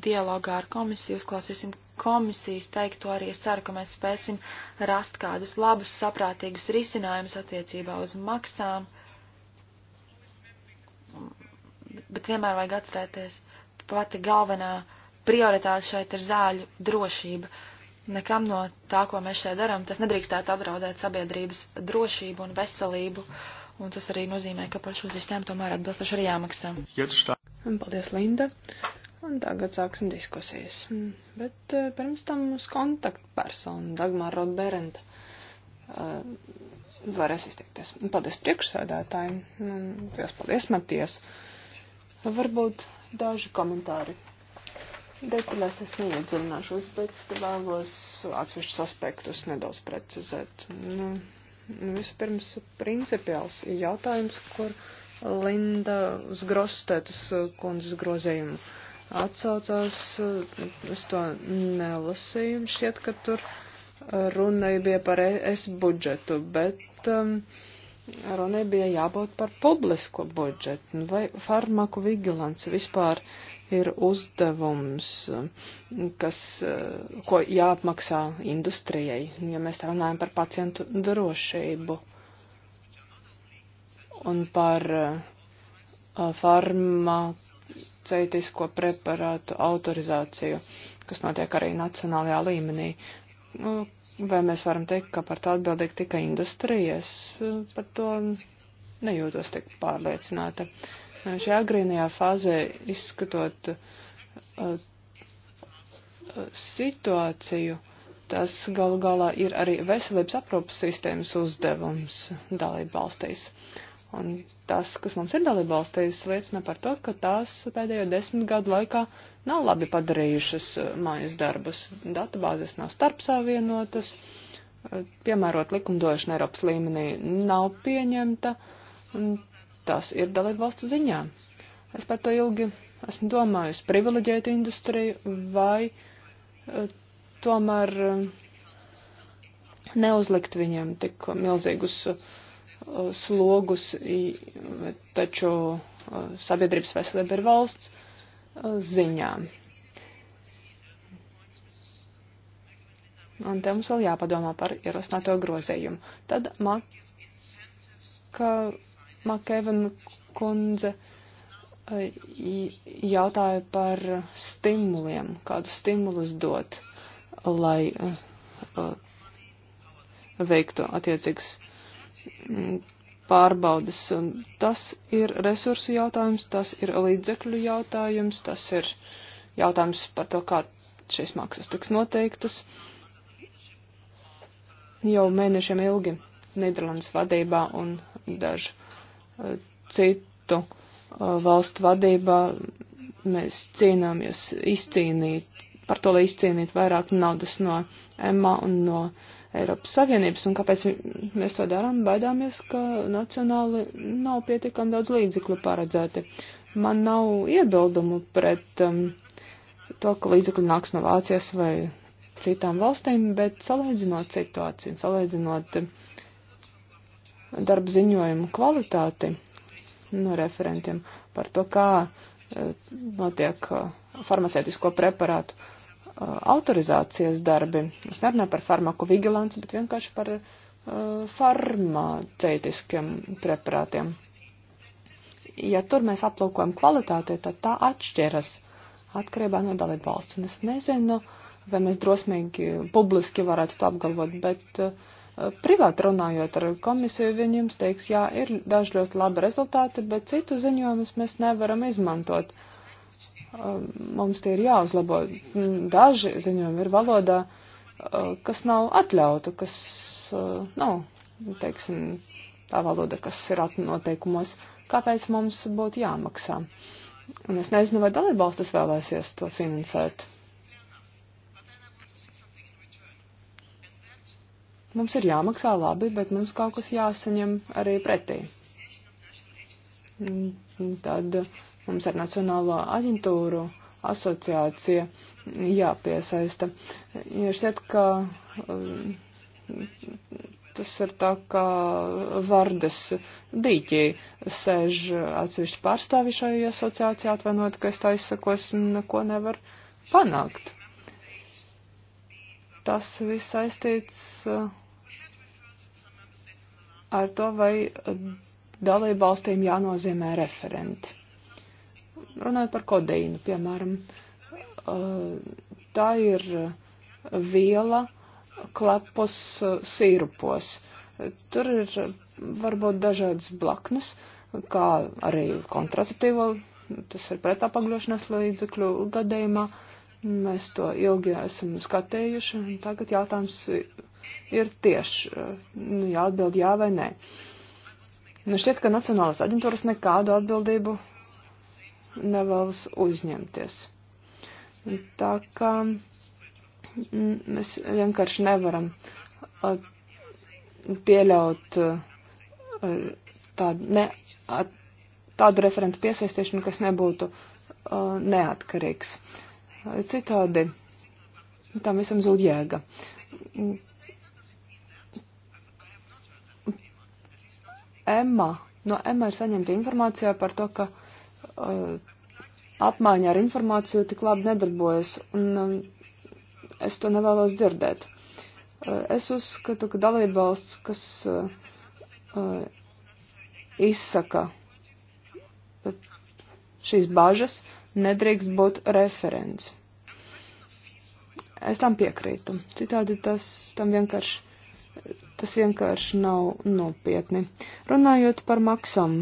dialogā ar komisiju uzklausīsim komisijas teikto arī. Es ceru, ka mēs spēsim rast kādus labus, saprātīgus risinājumus attiecībā uz maksām. Bet vienmēr vajag atcerēties, pati galvenā prioritāte šeit ir zāļu drošība. Nekam no tā, ko mēs šeit darām, tas nedrīkstētu apdraudēt sabiedrības drošību un veselību. Un tas arī nozīmē, ka par šo sistēmu tomēr atbilstoši ir jāmaksā. Un paldies, Linda. Un tagad sāksim diskusijas. Mm, bet uh, pirms tam mums kontaktpersona Dagmar Rodberenda uh, eh, varēs izteikties. Un paldies priekšsēdētājiem. Paldies, paldies, Matijas. Varbūt daži komentāri. Detaļās es neiedziļināšos, bet vēlos atsevišķus aspektus nedaudz precizēt. Nu, vispirms principiāls jautājums, kur. Uh, Linda uz Grostētas uh, kundzes grozējumu atsaucās, uh, es to nelasīju, šķiet, ka tur uh, runa bija par es budžetu, bet um, runa bija jābūt par publisko budžetu, vai farmaku vigilants vispār ir uzdevums, um, kas, ko jāapmaksā industrijai, ja mēs runājam par pacientu drošību un par uh, farmaceitisko preparātu autorizāciju, kas notiek arī nacionālajā līmenī. Nu, vai mēs varam teikt, ka par to atbildīgi tikai industrijas? Uh, par to nejūtos tik pārliecināta. Uh, šajā agrīnajā fāzē izskatot situāciju, tas galu galā ir arī veselības aprūpas sistēmas uzdevums dalību valstīs. Uh, Un tas, kas mums ir dalībvalstīs, liecina par to, ka tās pēdējo desmit gadu laikā nav labi padarījušas uh, mājas darbus. Datubāzes nav starpsavienotas, uh, piemērot likumdošana Eiropas līmenī nav pieņemta, un tas ir dalībvalstu ziņā. Es par to ilgi esmu domājusi, privileģēt industriju vai uh, tomēr neuzlikt viņiem tik milzīgus uh, slogus, taču sabiedrības veselība ir valsts ziņā. Un te mums vēl jāpadomā par ierosināto grozējumu. Tad Maka, Makevena kundze jautāja par stimuliem, kādu stimulus dot, lai veiktu attiecīgs pārbaudas. Un tas ir resursu jautājums, tas ir līdzekļu jautājums, tas ir jautājums par to, kā šīs maksas tiks noteiktas. Jau mēnešiem ilgi Nīderlandes vadībā un dažu eh, citu eh, valstu vadībā mēs cīnāmies izcīnīt, par to, lai izcīnītu vairāk naudas no EMA un no uh, Eiropas Savienības, un kāpēc mēs to darām, baidāmies, ka nacionāli nav pietiekami daudz līdzekļu paredzēti. Man nav iebildumu pret um, to, ka līdzekļi nāks no Vācijas vai citām valstīm, bet salīdzinot situāciju, salīdzinot um, darba ziņojumu kvalitāti no referentiem par to, kā uh, notiek uh, farmaceitisko preparātu Uh, autorizācijas darbi. Es nerunāju par farmaku vigilanci, bet vienkārši par uh, farmaceitiskiem preparātiem. Ja tur mēs aplūkojam kvalitāti, tad tā atšķiras atkarībā no dalību valsts. Un es nezinu, vai mēs drosmīgi publiski varētu to apgalvot, bet uh, privāti runājot ar komisiju, viņi jums teiks, jā, ir daži ļoti labi rezultāti, bet citu ziņojumus mēs nevaram izmantot. Uh, mums tie ir jāuzlabo. Daži ziņojumi ir valodā, kas nav atļauta, kas nav, teiksim, tā valoda, kas ir atnoteikumos. Kāpēc mums būtu jāmaksā? Un es nezinu, vai dalībvalstis vēlēsies to finansēt. Mums ir jāmaksā labi, bet mums kaut kas jāsaņem arī pretī. Tad Mums ar Nacionālo aģentūru asociācija jāpiesaista. Ja šķiet, ka um, tas ir tā kā vardas dīķī sēž atsevišķi pārstāvi šai asociācijā atvainot, ka es tā izsakos un neko nevar panākt. Tas viss saistīts uh, ar to, vai dalību valstīm jānozīmē referenti. Runājot par kodeīnu, piemēram, uh, tā ir viela klepos uh, sīrupos. Tur ir uh, varbūt dažādas blaknes, kā arī kontraceptīvo, tas ir pretāpagļošanās līdzekļu gadījumā. Mēs to ilgi esam skatējuši, un tagad jautājums ir tieši, nu, jāatbild jā vai nē. Nu, šķiet, ka Nacionālās aģentūras nekādu atbildību nevēlas uzņemties. Tā kā mēs vienkārši nevaram pieļaut tādu, ne, tādu referentu piesaistīšanu, kas nebūtu neatkarīgs. Citādi tam visam zūd jēga. Emma, no Emma ir saņemta informācija par to, ka uh, Uh, apmaiņa ar informāciju tik labi nedarbojas, un um, es to nevēlos dzirdēt. Uh, es uzskatu, ka dalībvalsts, kas uh, izsaka šīs bažas, nedrīkst būt referents. Es tam piekrītu. Citādi tas tam vienkārši, tas vienkārši nav nopietni. Runājot par maksām,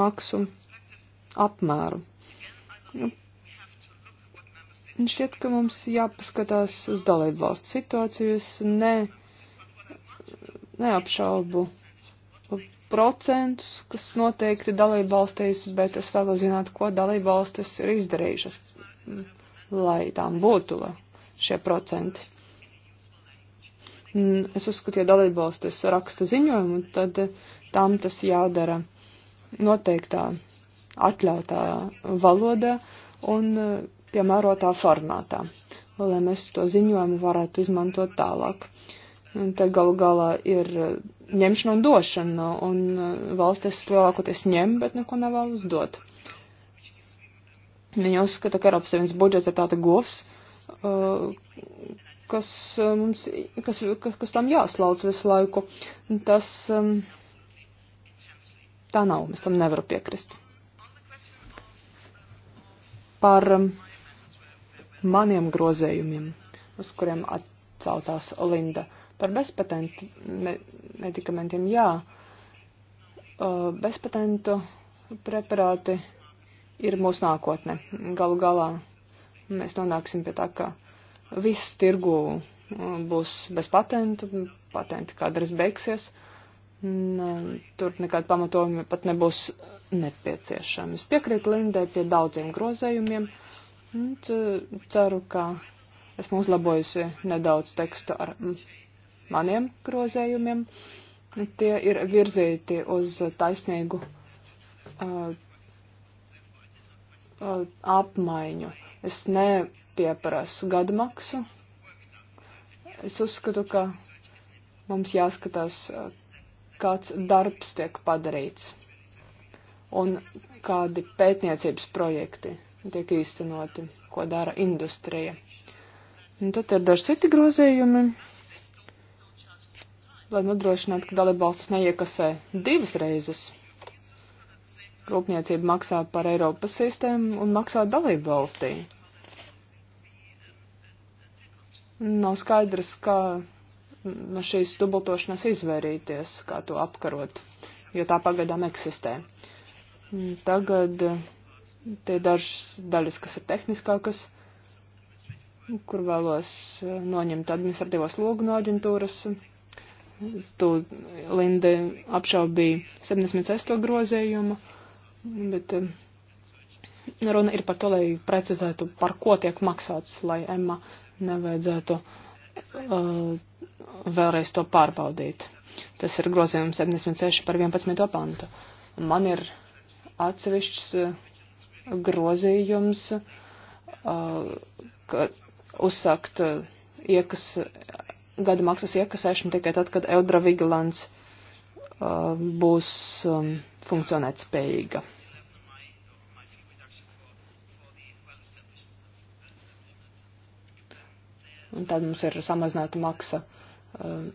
maksu apmēru. Un nu, šķiet, ka mums jāpaskatās uz dalību valstu situācijas, ne, neapšaubu procentus, kas noteikti dalību valstīs, bet es vēlos zināt, ko dalību valstis ir izdarījušas, lai tām būtu lai šie procenti. Es uzskatu, ja dalību valstis raksta ziņojumu, tad tām tas jādara noteiktā atļautā valodā un e, piemērotā formātā, lai mēs to ziņojumu varētu izmantot tālāk. Te galu galā ir e, ņemšana un došana, un e, valstis lielākoties ņem, bet neko nevēlas dot. Viņa uzskata, ka Eiropas Savienības budžets ir tāda govs, kas, mums, kas, kas, kas tam jāslauc visu laiku. Tas tā nav, mēs tam nevaru piekrist par um, maniem grozējumiem, uz kuriem atsaucās Linda. Par bezpatentu me medikamentiem, jā. Uh, bezpatentu preparāti ir mūsu nākotne. Galu galā mēs nonāksim pie tā, ka viss tirgu uh, būs bez patentu, patenti kādreiz beigsies. Uh, Nu, tur nekāda pamatojuma pat nebūs nepieciešama. Es piekrītu Lindai pie daudziem grozējumiem. Un ceru, ka esmu uzlabojusi nedaudz tekstu ar maniem grozējumiem. Tie ir virzīti uz taisnīgu uh, uh, apmaiņu. Es nepieprasu gadmaksu. Es uzskatu, ka mums jāskatās. Uh, kāds darbs tiek padarīts un kādi pētniecības projekti tiek īstenoti, ko dara industrija. Un tad ir daži citi grozījumi, lai nodrošinātu, ka dalībvalstis neiekasē divas reizes. Rūpniecība maksā par Eiropas sistēmu un maksā dalību valstī. Nav skaidrs, kā no šīs dubultošanās izvairīties, kā to apkarot, jo tā pagaidām eksistē. Tagad tie dažas daļas, kas ir tehniskākas, kur vēlos noņemt administratīvos logu no aģentūras. Tu, Linda, apšaubīja 76. grozējumu, bet eh, runa ir par to, lai precizētu, par ko tiek maksāts, lai Emma nevajadzētu uh, Uh, vēlreiz to pārbaudīt. Tas ir grozījums 76 par 11. pantu. Man ir atsevišķs uh, grozījums, uh, ka uzsākt iekas, gada maksas iekasēšanu tikai tad, kad eudravigilants būs um, funkcionēt spējīga. Un tad mums ir samazināta maksa um,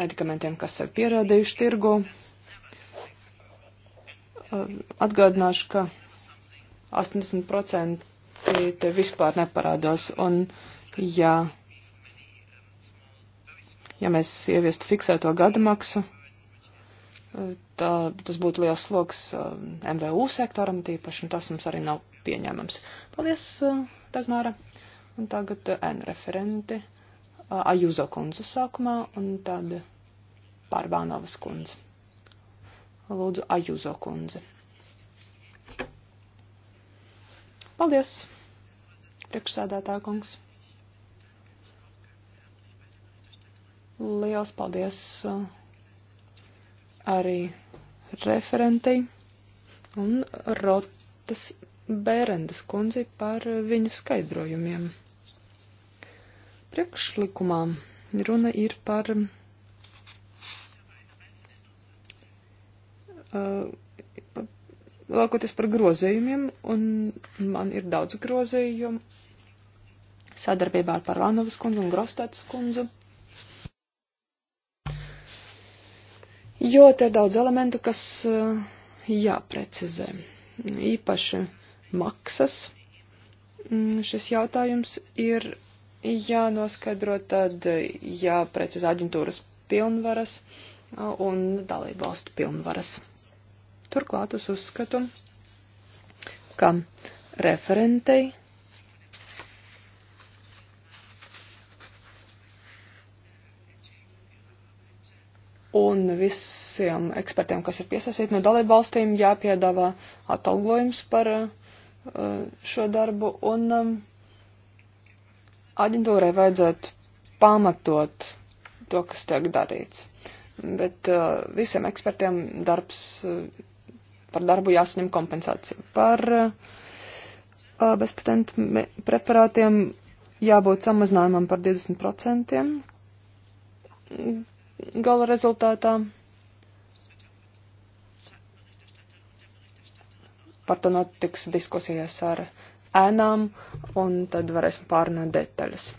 medikamentiem, kas ir pierādījuši tirgu. Um, atgādināšu, ka 80% te vispār neparādās. Un, ja, ja mēs ieviestu fiksēto gada maksu, uh, tā, tas būtu liels sloks MVU um, sektoram tīpaši, un tas mums arī nav pieņemams. Paldies, uh, Dagmāra! Un tagad eh, N referenti eh, Ajuzo kundze sākumā un tad Pārbānovas kundze. Lūdzu, Ajuzo kundze. Paldies, priekšsēdētā kungs. Liels paldies eh, arī referentei un Rotas Bērendas kundzi par viņu skaidrojumiem priekšlikumā runa ir par uh, lākoties par grozējumiem, un man ir daudz grozējumu sadarbībā ar Parvānovas kundzi un Grostātas kundzi. Jo te daudz elementu, kas uh, jāprecizē. Īpaši maksas. Mm, šis jautājums ir jānoskaidro, tad jāprecizē aģentūras pilnvaras un dalību valstu pilnvaras. Turklāt uz uzskatu, ka referentei un visiem ekspertiem, kas ir piesaistīti no dalību valstīm, jāpiedāvā atalgojums par šo darbu un aģentūrai vajadzētu pamatot to, kas tiek darīts. Bet uh, visiem ekspertiem darbs, uh, par darbu jāsaņem kompensācija. Par uh, uh bezpatentu preparātiem jābūt samazinājumam par 20% gala rezultātā. Par to notiks diskusijas ar uh, ēnām, un tad varēsim pārunāt detaļas.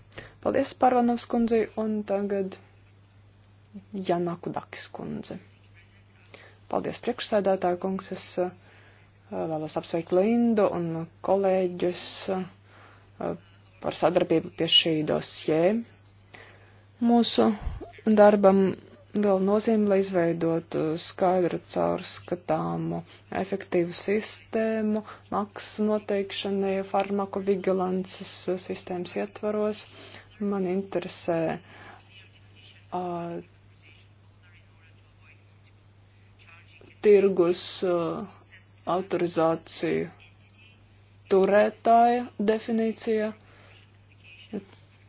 Paldies Pārvanovs kundzei, un tagad Janaku Dakis kundze. Paldies priekšsēdētāju kungs, es uh, vēlos apsveikt Lindu un kolēģus uh, par sadarbību pie šī dosjē. Mūsu darbam liela nozīme, lai izveidotu uh, skaidru, caurskatāmu, efektīvu sistēmu, maksu noteikšanai, farmakovigilances uh, sistēmas ietvaros. Man interesē uh, tirgus uh, autorizāciju turētāja definīcija,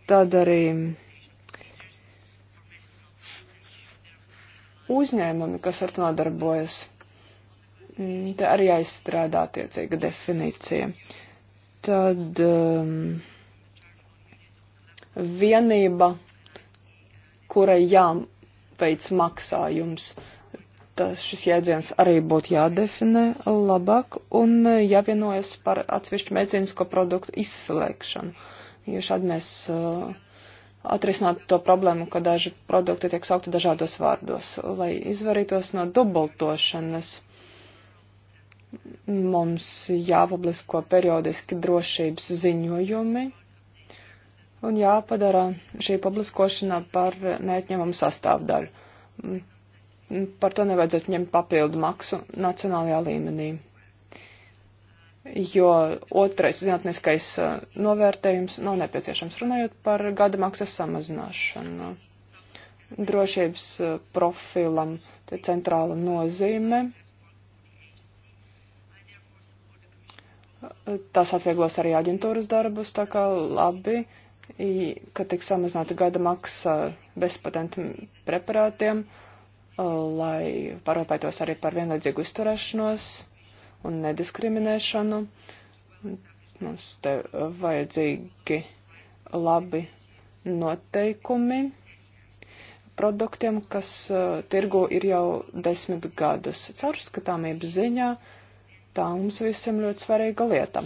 tad arī uzņēmumi, kas ar to nodarbojas. Mm, te arī jāizstrādā attiecīga definīcija. Tad um, vienība, kurai jāveic maksājums, tas šis jēdziens arī būtu jādefinē labāk un jāvienojas par atsevišķu medicīnisko produktu izslēgšanu. Jo šādi mēs uh, atrisināt to problēmu, ka daži produkti tiek saukti dažādos vārdos, lai izvarītos no dubultošanas. Mums jāpublisko periodiski drošības ziņojumi un jāpadara šī publiskošana par neatņemumu sastāvdaļu. Par to nevajadzētu ņemt papildu maksu nacionālajā līmenī jo otrais zinātniskais uh, novērtējums nav nepieciešams runājot par gada maksas samazināšanu. Drošības uh, profilam ir centrāla nozīme. Uh, tas atvieglos arī aģentūras darbus, tā kā labi, ka tiks samazināta gada maksa bezpatentu preparātiem, lai parūpētos arī par vienlaidzīgu izturēšanos un nediskriminēšanu. Mums te vajadzīgi labi noteikumi produktiem, kas uh, tirgu ir jau desmit gadus. Caurskatāmības ziņā tā mums visiem ļoti svarīga lieta.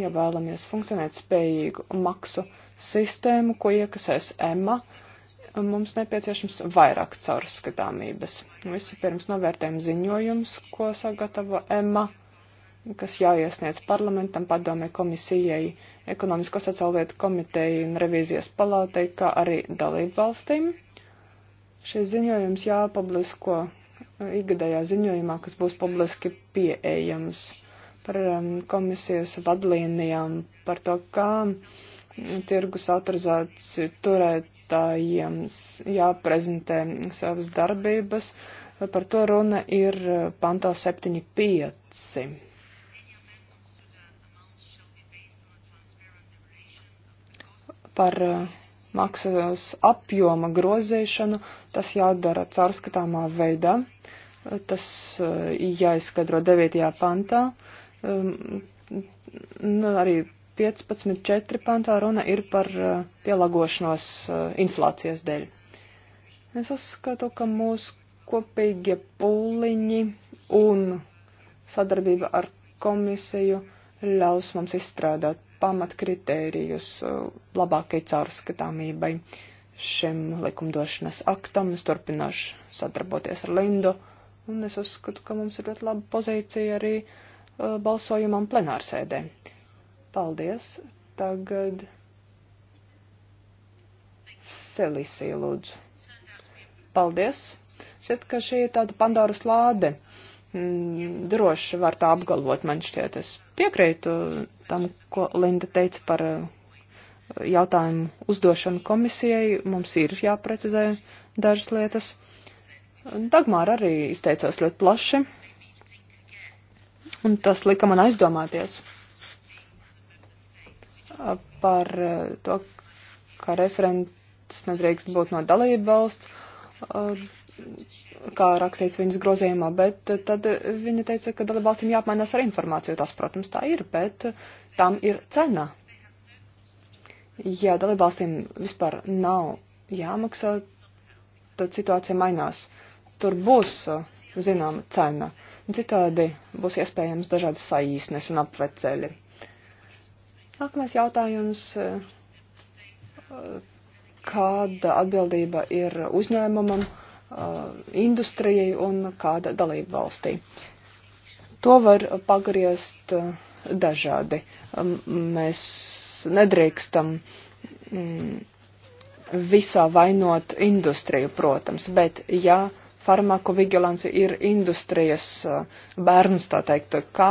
Ja vēlamies funkcionēt spējīgu maksu sistēmu, ko iekasēs EMA, uh, mums nepieciešams vairāk caurskatāmības. Vispirms novērtējam ziņojums, ko sagatavo EMA, kas jāiesniedz parlamentam, padomē komisijai, ekonomisko sociālietu komiteju un revīzijas palātei, kā arī dalību valstīm. Šis ziņojums jāpublisko ikgadējā ziņojumā, kas būs publiski pieejams par um, komisijas vadlīnijām, par to, kā tirgus autorizāciju turēt vēlētājiem jāprezentē savas darbības. Par to runa ir e, pantā 7.5. Par e, maksas apjoma grozīšanu tas jādara caurskatāmā veidā. Tas e, jāizskaidro 9. pantā. Nu, arī 15.4. pantā runa ir par eh, pielāgošanos eh, inflācijas dēļ. Es uzskatu, ka mūsu kopīgie pūliņi un sadarbība ar komisiju ļaus mums izstrādāt pamatkritērijus eh, labākai caurskatāmībai šim likumdošanas aktam. Es turpināšu sadarboties ar Lindu, un es uzskatu, ka mums ir ļoti laba pozīcija arī balsojumam plenārsēdē. Ar Paldies. Tagad Felisija lūdzu. Paldies. Šķiet, ka šī ir tāda Pandoras lāde. Mm, droši var tā apgalvot, man šķiet. Es piekrītu tam, ko Linda teica par uh, jautājumu uzdošanu komisijai. Mums ir jāprecizē dažas lietas. Dagmāra arī izteicās ļoti plaši. Un tas lika man aizdomāties par eh, to, ka referents nedrīkst būt no dalība valsts, eh, kā rakstīts viņas grozījumā, bet eh, tad viņa teica, ka dalība valstīm jāapmainās ar informāciju. Tas, protams, tā ir, bet tam ir cena. Ja dalība valstīm vispār nav jāmaksā, tad situācija mainās. Tur būs zināma cena. Citādi būs iespējams dažādas saīsnes un apveceļi. Nākamais jautājums. Eh, kāda atbildība ir uzņēmumam, eh, industrijai un kāda dalība valstī? To var pagriezt eh, dažādi. Mēs nedrīkstam mm, visā vainot industriju, protams, bet ja farmakovigilanci ir industrijas eh, bērns, tā teikt, kā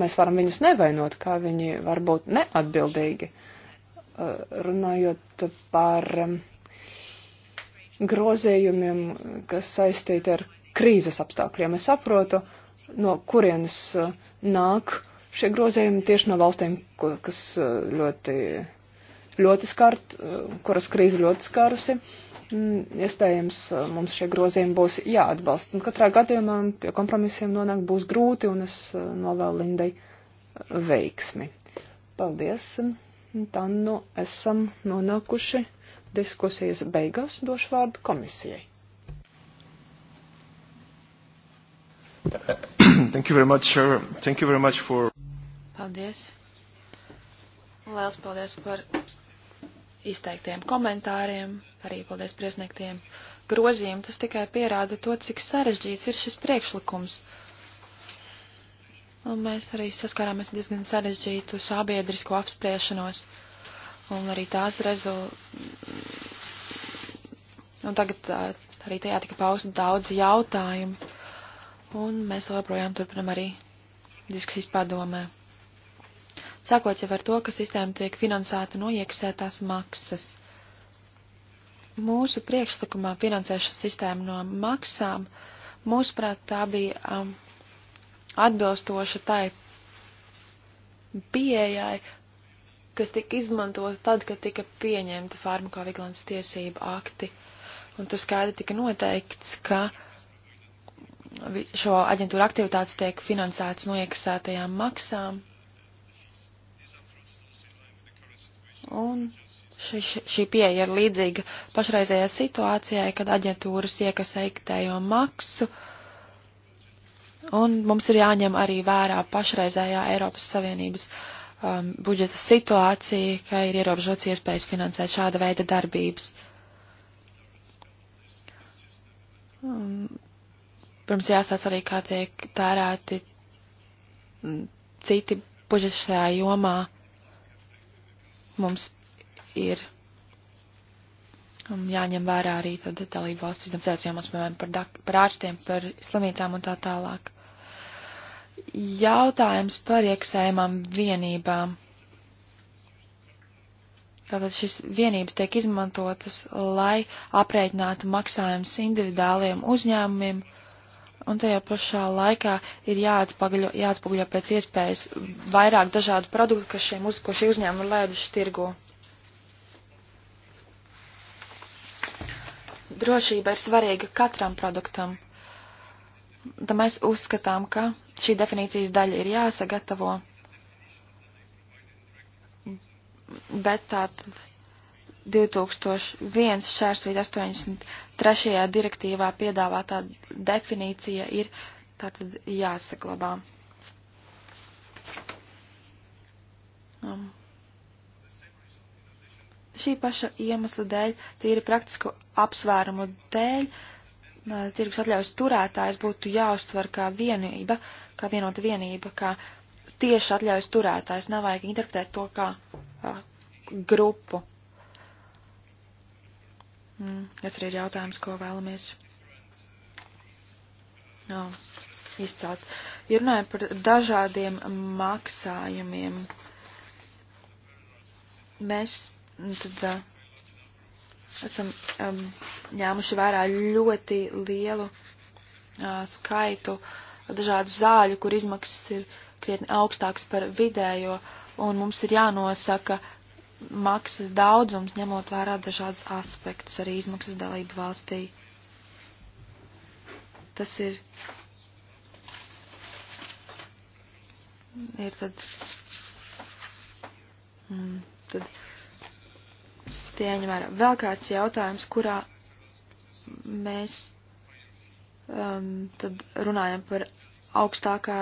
mēs varam viņus nevainot, kā viņi var būt neatbildīgi. Eh, runājot par eh, grozējumiem, kas saistīti ar krīzes apstākļiem, es saprotu, no kurienes nāk šie grozējumi tieši no valstīm, kas ļoti, ļoti skart, kuras krīze ļoti skārusi. Uh, Mm, iespējams uh, mums šie grozījumi būs jāatbalsta. Un katrā gadījumā pie kompromisiem nonākt būs grūti, un es uh, novēlu Lindai uh, veiksmi. Paldies! Tā nu esam nonākuši diskusijas beigās, došu vārdu komisijai. Thank you very much, sir. Thank you very much for. Paldies. Lielas paldies par izteiktiem komentāriem arī paldies priesniegtiem grozījumiem. Tas tikai pierāda to, cik sarežģīts ir šis priekšlikums. Un mēs arī saskārāmies diezgan sarežģītu sabiedrisko apspriešanos. Un arī tās rezu. Un tagad arī tajā tika pausta daudz jautājumu. Un mēs joprojām turpinam arī diskusijas padomē. Sākot jau ar to, ka sistēma tiek finansēta no iekasētās maksas mūsu priekšlikumā finansēšanas sistēma no maksām, mūsuprāt, tā bija um, atbilstoša tai pieejai, kas tika izmantota tad, kad tika pieņemta farmakovigilants tiesību akti. Un tur skaidri tika noteikts, ka šo aģentūru aktivitātes tiek finansētas no iekasētajām maksām. Un Ši, šī pieeja ir līdzīga pašreizējā situācijai, kad aģentūras iekasē iktējo maksu, un mums ir jāņem arī vērā pašreizējā Eiropas Savienības um, budžeta situācija, ka ir ierobežots iespējas finansēt šāda veida darbības. Um, pirms jāstāsta arī, kā tiek tērēti mm, citi budžeti šajā jomā. Mums ir um, jāņem vērā arī tad dalību valstu finansētas jomas, piemēram, par, dak, par ārstiem, par slimnīcām un tā tālāk. Jautājums par iekšējām vienībām. Tātad šis vienības tiek izmantotas, lai aprēķinātu maksājumus individuāliem uzņēmumiem, un tajā pašā laikā ir jāatspoguļo, jāatspoguļo pēc iespējas vairāk dažādu produktu, kas šiem uz, ko šie uzņēmumi ir lēduši tirgu. drošība ir svarīga katram produktam. Tā mēs uzskatām, ka šī definīcijas daļa ir jāsagatavo. Bet tātad 2001 šērsvīt 83. direktīvā piedāvātā definīcija ir tātad jāsaglabā. Um. Šī paša iemesla dēļ, tīri praktisku apsvērumu dēļ, tirgus atļaujas turētājs būtu jāuztver kā vienība, kā vienota vienība, kā tieši atļaujas turētājs. Nav vajag interpretēt to kā a, grupu. Mm, tas arī ir jautājums, ko vēlamies no, izcelt. Ja runājam par dažādiem maksājumiem, mēs tad esam um, ņēmuši vērā ļoti lielu uh, skaitu dažādu zāļu, kur izmaksas ir krietni augstāks par vidējo, un mums ir jānosaka maksas daudzums, ņemot vērā dažādus aspektus, arī izmaksas dalību valstī. Tas ir, ir tad, mm, tad tie jāņem vērā. Vēl kāds jautājums, kurā mēs um, tad runājam par augstākā,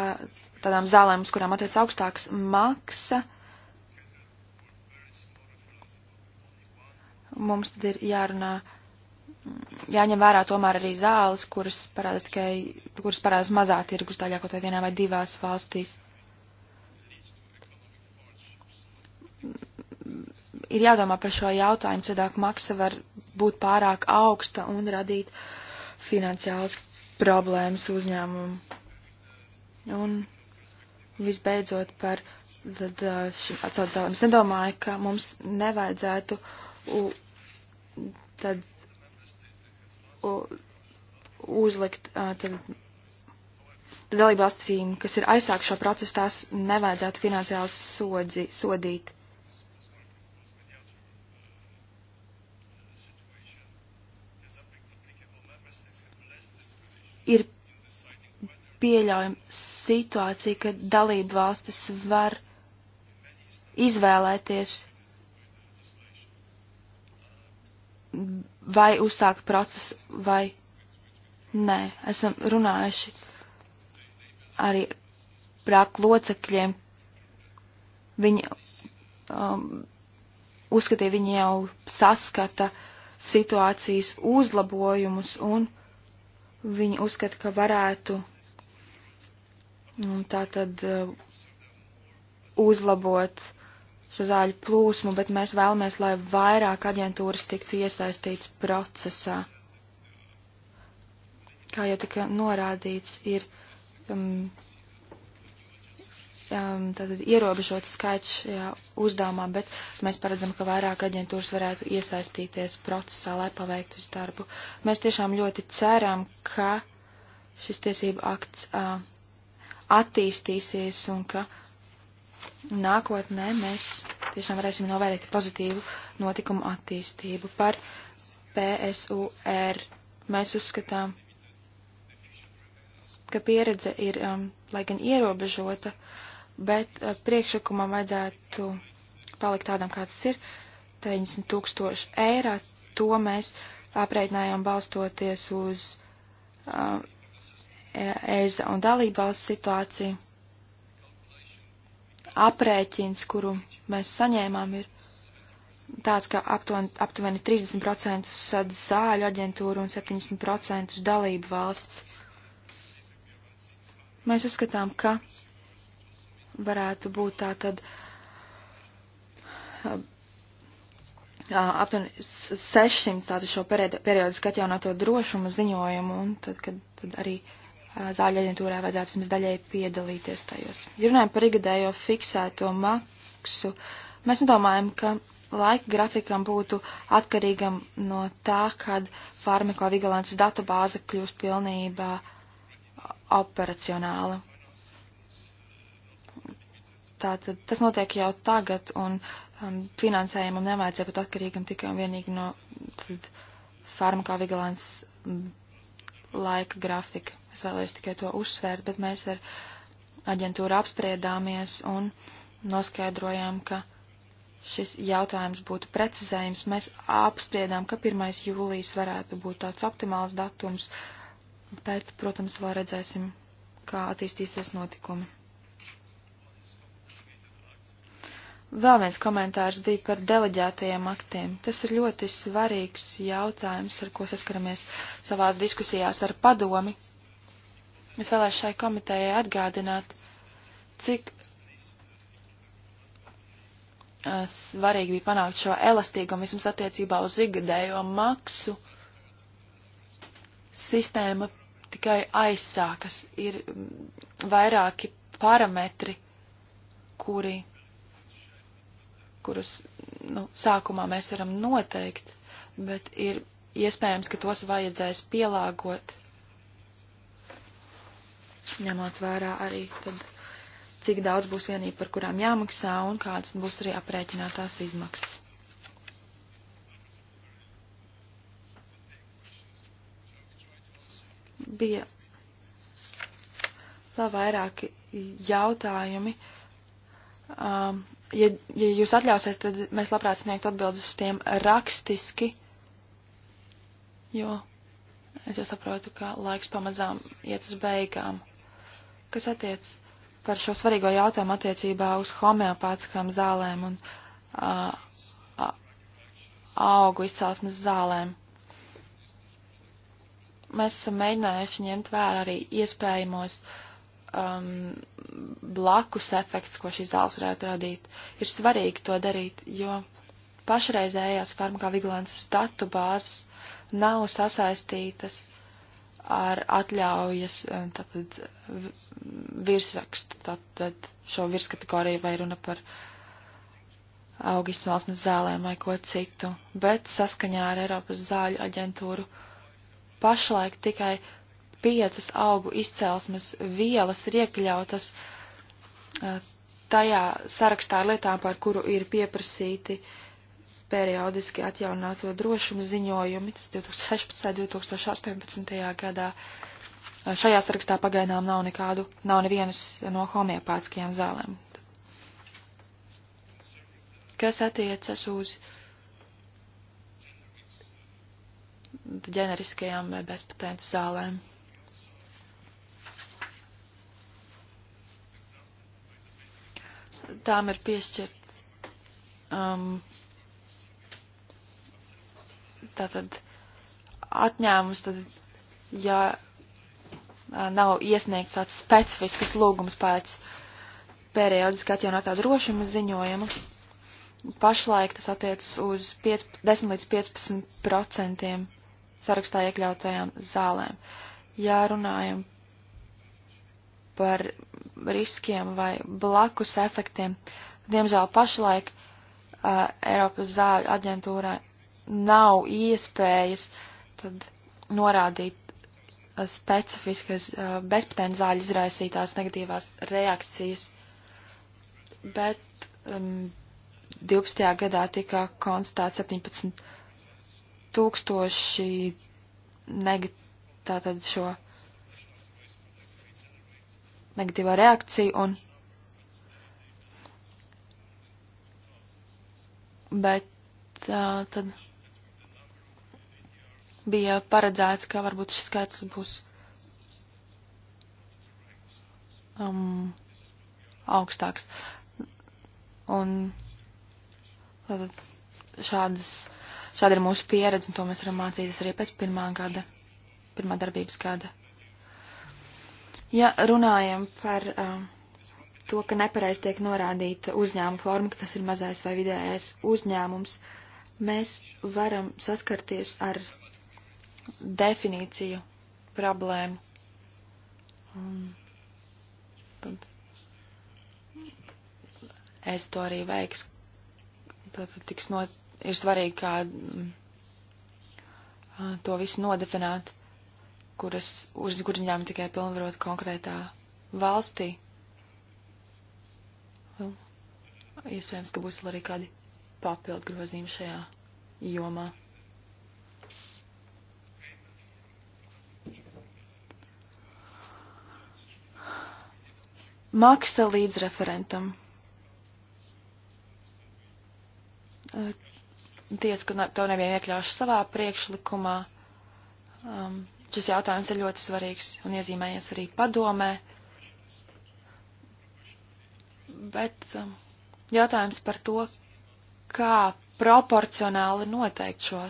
tādām zālēm, uz kurām attiec augstāks maksa. Mums tad ir jārunā, jāņem vērā tomēr arī zāles, kuras parādās tikai, kuras parādās mazā tirgus, daļākot vai vienā vai divās valstīs. ir jādomā par šo jautājumu, citādi maksa var būt pārāk augsta un radīt finansiālas problēmas uzņēmumu. Un visbeidzot par tad, šim atsaucēlam. Es nedomāju, ka mums nevajadzētu u, tad u, uzlikt tad, dalībvalstīm, kas ir aizsākušo procesu, tās nevajadzētu finansiāli sodzi, sodīt. ir pieļaujama situācija, ka dalību valstis var izvēlēties vai uzsākt procesu vai nē. Esam runājuši arī prāk locekļiem. Viņi um, uzskatīja, viņi jau saskata situācijas uzlabojumus un Viņi uzskata, ka varētu tā tad uh, uzlabot šo zāļu plūsmu, bet mēs vēlamies, lai vairāk aģentūras tiktu iesaistīts procesā. Kā jau tika norādīts, ir um, um, tātad ierobežots skaits šajā uzdevumā, bet mēs paredzam, ka vairāk aģentūras varētu iesaistīties procesā, lai paveiktu visu darbu. Mēs tiešām ļoti ceram, ka šis tiesību akts uh, attīstīsies un ka nākotnē mēs tiešām varēsim novērtēt pozitīvu notikumu attīstību par PSUR. Mēs uzskatām, ka pieredze ir, um, lai gan ierobežota, uh, bet eh, priekšlikumam vajadzētu palikt tādam, kāds ir, 90 tūkstoši eiro. To mēs aprēķinājām balstoties uz uh, EZA un dalībvalsts situāciju. Aprēķins, kuru mēs saņēmām, ir tāds, ka aptuveni, aptuveni 30% sad zāļu aģentūra un 70% dalību valsts. Mēs uzskatām, ka varētu būt tā tad aptuveni 600 tādu šo periodisku atjaunoto drošumu ziņojumu, un tad, kad tad arī zāļu aģentūrā vajadzētu vismaz daļēji piedalīties tajos. Ja runājam par igadējo fiksēto maksu, mēs nedomājam, ka laika grafikam būtu atkarīgam no tā, kad farmakovigilances datubāze kļūst pilnībā operacionāla. Tātad tas notiek jau tagad, un um, finansējumam nevajadzētu būt atkarīgam tikai un vienīgi no farmakovigilants mm, laika grafika. Es vēlējos tikai to uzsvērt, bet mēs ar aģentūru apspriedāmies un noskaidrojām, ka šis jautājums būtu precizējums. Mēs apspriedām, ka 1. jūlijas varētu būt tāds optimāls datums, bet, protams, vēl redzēsim, kā attīstīsies notikumi. Vēl viens komentārs bija par deleģētajiem aktiem. Tas ir ļoti svarīgs jautājums, ar ko saskaramies savās diskusijās ar padomi. Es vēlēšu šai komitejai atgādināt, cik eh, svarīgi bija panākt šo elastīgumu vismaz attiecībā uz ikgadējo maksu. Sistēma tikai aizsākas, ir mm, vairāki parametri, kuri kurus nu, sākumā mēs varam noteikt, bet ir iespējams, ka tos vajadzēs pielāgot, ņemot vērā arī tad, cik daudz būs vienība, par kurām jāmaksā un kādas būs arī aprēķinātās izmaksas. Bija vēl vairāki jautājumi. Um, ja, ja jūs atļausiet, tad mēs labprāt sniegtu atbildes uz tiem rakstiski, jo es jau saprotu, ka laiks pamazām iet uz beigām. Kas attiec par šo svarīgo jautājumu attiecībā uz homeopātiskām zālēm un a, a, augu izcelsmes zālēm? Mēs esam mēģinājuši ņemt vērā arī iespējamos uh, um, blakus efekts, ko šīs zāles varētu radīt. Ir svarīgi to darīt, jo pašreizējās farmakovigilances datu bāzes nav sasaistītas ar atļaujas um, tātad, virsrakstu, tātad šo virskategoriju vai runa par augu izcelsmes zālēm vai ko citu, bet saskaņā ar Eiropas zāļu aģentūru pašlaik tikai piecas augu izcelsmes vielas ir iekļautas eh, tajā sarakstā ar lietām, par kuru ir pieprasīti periodiski atjaunāto drošumu ziņojumi, tas 2016. un 2018. gadā. Eh, šajā sarakstā pagaidām nav nekādu, nav nevienas no homeopātiskajām zālēm. Kas attiecas uz ģeneriskajām bezpatentu zālēm? tām ir piešķirts. Um, tātad atņēmums, tad, ja uh, nav iesniegts tāds specifisks lūgums pēc periodiski atjaunotā drošuma ziņojuma. Pašlaik tas attiecas uz 5, 10 līdz 15 procentiem sarakstā iekļautajām zālēm. Ja runājam par riskiem vai blakus efektiem. Diemžēl pašlaik uh, Eiropas zāļu aģentūrai nav iespējas tad norādīt uh, specifiskas uh, bezpatēnu zāļu izraisītās negatīvās reakcijas. Bet um, 12. gadā tika konstatēts 17 tūkstoši negatīvu tātad šo uh, negatīvā reakcija un. Bet tā, tad bija paredzēts, ka varbūt šis skaitlis būs um, augstāks. Un tad šādas, šāda ir mūsu pieredze, un to mēs varam mācīties arī pēc pirmā gada, pirmā darbības gada. Ja runājam par uh, to, ka nepareiz tiek norādīta uzņēmuma forma, ka tas ir mazais vai vidējais uzņēmums, mēs varam saskarties ar definīciju problēmu. Un tad es to arī veiks. Tad tiks no, ir svarīgi, kā mm, uh, to visu nodefinēt kuras uzguriņām tikai pilnvarot konkrētā valstī. Un, iespējams, ka būs arī kādi papildu grozījumi šajā jomā. Maksa līdz referentam. Tiesa, ka to nebija iekļaušu savā priekšlikumā. Um, Šis jautājums ir ļoti svarīgs un iezīmējies arī padomē. Bet um, jautājums par to, kā proporcionāli noteikt šo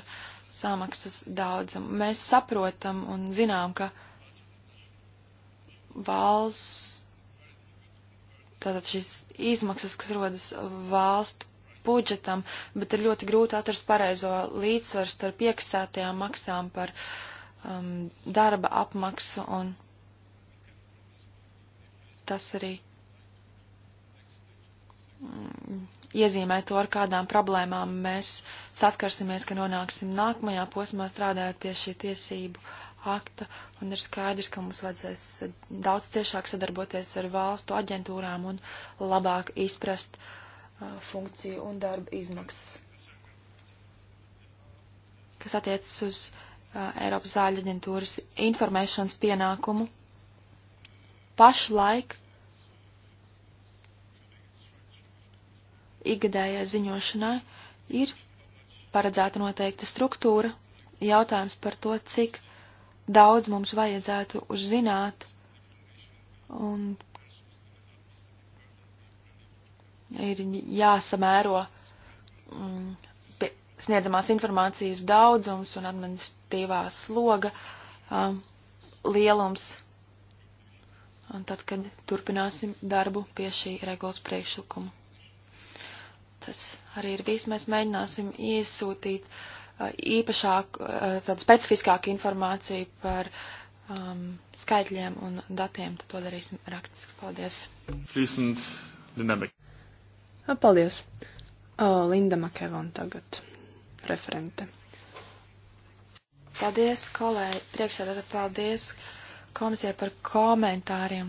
samaksas daudzumu. Mēs saprotam un zinām, ka valsts, tātad šīs izmaksas, kas rodas valstu budžetam, bet ir ļoti grūti atrast pareizo līdzsvaru starp iekasētajām maksām par uh, um, darba apmaksu un tas arī mm, iezīmē to, ar kādām problēmām mēs saskarsimies, ka nonāksim nākamajā posmā strādājot pie šī tiesību akta, un ir skaidrs, ka mums vajadzēs daudz ciešāk sadarboties ar valstu aģentūrām un labāk izprast uh, funkciju un darba izmaksas. Kas attiecas uz uh, Eiropas zāļu aģentūras informēšanas pienākumu. Pašlaik ikgadējai ziņošanai ir paredzēta noteikta struktūra. Jautājums par to, cik daudz mums vajadzētu uzzināt un ir jāsamēro mm, sniedzamās informācijas daudzums un administratīvā sloga um, lielums. Un tad, kad turpināsim darbu pie šī regulas priekšlikuma. Tas arī ir viss. Mēs mēģināsim iesūtīt uh, īpašāk, uh, tādu specifiskāku informāciju par um, skaitļiem un datiem. Tad to darīsim rakstiski. Paldies. Flīsens, Linda Makevon. Paldies. Uh, Linda Makevon tagad referente. Paldies, kolēģi, priekšsēdētāji, paldies komisijai par komentāriem.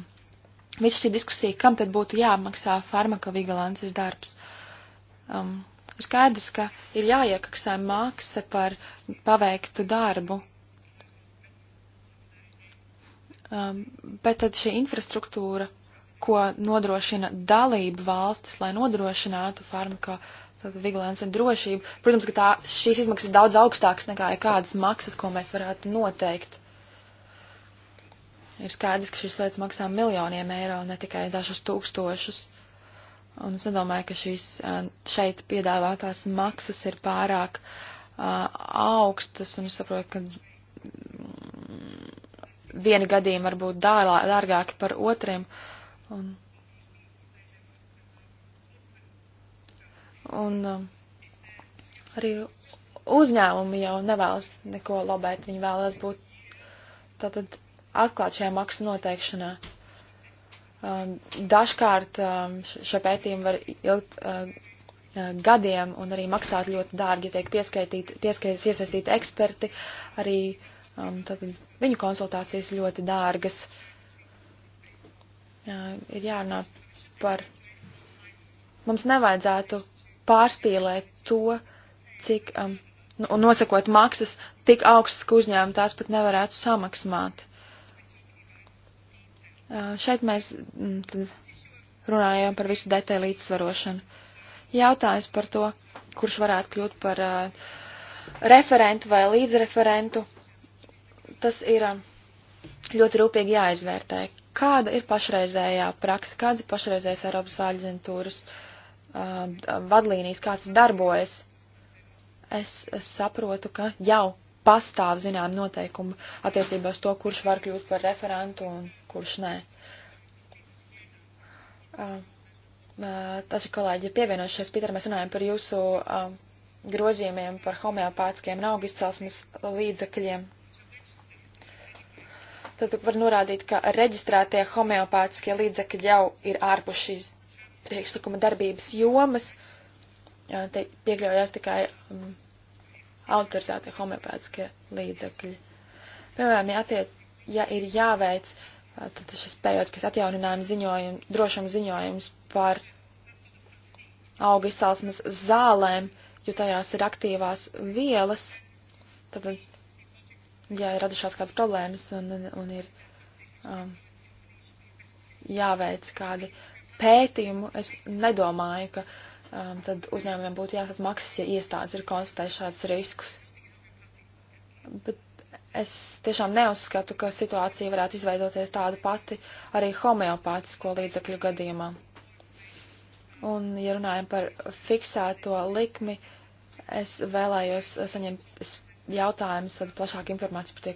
Viss šī diskusija, kam tad būtu jāmaksā farmakovigilances darbs? Um, skaidrs, ka ir jāiekaksā maksa par paveiktu darbu. Um, bet tad šī infrastruktūra, ko nodrošina dalību valstis, lai nodrošinātu farmakovigilances vigilants un drošība. Protams, ka tā, šīs izmaksas ir daudz augstākas nekā jebkādas maksas, ko mēs varētu noteikt. Ir skaidrs, ka šīs lietas maksā miljoniem eiro, ne tikai dažus tūkstošus. Un es nedomāju, ka šīs šeit piedāvātās maksas ir pārāk uh, augstas, un es saprotu, ka mm, vieni gadījumi var būt dārgāki par otriem. Un, uh, Un um, arī uzņēmumi jau nevēlas neko lobēt, viņi vēlas būt tātad atklāt šajā maksu noteikšanā. Um, dažkārt um, šie pētījumi var ilgt uh, uh, gadiem un arī maksāt ļoti dārgi, tiek pieskaitīti, pieskaitīti iesaistīti eksperti, arī tātad, viņu konsultācijas ļoti dārgas. Uh, ir jārunā par. Mums nevajadzētu pārspīlēt to, cik, um, nu, nosakot maksas tik augstas, ka uzņēmumi tās pat nevarētu samaksāt. Uh, šeit mēs mm, runājam par visu detaļu līdzsvarošanu. Jautājums par to, kurš varētu kļūt par uh, referentu vai līdzreferentu, tas ir uh, ļoti rūpīgi jāizvērtē. Kāda ir pašreizējā praksa, kāds ir pašreizējais Eiropas aģentūras uh, Uh, vadlīnijas, kāds darbojas, es, es saprotu, ka jau pastāv zinām noteikumi attiecībā uz to, kurš var kļūt par referentu un kurš nē. Uh, uh, tas ir kolēģi pievienojušies, Pīter, mēs runājam par jūsu uh, grozījumiem par homeopātiskiem naugu izcelsmes līdzekļiem. Tad var norādīt, ka reģistrētie homeopātiskie līdzekļi jau ir ārpus šīs priekšlikuma darbības jomas, te piekļaujās tikai um, autorizētie homeopātiskie līdzekļi. Piemēram, ja, attiec, ja ir jāveic tad šis periodiskais atjauninājums ziņojums, drošums ziņojums par auga izcelsmes zālēm, jo tajās ir aktīvās vielas, tad, ja ir radušās kādas problēmas un, un, un ir um, jāveic kādi pētījumu, es nedomāju, ka um, tad uzņēmumiem būtu jāsats maksas, ja iestādes ir konstatējuši šādus riskus. Bet es tiešām neuzskatu, ka situācija varētu izveidoties tāda pati arī homeopātisko līdzakļu gadījumā. Un, ja runājam par fiksēto likmi, es vēlējos saņemt jautājumus, tad plašāk informāciju par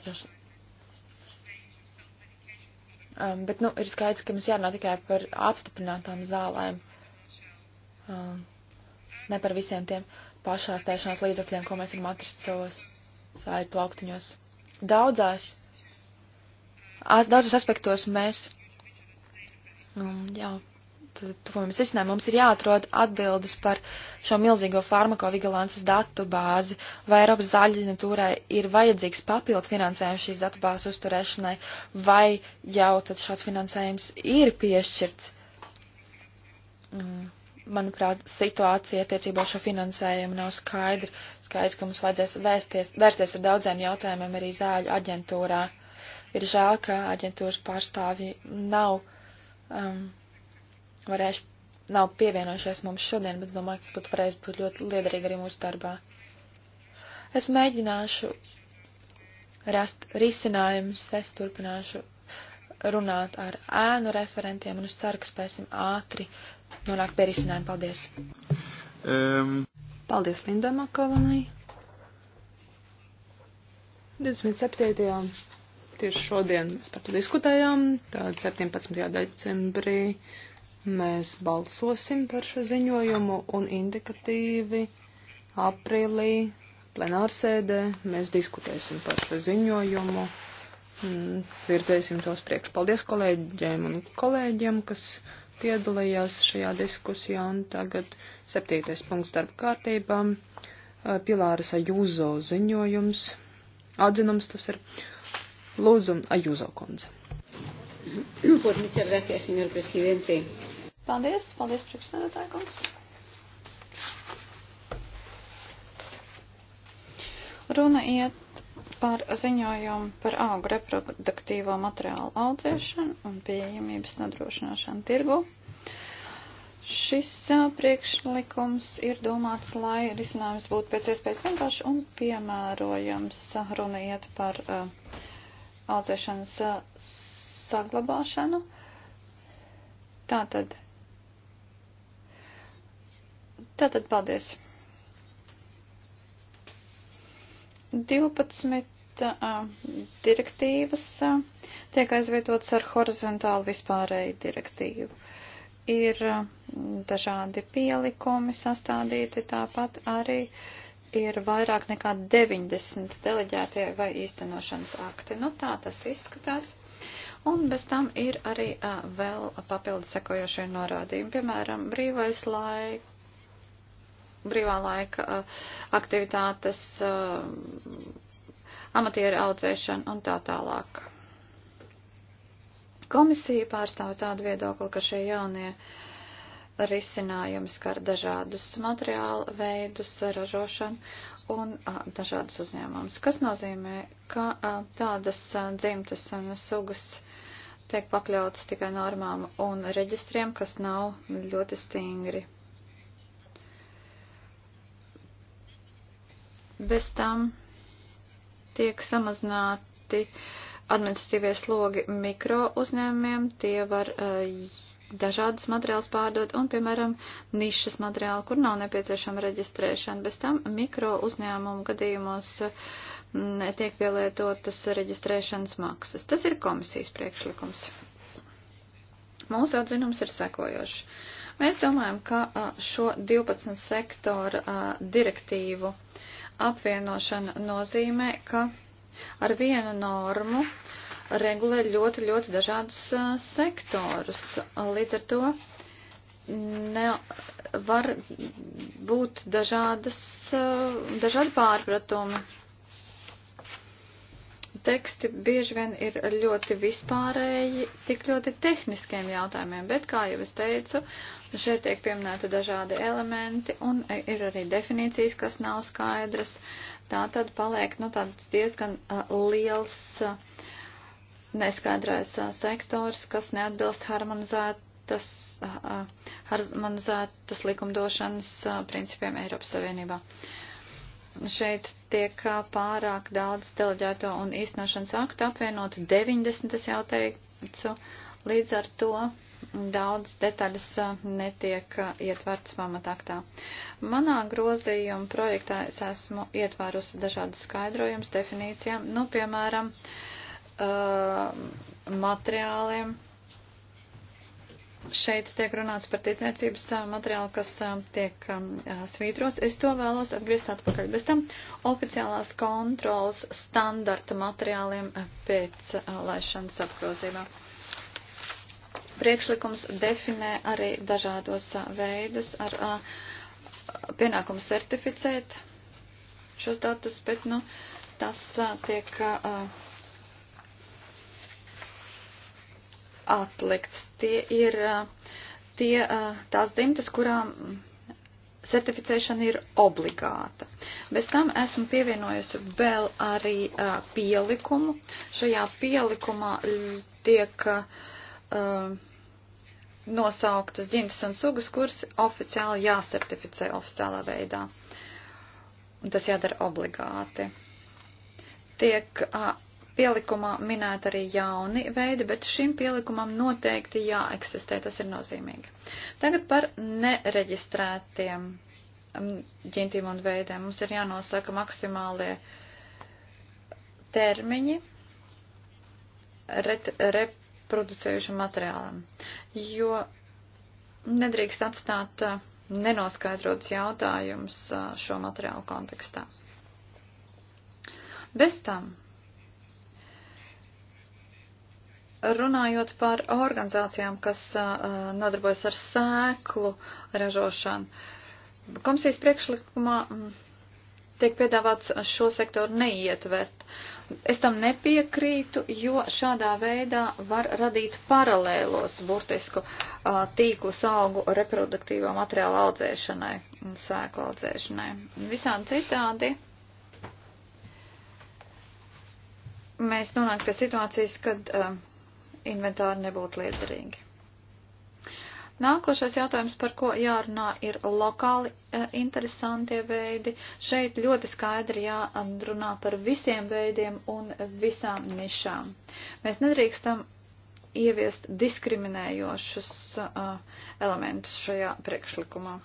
Um, bet, nu, ir skaidrs, ka mums jārunā tikai par apstiprinātām zālēm, um, ne par visiem tiem pašās tēšanās līdzakļiem, ko mēs varam atrast savos sāļu plauktiņos. Daudzās, as, daudzos aspektos mēs, um, jau tuvojamies risinājumu, mums ir jāatrod atbildes par šo milzīgo farmakovigilances datu bāzi, vai Eiropas zāļģinatūrai ir vajadzīgs papildu finansējums šīs datu bāzes uzturēšanai, vai jau tad šāds finansējums ir piešķirts. Mm, manuprāt, situācija attiecībā šo finansējumu nav skaidra. Skaidrs, ka mums vajadzēs vēsties, vērsties ar daudziem jautājumiem arī zāļu aģentūrā. Ir žēl, ka aģentūras pārstāvji nav. Um, varēšu, nav pievienojušies mums šodien, bet domāju, ka tas būtu pareizi būt ļoti liederīgi arī mūsu darbā. Es mēģināšu rast risinājumus, es turpināšu runāt ar ēnu referentiem, un es ceru, ka spēsim ātri nonākt pie risinājuma. Paldies! Um. Paldies Lindai Makavanai! 27. tieši šodien mēs par to diskutējām, tad 17. decembrī Mēs balsosim par šo ziņojumu un indikatīvi aprīlī plenārsēdē mēs diskutēsim par šo ziņojumu un virdzēsim tos priekš. Paldies kolēģiem un kolēģiem, kas piedalījās šajā diskusijā un tagad septītais punkts darba kārtībā. Pilāras Ajūzo ziņojums, atzinums tas ir. Lūdzu, Ajūzo kundze. Pues muchas gracias, señor presidente. Paldies, paldies priekšsēdētāja kungs. Runa iet par ziņojumu par augu reproduktīvo materiālu audzēšanu un pieejamības nodrošināšanu tirgu. Šis priekšlikums ir domāts, lai risinājums būtu pēc iespējas vienkārši un piemērojams. Runa iet par uh, audzēšanas uh, saglabāšanu. Tātad Tātad paldies. 12 direktīvas tiek aizvietotas ar horizontālu vispārēju direktīvu. Ir dažādi pielikumi sastādīti, tāpat arī ir vairāk nekā 90 deleģētie vai īstenošanas akti. Nu tā tas izskatās. Un bez tam ir arī vēl papildu sekojošie norādījumi, piemēram, brīvais laiks brīvā laika uh, aktivitātes, uh, amatieru audzēšana un tā tālāk. Komisija pārstāv tādu viedokli, ka šie jaunie risinājumi skar dažādus materiālu veidus, ražošanu un a, uh, dažādas uzņēmumus, kas nozīmē, ka a, tādas a, dzimtas un sugas tiek pakļautas tikai normām un reģistriem, kas nav ļoti stingri Bez tam tiek samazināti administratīvie slogi mikro uzņēmumiem, tie var eh, dažādas materiālus pārdot un, piemēram, nišas materiālu, kur nav nepieciešama reģistrēšana. Bez tam mikro uzņēmumu gadījumos mm, tiek pielietotas reģistrēšanas maksas. Tas ir komisijas priekšlikums. Mūsu atzinums ir sekojošs. Mēs domājam, ka eh, šo 12 sektora eh, direktīvu uh, Apvienošana nozīmē, ka ar vienu normu regulē ļoti, ļoti dažādus sektorus. Līdz ar to ne, var būt dažādas, dažādi pārpratumi teksti bieži vien ir ļoti vispārēji, tik ļoti tehniskiem jautājumiem, bet, kā jau es teicu, šeit tiek pieminēti dažādi elementi un ir arī definīcijas, kas nav skaidras. Tā tad paliek, nu, tāds diezgan uh, liels uh, neskaidrais uh, sektors, kas neatbilst harmonizētas, uh, harmonizētas likumdošanas uh, principiem Eiropas Savienībā. Uh, šeit tiek pārāk daudz deleģēto un īstenošanas aktu apvienot 90, es jau teicu, līdz ar to daudz detaļas netiek ietverts pamataktā. Manā grozījuma projektā es esmu ietvērusi dažādas skaidrojumas definīcijām, nu, piemēram, materiāliem, šeit tiek runāts par ticniecības materiālu, kas tiek svītrots. Es to vēlos atgriezt atpakaļ. Bez tam oficiālās kontrolas standarta materiāliem pēc laišanas apgrozībā. Priekšlikums definē arī dažādos veidus ar pienākumu certificēt šos datus, bet nu, tas tiek atlikts. Tie ir eh, tie, eh, tās dzimtas, kurām certificēšana ir obligāta. Bez tam esmu pievienojusi vēl arī eh, pielikumu. Šajā pielikumā tiek nosauktas dzimtas un sugas, kuras oficiāli jāsertificē oficiālā veidā. Un tas jādara obligāti. Tiek Pielikumā minēta arī jauni veidi, bet šim pielikumam noteikti jāeksistē, tas ir nozīmīgi. Tagad par nereģistrētiem mm, ģintīm un veidiem. Mums ir jānosaka maksimālie termiņi ret, reproducējušam materiālam, jo nedrīkst atstāt nenoskaidrots jautājums šo materiālu kontekstā. Bez tam Runājot par organizācijām, kas nodarbojas ar sēklu ražošanu, komisijas priekšlikumā mm, tiek piedāvāts šo sektoru neietvert. Es tam nepiekrītu, jo šādā veidā var radīt paralēlos burtisku tīklus augu reproduktīvā materiāla audzēšanai un sēklu audzēšanai. Visādi citādi mēs nonākam pie situācijas, kad inventāri nebūtu liederīgi. Nākošais jautājums, par ko jārunā, ir lokāli e, interesantie veidi. Šeit ļoti skaidri jārunā par visiem veidiem un visām nišām. Mēs nedrīkstam ieviest diskriminējošus uh, elementus šajā priekšlikumā.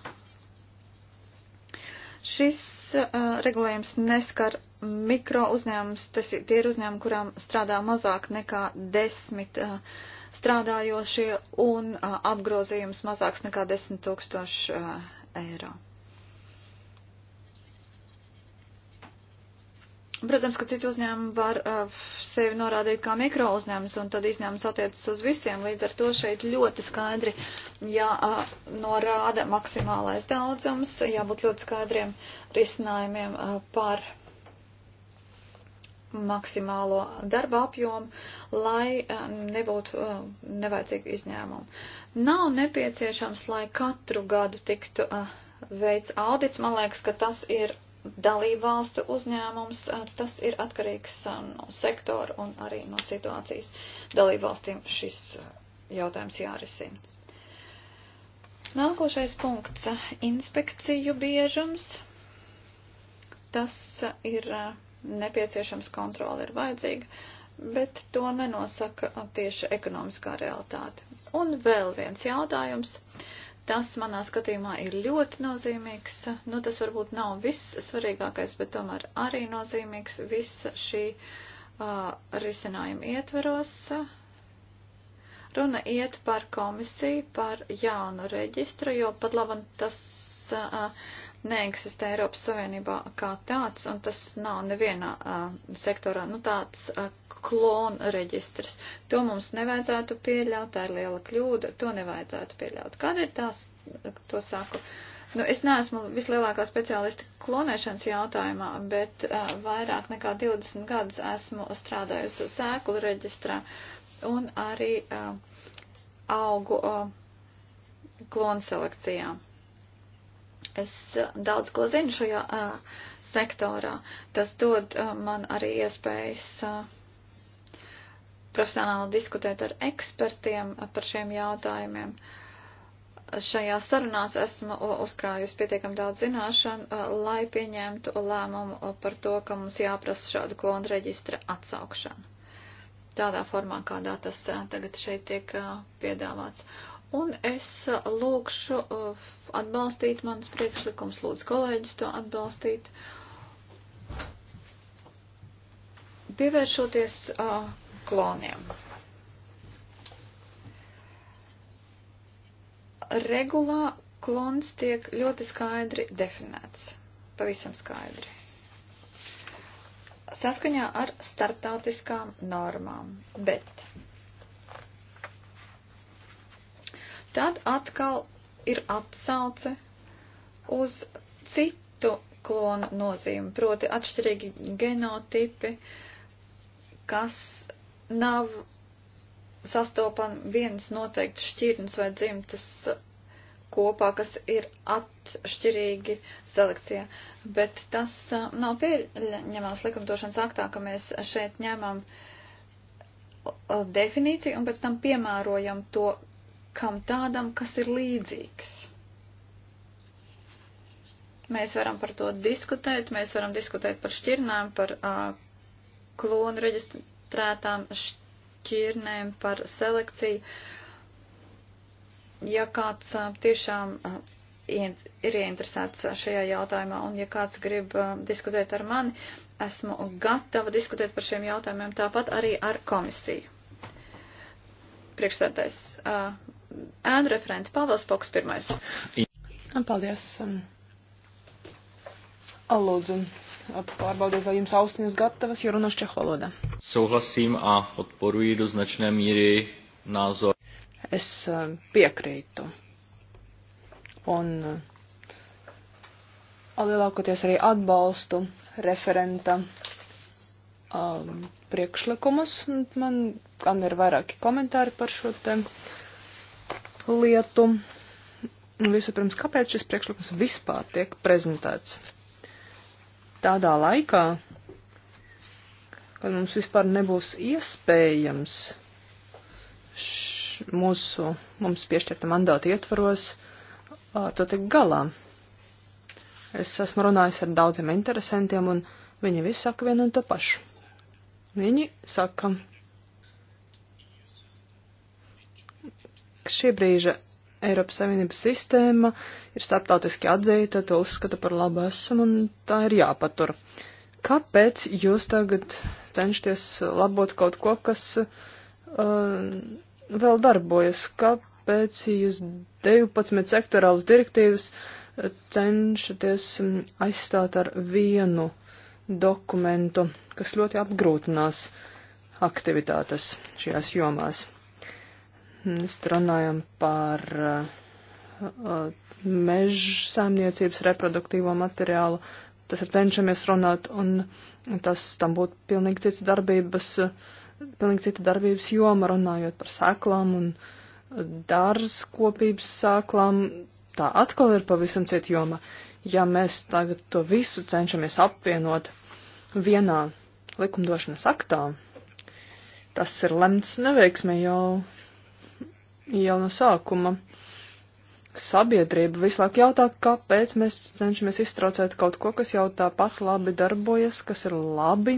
Šis uh, regulējums neskar mikro uzņēmums, tas tie ir uzņēmumi, kurām strādā mazāk nekā desmit uh, strādājošie un uh, apgrozījums mazāks nekā desmit tūkstoši uh, eiro. Protams, ka citi uzņēmumi var uh, sevi norādīt kā mikro uzņēmums, un tad izņēmums attiecas uz visiem. Līdz ar to šeit ļoti skaidri jānorāda uh, maksimālais daudzums, jābūt ļoti skaidriem risinājumiem uh, par maksimālo darba apjomu, lai uh, nebūtu uh, nevajadzīgi izņēmumi. Nav nepieciešams, lai katru gadu tiktu uh, veids audits. Man liekas, ka tas ir dalību valstu uzņēmums, tas ir atkarīgs no sektora un arī no situācijas. Dalību valstīm šis jautājums jārisina. Nākošais punkts - inspekciju biežums. Tas ir nepieciešams, kontroli ir vajadzīga, bet to nenosaka tieši ekonomiskā realitāte. Un vēl viens jautājums. Uh, Tas manā skatījumā ir ļoti nozīmīgs. Nu, tas varbūt nav viss svarīgākais, bet tomēr arī nozīmīgs visa šī uh, risinājuma ietveros. Runa iet par komisiju, par jaunu reģistru, jo pat labam tas. Uh, neeksistē Eiropas Savienībā kā tāds, un tas nav nevienā uh, sektorā, nu tāds uh, klona reģistrs. To mums nevajadzētu pieļaut, tā ir liela kļūda, to nevajadzētu pieļaut. Kad ir tās, to saku? Nu, es neesmu vislielākā speciālista klonēšanas jautājumā, bet uh, vairāk nekā 20 gadus esmu strādājusi sēklu reģistrā un arī uh, augu uh, klonselekcijām. Es uh, daudz ko zinu šajā uh, sektorā. Tas dod uh, man arī iespējas uh, profesionāli diskutēt ar ekspertiem uh, par šiem jautājumiem. Šajā sarunās esmu uh, uzkrājusi pietiekami daudz zināšanu, uh, lai pieņemtu lēmumu uh, par to, ka mums jāprasa šādu klonu reģistra atsaukšanu. Tādā formā, kādā tas uh, tagad šeit tiek uh, piedāvāts. Un es uh, lūkšu uh, atbalstīt manas priekšlikums, lūdzu kolēģis to atbalstīt. Pievēršoties uh, kloniem. Regulā klons tiek ļoti skaidri definēts. Pavisam skaidri. Saskaņā ar startautiskām normām. Bet Tad atkal ir atsauce uz citu klonu nozīmi, proti atšķirīgi genotipi, kas nav sastopami vienas noteikts šķirnes vai dzimtas kopā, kas ir atšķirīgi selekcijā. Bet tas uh, nav pieņemams likumdošanas aktā, ka mēs šeit ņemam uh, definīciju un pēc tam piemērojam to kam tādam, kas ir līdzīgs. Mēs varam par to diskutēt, mēs varam diskutēt par šķirnēm, par uh, klonu reģistrētām šķirnēm, par selekciju. Ja kāds uh, tiešām uh, ir ieinteresēts šajā jautājumā, un ja kāds grib uh, diskutēt ar mani, esmu gatava diskutēt par šiem jautājumiem, tāpat arī ar komisiju. Priekšstādājs. Uh, ēnu referenti Pāvils Poks pirmais. Paldies. Um, Lūdzu, pārbaudiet, vai jums austiņas gatavas, jo runāšu čehu valodā. Souhlasím a podporuji do značné míry názor. Es um, piekrītu. Un um, lielākoties arī atbalstu referenta um, priekšlikumus. Man gan ir vairāki komentāri par šo te. Uh, lietu. Vispirms, kāpēc šis priekšlikums vispār tiek prezentēts? Tādā laikā, kad mums vispār nebūs iespējams š, mūsu, mums piešķirta mandāta ietvaros, to tik galā. Es esmu runājis ar daudziem interesantiem, un viņi visi saka vienu un to pašu. Viņi saka, ka šī brīža Eiropas Savienības sistēma ir starptautiski atzīta, to uzskata par labu esam un tā ir jāpatur. Kāpēc jūs tagad cenšaties labot kaut ko, kas uh, vēl darbojas? Kāpēc jūs 12 sektorālas direktīvas uh, cenšaties um, aizstāt ar vienu dokumentu, kas ļoti apgrūtinās aktivitātes šajās jomās? Mēs runājam par uh, uh, meža saimniecības reproduktīvo materiālu. Tas ir cenšamies runāt, un tas tam būtu pilnīgi cits darbības, uh, pilnīgi cita darbības joma, runājot par sēklām un dārzkopības sēklām. Tā atkal ir pavisam cita joma. Ja mēs tagad to visu cenšamies apvienot vienā likumdošanas aktā, tas ir lemts neveiksmē jau jau no sākuma sabiedrība vislāk jautā, kāpēc mēs cenšamies iztraucēt kaut ko, kas jau tāpat labi darbojas, kas ir labi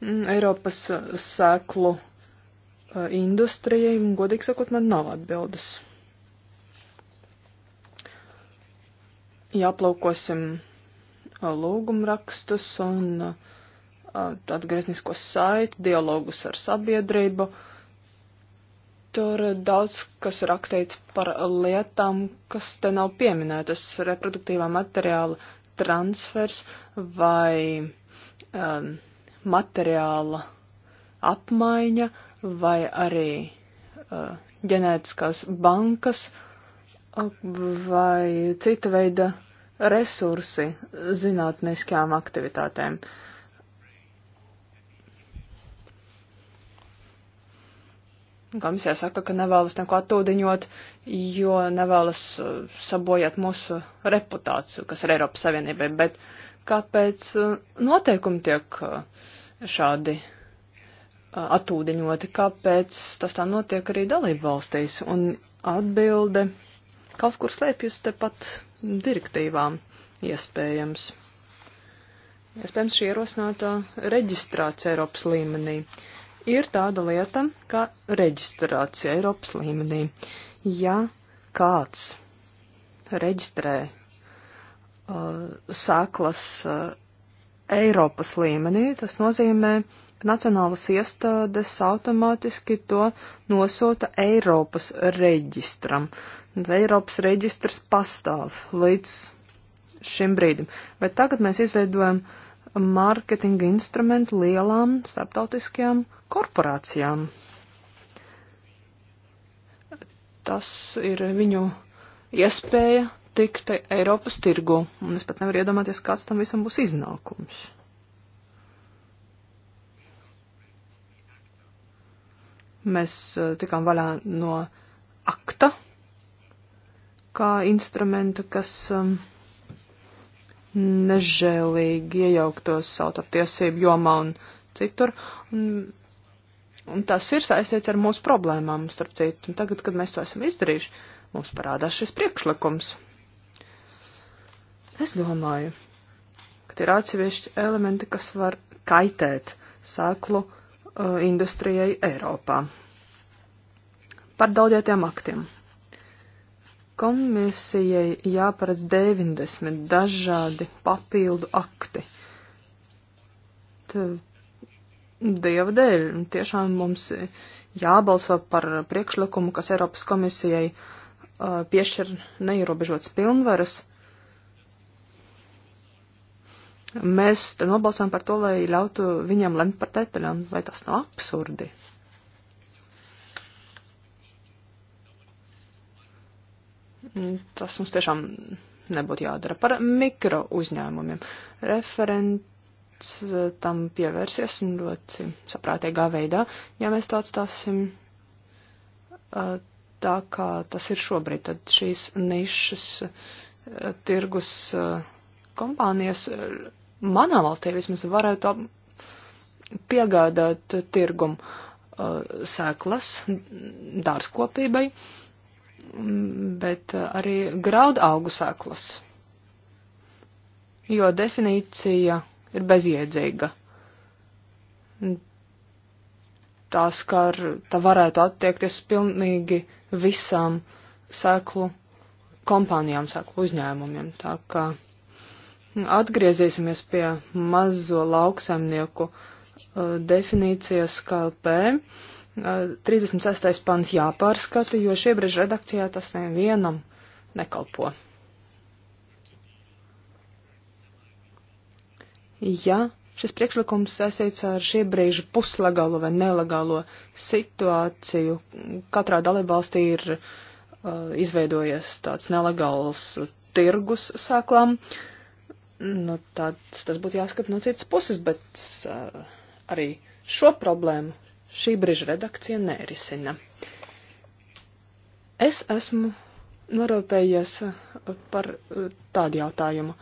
mm, Eiropas uh, sēklu uh, industrijai, un godīgi sakot, man nav atbildes. Jāplaukosim uh, lūgumrakstus un atgrieznisko saiti, dialogus ar sabiedrību. Uh, Tur daudz kas rakstīts par lietām, kas te nav pieminētas - reproduktīvā materiāla transfers vai um, materiāla apmaiņa vai arī uh, ģenētiskās bankas uh, vai cita veida resursi zinātniskajām aktivitātēm. Uh, Komisija saka, ka nevēlas neko atūdiņot, jo nevēlas uh, sabojāt mūsu reputāciju, kas ir Eiropas Savienībai, bet kāpēc uh, noteikumi tiek uh, šādi atūdiņoti, kāpēc tas tā notiek arī dalību valstīs? Un atbilde kaut kur slēpjas tepat direktīvām iespējams. Iespējams, šī ierosinātā reģistrācija Eiropas līmenī. Uh, ir tāda lieta kā reģistrācija Eiropas līmenī. Ja kāds reģistrē uh, sēklas uh, Eiropas līmenī, tas nozīmē, ka nacionālas iestādes automātiski to nosūta Eiropas reģistram. Eiropas reģistrs pastāv līdz šim brīdim. Bet tagad mēs izveidojam uh, mārketinga instrumenti lielām starptautiskajām korporācijām. Tas ir viņu iespēja tikt Eiropas tirgu, un es pat nevaru iedomāties, kāds tam visam būs iznākums. Mēs eh, tikām vaļā no akta kā instrumenta, kas um, nežēlīgi iejauktos autortiesību jomā un citur. Un, un tas ir saistīts ar mūsu problēmām, starp citu. Un tagad, kad mēs to esam izdarījuši, mums parādās šis priekšlikums. Es domāju, ka ir atsevišķi elementi, kas var kaitēt sēklu uh, industrijai Eiropā. Par daudzietiem aktiem. Komisijai jāparedz 90 dažādi papildu akti. Tad dieva dēļ. Tiešām mums jābalso par priekšlikumu, kas Eiropas komisijai uh, piešķir neierobežotas pilnvaras. Mēs te nobalsojam par to, lai ļautu viņam lemt par detaļām, vai tas nav absurdi. Tas mums tiešām nebūtu jādara. Par mikro uzņēmumiem. Referents eh, tam pievērsies un ļoti saprātīgā veidā, ja mēs to atstāsim eh, tā, kā tas ir šobrīd. Tad šīs nišas eh, tirgus kompānijas manā valstī vismaz varētu piegādāt tirgumu sēklas dārzkopībai. Uh, Mm, bet uh, arī graudu augu saklas, jo definīcija ir bezjēdzīga. Tā skar, tā varētu attiekties pilnīgi visām sēklu kompānijām, sēklu uzņēmumiem. Tā kā mm, atgriezīsimies pie mazo lauksaimnieku uh, definīcijas KLP. 36. pants jāpārskata, jo šie brīži redakcijā tas nevienam nekalpo. Ja šis priekšlikums saistīts ar šī brīža puslegālo vai nelegālo situāciju, katrā dalībvalstī ir uh, izveidojies tāds nelegāls tirgus sēklām, nu, tad tas būtu jāskat no citas puses, bet uh, arī šo problēmu šī brīža redakcija nerisina. Es esmu norūpējies uh, par uh, tādu jautājumu.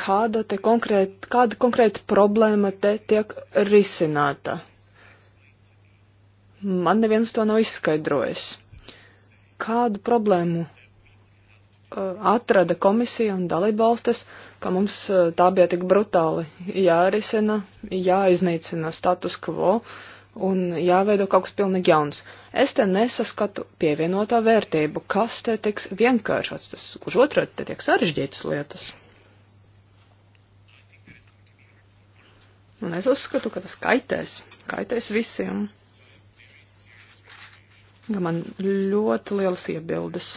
Kāda, te konkrēt, kāda konkrēta problēma te tiek risināta? Man neviens to nav izskaidrojis. Kādu problēmu uh, atrada komisija un dalībvalstis, uh, ka mums e, tā bija tik brutāli jārisina, jāiznīcina status quo un jāveido kaut kas pilnīgi jauns. Es te nesaskatu pievienotā vērtību, kas te tiks vienkāršots, tas, kurš otrādi te tiek sarežģītas lietas. Un es uzskatu, ka tas kaitēs, kaitēs visiem. Ka man ļoti lielas iebildes.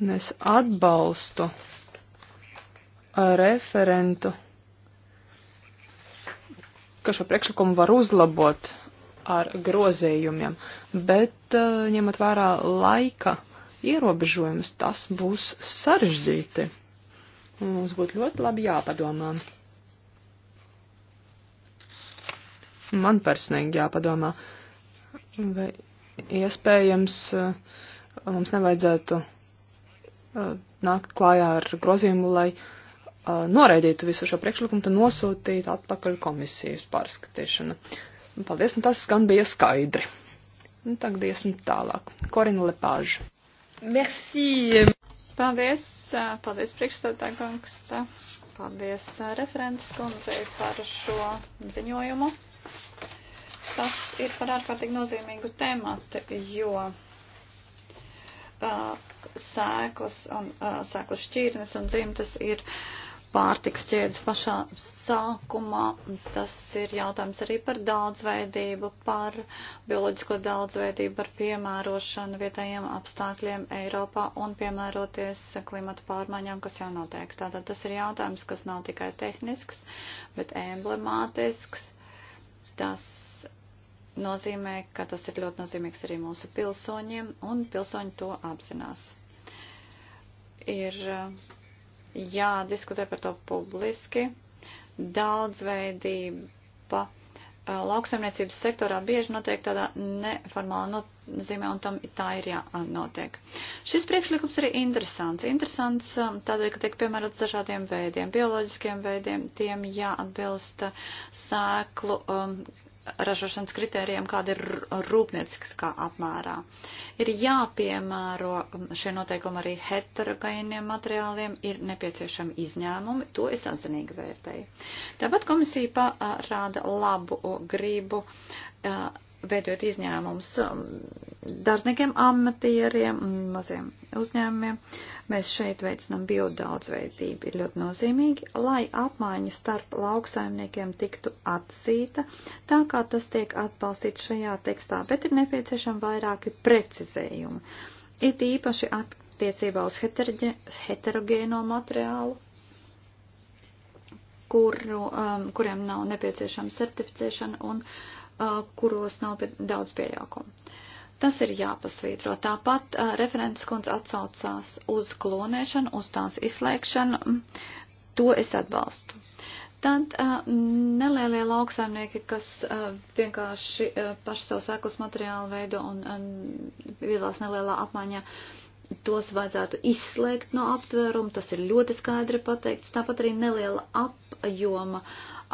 Un es atbalstu uh, referentu, ka šo priekšlikumu var uzlabot ar grozējumiem, bet uh, ņemot vērā laika ierobežojumus, tas būs sarežģīti. Mums būtu ļoti labi jāpadomā. Man personīgi jāpadomā, vai iespējams uh, mums nevajadzētu Uh, nākt klājā ar grozījumu, lai uh, noraidītu visu šo priekšlikumu, tad nosūtītu atpakaļ komisijas pārskatīšanu. Paldies, un nu tas gan bija skaidri. Un nu, tagad iesim tālāk. Korina Lepāža. Merci. Paldies, uh, paldies priekšstādā kungs, paldies referents kundzei par šo ziņojumu. Tas ir par ārkārtīgi nozīmīgu tēmatu, jo sēklas un sēklas šķirnes un dzimtas ir pārtiks ķēdes pašā sākumā. Tas ir jautājums arī par daudzveidību, par bioloģisko daudzveidību, par piemērošanu vietējiem apstākļiem Eiropā un piemēroties klimata pārmaiņām, kas jau notiek. Tātad tas ir jautājums, kas nav tikai tehnisks, bet emblemātisks. Tas nozīmē, ka tas ir ļoti nozīmīgs arī mūsu pilsoņiem, un pilsoņi to apzinās. Ir eh, jādiskutē par to publiski. Daudzveidība eh, lauksaimniecības sektorā bieži notiek tādā neformālā nozīmē, un tam tā ir jānotiek. Šis priekšlikums ir interesants. Interesants eh, tādēļ, ka tiek piemērots dažādiem veidiem, bioloģiskiem veidiem, tiem jāatbilst sēklu um, ražošanas kritērijiem, kāda ir rūpnieciskā apmērā. Ir jāpiemēro šie noteikumi arī heterogēniem materiāliem, ir nepieciešami izņēmumi, to es atzinīgi vērtēju. Tāpat komisija parāda labu gribu veidot izņēmumus um, darbniekiem, amatieriem un maziem uzņēmumiem. Mēs šeit veicinām biodaudzveidību. Ir ļoti nozīmīgi, lai apmaiņa starp lauksaimniekiem tiktu atzīta, tā kā tas tiek atbalstīts šajā tekstā, bet ir nepieciešami vairāki precizējumi. It īpaši attiecībā uz heterģe, heterogēno materiālu, kuru, um, kuriem nav nepieciešama certificēšana un uh, kuros nav daudz pieļaukumu. Tas ir jāpasvītro. Tāpat referents kundze atsaucās uz klonēšanu, uz tās izslēgšanu. To es atbalstu. Tad nelielie lauksaimnieki, kas vienkārši paši savu sēklas materiālu veido un piedalās nelielā apmaiņā, tos vajadzētu izslēgt no aptvērumu. Tas ir ļoti skaidri pateikts. Tāpat arī neliela apjoma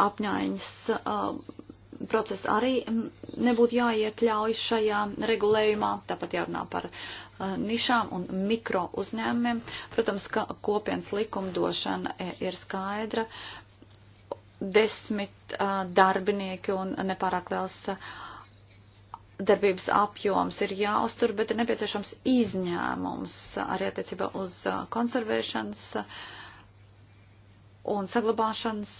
apņaiņas process arī nebūtu jāiekļauj šajā regulējumā, tāpat jārunā par uh, nišām un mikro uzņēmumiem. Protams, ka kopienas likumdošana e, ir skaidra, desmit uh, darbinieki un nepārāk liels uh, darbības apjoms ir jāuztur, bet ir nepieciešams izņēmums arī attiecībā uz konservēšanas uh, un saglabāšanas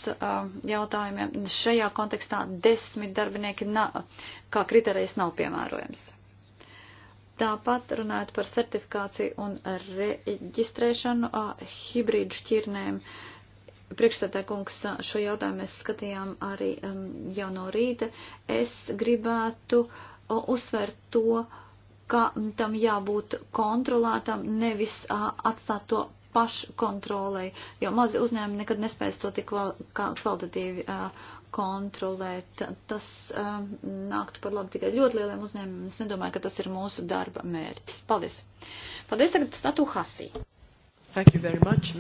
jautājumiem. Šajā kontekstā desmit darbinieki nav, kā kriterijs nav piemērojams. Tāpat runājot par certifikāciju un reģistrēšanu hibrīdu šķirnēm, priekšstādākungs šo jautājumu mēs skatījām arī jau no rīta. Es gribētu uzsvērt to, ka tam jābūt kontrolētam, nevis atstāt to paškontrolei, jo mazi uzņēmumi nekad nespēs to tik kvalitatīvi kontrolēt. Tas nāktu par labu tikai ļoti lieliem uzņēmumiem. Es nedomāju, ka tas ir mūsu darba mērķis. Paldies. Paldies tagad Statu Hasī. Thank you very much.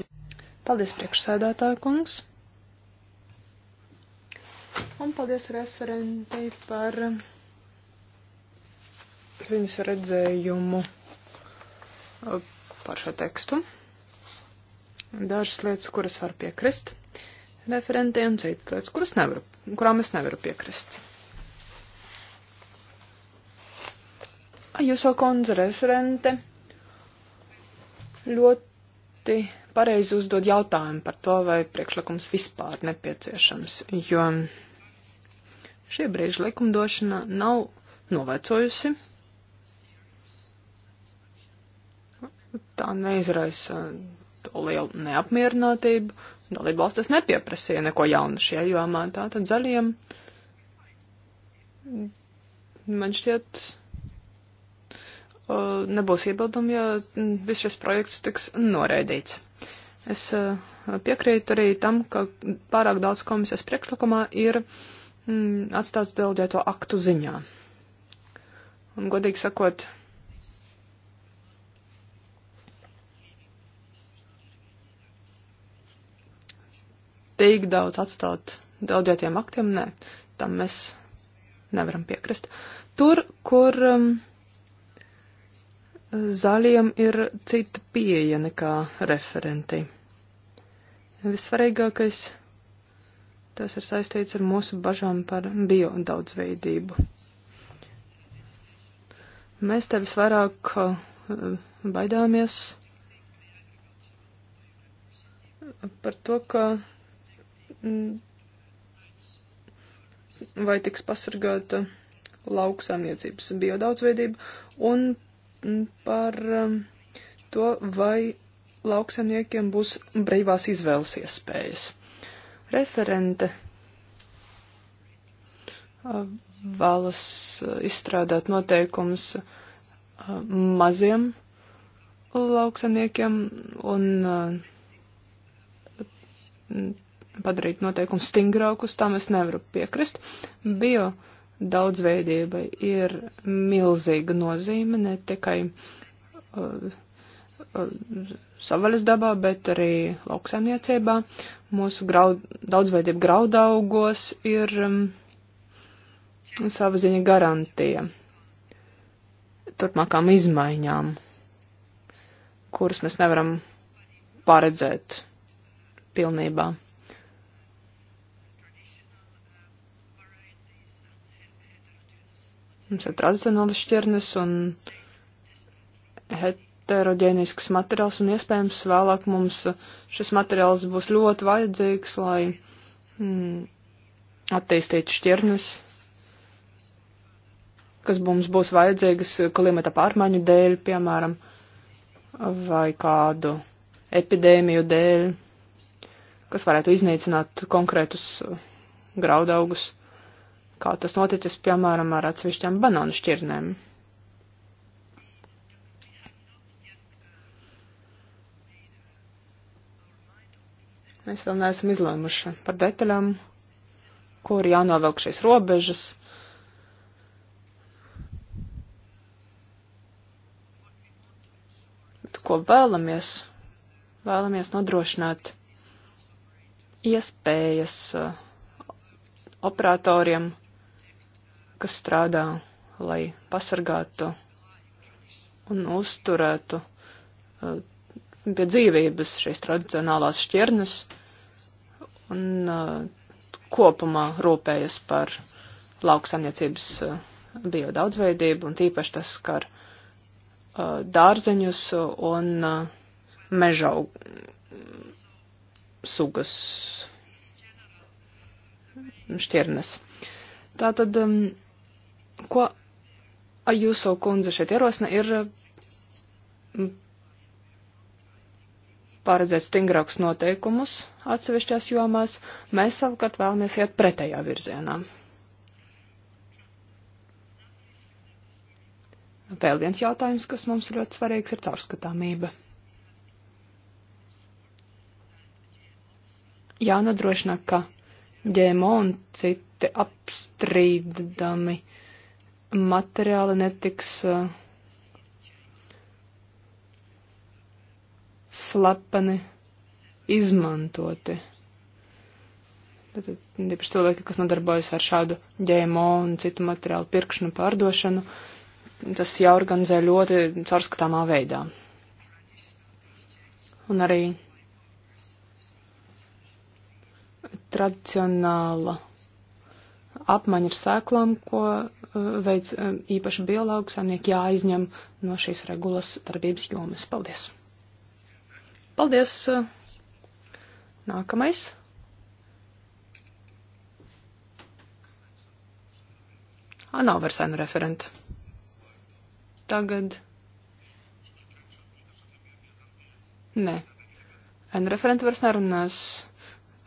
Paldies priekšsēdētāja kungs. Un paldies referentei par viņas redzējumu par šo tekstu. Dažas lietas, kuras var piekrist referentiem, citas lietas, kuras nevaru, kurām es nevaru piekrist. Jūsu kundze referente ļoti pareizi uzdod jautājumu par to, vai priekšlikums vispār nepieciešams, jo šie brīži likumdošana nav novecojusi. Tā neizraisa lielu neapmierinātību. Dalība valstis nepieprasīja neko jaunu šajā jomā. Tātad zaļiem man šķiet uh, nebūs iebildumi, ja viss šis projekts tiks noraidīts. Es uh, piekrītu arī tam, ka pārāk daudz komisijas priekšlikumā ir mm, atstāts delģēto aktu ziņā. Un, godīgi sakot, tik daudz atstāt daudzietiem aktiem, nē, tam mēs nevaram piekrist. Tur, kur um, zaļiem ir cita pieeja nekā referenti. Vissvarīgākais tas ir saistīts ar mūsu bažām par bio daudzveidību. Mēs te visvairāk uh, baidāmies par to, ka Mm. vai tiks pasargāta lauksaimniecības biodaudzveidība un mm, par mm, to, vai lauksaimniekiem būs brīvās izvēles iespējas. Referente vēlas izstrādāt noteikumus maziem lauksaimniekiem un padarīt noteikumus stingrākus, tam es nevaru piekrist. Bio daudzveidībai ir milzīga nozīme ne tikai uh, uh, savaļas dabā, bet arī lauksaimniecībā. Mūsu graud, daudzveidība graudaugos ir um, sava ziņa garantija turpmākām izmaiņām, kuras mēs nevaram paredzēt pilnībā. Mums ir tradicionāls šķirnes un heterogēnisks materiāls, un iespējams vēlāk mums šis materiāls būs ļoti vajadzīgs, lai mm, attīstītu šķirnes, kas mums būs vajadzīgas klimata pārmaiņu dēļ, piemēram, vai kādu epidēmiju dēļ, kas varētu iznīcināt konkrētus graudaugus kā tas noticis, piemēram, ar atsevišķām banānu šķirnēm. Mēs vēl neesam izlēmuši par detaļām, kur jānovelk šīs robežas. Bet ko vēlamies? Vēlamies nodrošināt iespējas uh, operatoriem kas strādā, lai pasargātu un uzturētu uh, pie dzīvības šīs tradicionālās šķirnes un uh, kopumā rūpējas par lauksaimniecības uh, biodaudzveidību un tīpaši tas skar dārzeņus un mežaug sugas šķirnes. Tātad um, ko jūsu kundze šeit ierosina, ir mm, paredzēt stingrākus noteikumus atsevišķās jomās. Mēs savukārt vēlamies iet pretējā virzienā. Vēl viens jautājums, kas mums ir ļoti svarīgs, ir caurskatāmība. Jānodrošina, ka ģēmo un citi apstrīdami uh, materiāli netiks eh, slepeni izmantoti. Tad ir cilvēki, kas nodarbojas ar šādu ģēmo un citu materiālu pirkšanu, pārdošanu. Tas jāorganizē ļoti caurskatāmā veidā. Un arī tradicionāla apmaņa ar sēklām, ko uh, veids uh, īpaši biologu saimnieki jāizņem no šīs regulas darbības jomas. Paldies! Paldies! Uh, nākamais! A, nav vairs senu referentu. Tagad. Nē. N referenta vairs nerunās.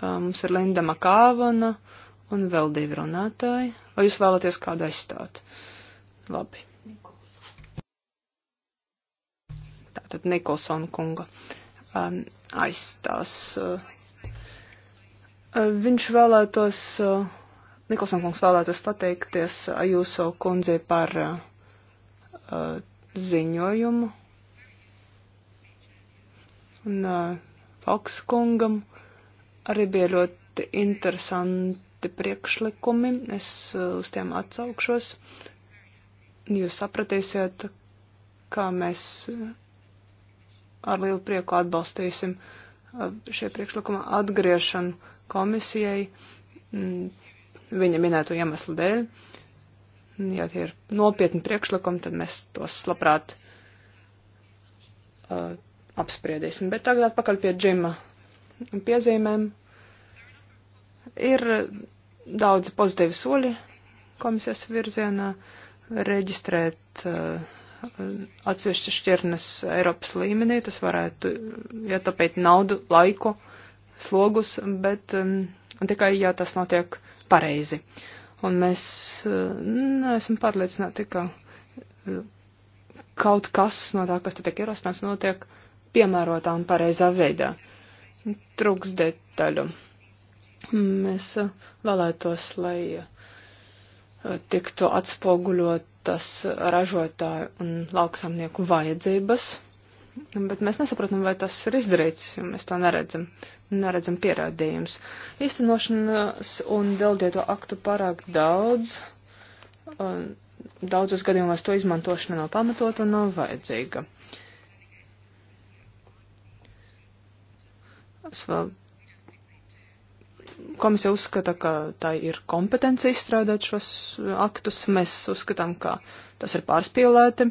Mums ir Linda Makāvana. Uh, un vēl divi runātāji. Vai jūs vēlaties kādu aizstāt? Labi. Tātad Nikolsona kunga um, aizstās. Uh, uh viņš vēlētos, uh, Nikolsona kungs vēlētos pateikties uh, Ajūso kundzei par uh, uh, ziņojumu. Un uh, Fokskungam arī bija ļoti interesanti izteikti priekšlikumi, es uh, uz tiem atsaukšos. Jūs sapratīsiet, kā mēs uh, ar lielu prieku atbalstīsim uh, šie priekšlikuma atgriešanu komisijai mm, viņa minēto iemeslu dēļ. Ja tie ir nopietni priekšlikumi, tad mēs tos labprāt uh, apspriedīsim. Bet tagad atpakaļ pie džima piezīmēm. Ir daudz pozitīvi soļi komisijas virzienā reģistrēt uh, atsevišķas šķirnes Eiropas līmenī. Tas varētu ietapēt naudu, laiku, slogus, bet um, tikai, ja tas notiek pareizi. Un mēs uh, neesam pārliecināti, ka uh, kaut kas no tā, kas te tiek ierosināts, notiek piemērotā un pareizā veidā. Trūks detaļu. Mēs eh, vēlētos, lai eh, tiktu atspoguļotas ražotāju un lauksamnieku vajadzības, bet mēs nesaprotam, vai tas ir izdarīts, jo mēs to neredzam, neredzam pierādījums. Īstenošanas un delģēto aktu pārāk daudz, eh, daudzos gadījumos to izmantošana nav pamatota un nav vajadzīga. Es vēl komisija uzskata, ka tā ir kompetence izstrādāt šos uh, aktus. Mēs uzskatām, ka tas ir pārspīlēti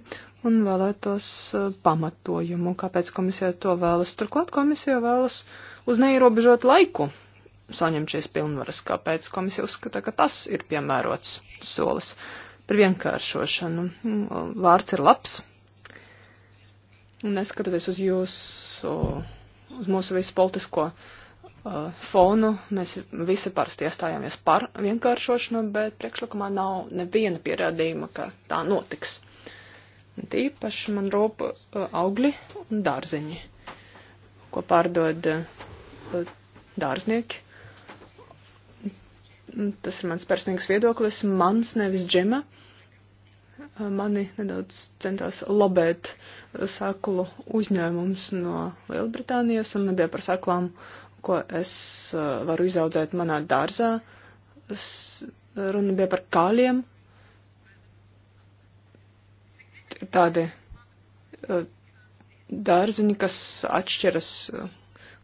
un vēlētos uh, pamatojumu, kāpēc komisija to vēlas. Turklāt komisija vēlas uz neierobežot laiku saņemt šīs pilnvaras, kāpēc komisija uzskata, ka tas ir piemērots solis par vienkāršošanu. Mm, vārds ir labs. Neskatoties uz jūsu, uz mūsu visu politisko uh, Eh, fonu mēs visi parasti iestājāmies par vienkāršošanu, bet priekšlikumā nav neviena pierādījuma, ka tā notiks. Un tīpaši man rūp eh, augļi un dārziņi, ko pārdod eh, dārznieki. Tas ir mans personīgs viedoklis, mans nevis džema. Mani nedaudz centās lobēt saklu uzņēmums no Lielbritānijas un nebija par saklām uh, ko es uh, varu izaudzēt manā dārzā. Uh, runa bija par kāliem. Tādi uh, dārziņi, kas atšķiras,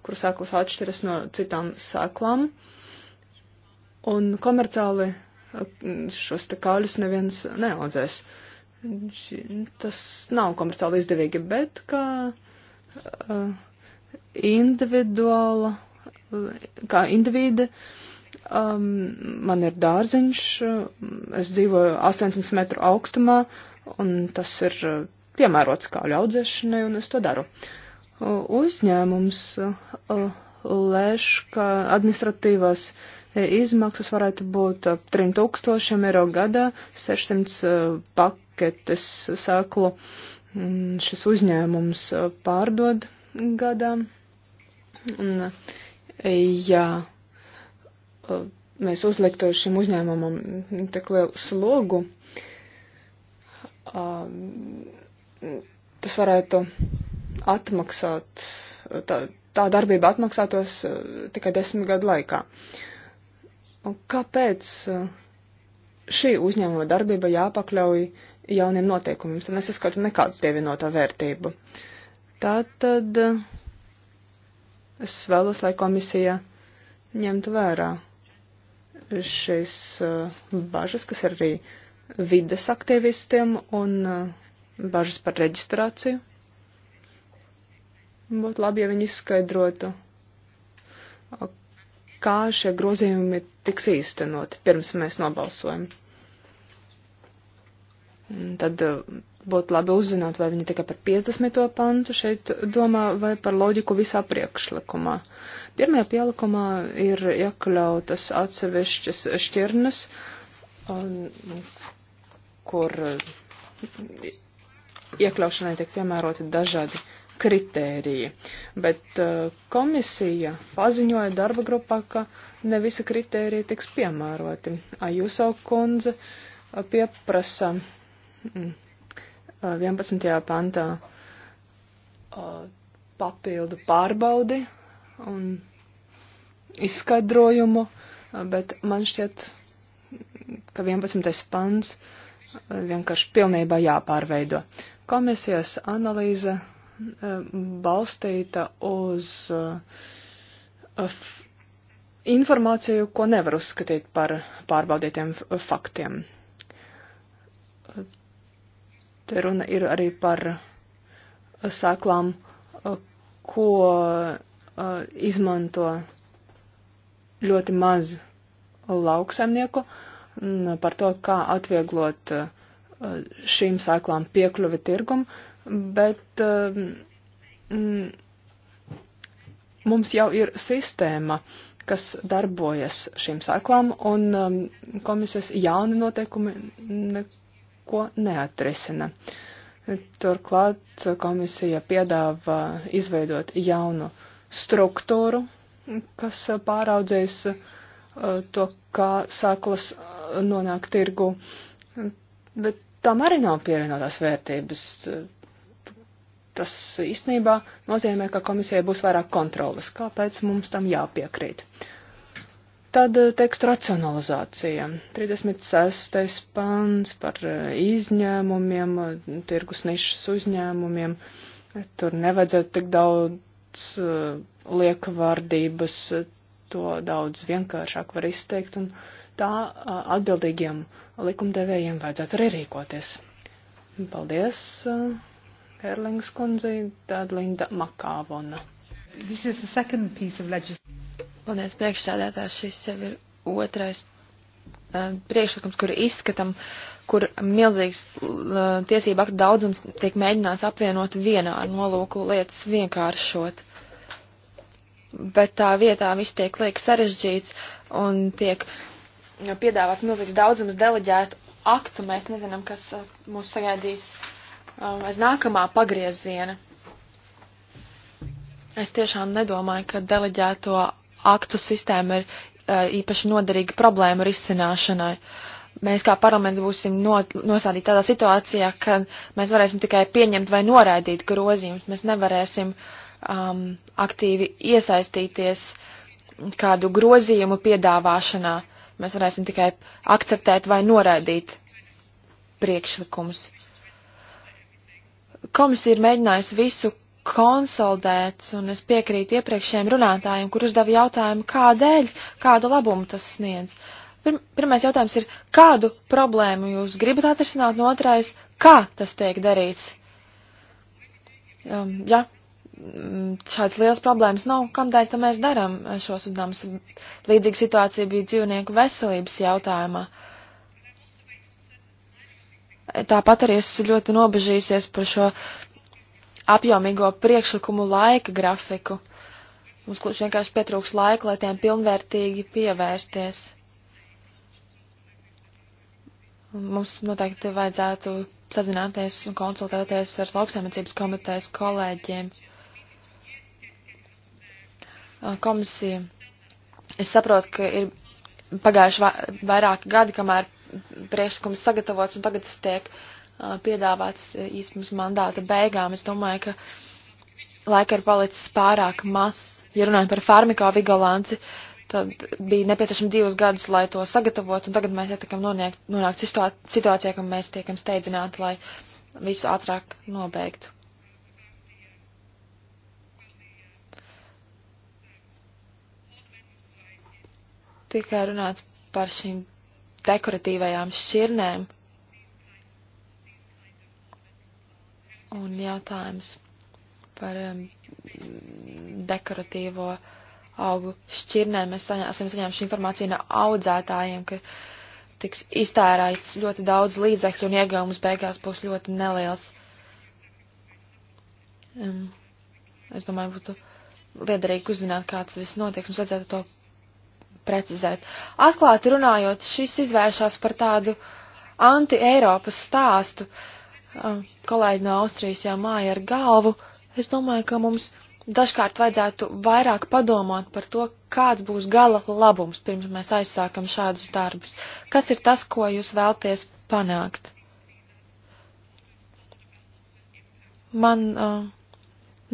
kur sēklas atšķiras no citām sēklām. Un komerciāli šos te kāļus neviens neaudzēs. Tas nav komerciāli izdevīgi, bet kā uh, individuāla kā individa. Um, man ir dārziņš, es dzīvoju 800 metru augstumā, un tas ir uh, piemērots kā ļaudzēšanai, un es to daru. Uh, uzņēmums uh, lēš, ka administratīvās izmaksas varētu būt ap 3000 eiro gadā, 600 paketes sēklu šis uzņēmums pārdod gadā. Un, uh, ja uh, mēs uzliktu šim uzņēmumam tik lielu slogu, uh, tas varētu atmaksāt, tā, tā darbība atmaksātos uh, tikai desmit gadu laikā. Un kāpēc šī uzņēmuma darbība jāpakļauj jauniem noteikumiem? Tad es saskatu nekādu pievienoto vērtību. Tātad. tad Es vēlos, lai komisija ņemtu vērā šīs uh, bažas, kas ir arī vides aktīvistiem un uh, bažas par reģistrāciju. Būtu labi, ja viņi izskaidrotu, kā šie grozījumi tiks īstenoti, pirms mēs nobalsojam. Tad uh, Būtu labi uzzināt, vai viņi tikai par 50. pantu šeit domā vai par loģiku visā priekšlikumā. Pirmajā pielikumā ir iekļautas atsevišķas šķirnes, kur mm, iekļaušanai tiek piemēroti dažādi kritēriji, bet uh, komisija paziņoja darba grupā, ka ne visi kritēriji tiks piemēroti. Ajuso kundze uh, pieprasa mm, 11. pantā papildu pārbaudi un izskaidrojumu, bet man šķiet, ka 11. pants vienkārši pilnībā jāpārveido. Komisijas analīze balstīta uz informāciju, ko nevar uzskatīt par pārbaudītiem faktiem. Te runa ir arī par uh, sēklām, uh, ko uh, izmanto ļoti maz lauksaimnieku, par to, kā atvieglot šīm sēklām piekļuvi tirgumu, bet mm, mums jau ir sistēma, kas darbojas šīm sēklām, un um, komisijas jauni noteikumi ko neatrisina. Turklāt komisija piedāvā izveidot jaunu struktūru, kas pāraudzēs uh, to, kā sēklas uh, nonāk tirgu, bet tam arī nav pievienotās vērtības. Tas īstenībā nozīmē, ka komisijai būs vairāk kontrolas. Kāpēc mums tam jāpiekrīt? Uh, Tad eh, teksta racionalizācija. 36. pants par eh, izņēmumiem, eh, tirgus nišas uzņēmumiem. Tur nevajadzētu tik daudz liekavārdības, to daudz vienkāršāk var izteikt, un tā atbildīgiem likumdevējiem vajadzētu arī rīkoties. Paldies, Erlings kundzei, tad Linda Makāvona. This is the second piece of legislation. Paldies, priekšsēdētājs. Šis jau ir otrais uh, priekšlikums, kuru izskatam, kur milzīgs uh, tiesību aktu daudzums tiek mēģināts apvienot vienā ar nolūku lietas vienkāršot. Bet tā vietā viss tiek liek sarežģīts un tiek piedāvāts milzīgs daudzums deleģētu aktu. Mēs nezinām, kas uh, mūs sagaidīs eh, aiz nākamā pagrieziena. Es tiešām nedomāju, ka deleģēto aktu sistēma ir eh, īpaši noderīga problēmu risināšanai. Mēs kā parlaments būsim nostādīti tādā situācijā, ka mēs varēsim tikai pieņemt vai noraidīt grozījumus. Mēs nevarēsim um, aktīvi iesaistīties kādu grozījumu piedāvāšanā. Mēs varēsim tikai akceptēt vai noraidīt priekšlikumus. Komisija ir mēģinājusi visu, konsolidēts, un es piekrītu iepriekšējiem runātājiem, kur uzdeva jautājumu, kādēļ, kādu labumu tas sniedz. Pirm, pirmais jautājums ir, kādu problēmu jūs gribat atrisināt, un otrais, kā tas tiek darīts. Um, ja mm, šāds liels problēmas nav, kamdēļ tad mēs darām šos uzdevumus. Līdzīga situācija bija dzīvnieku veselības jautājumā. Tāpat arī es ļoti nobežījusies par šo apjomīgo priekšlikumu laika grafiku. Mums kluši vienkārši pietrūks laika, lai tiem pilnvērtīgi pievērsties. Mums noteikti vajadzētu sazināties un konsultēties ar lauksaimniecības komitejas kolēģiem. Komisija. Es saprotu, ka ir pagājuši vairāki gadi, kamēr priekšlikums sagatavots, un tagad tas tiek uh, Uh, piedāvāts uh, īstenībā mandāta beigām. Es domāju, ka laika ir palicis pārāk maz. Ja runājam par farmakovigilanci, tad bija nepieciešams divus gadus, lai to sagatavotu, un tagad mēs ietekam nonākt, nonākt situācijā, ka mēs tiekam steidzināti, lai visu ātrāk nobeigtu. Tikai runāt par šīm dekoratīvajām šķirnēm, Un jautājums par um, dekoratīvo augu šķirnēm. Mēs saņā, esam saņēmuši informāciju no audzētājiem, ka tiks iztērēts ļoti daudz līdzekļu un iegūmus beigās būs ļoti neliels. Um, es domāju, būtu liederīgi uzzināt, kā tas viss notiek. Mums vajadzētu to precizēt. Atklāti runājot, šis izvēršās par tādu anti-Eiropas stāstu. Uh, kolēģi no Austrijas jau māja ar galvu, es domāju, ka mums dažkārt vajadzētu vairāk padomāt par to, kāds būs gala labums, pirms mēs aizsākam šādus darbus. Kas ir tas, ko jūs vēlties panākt? Man uh,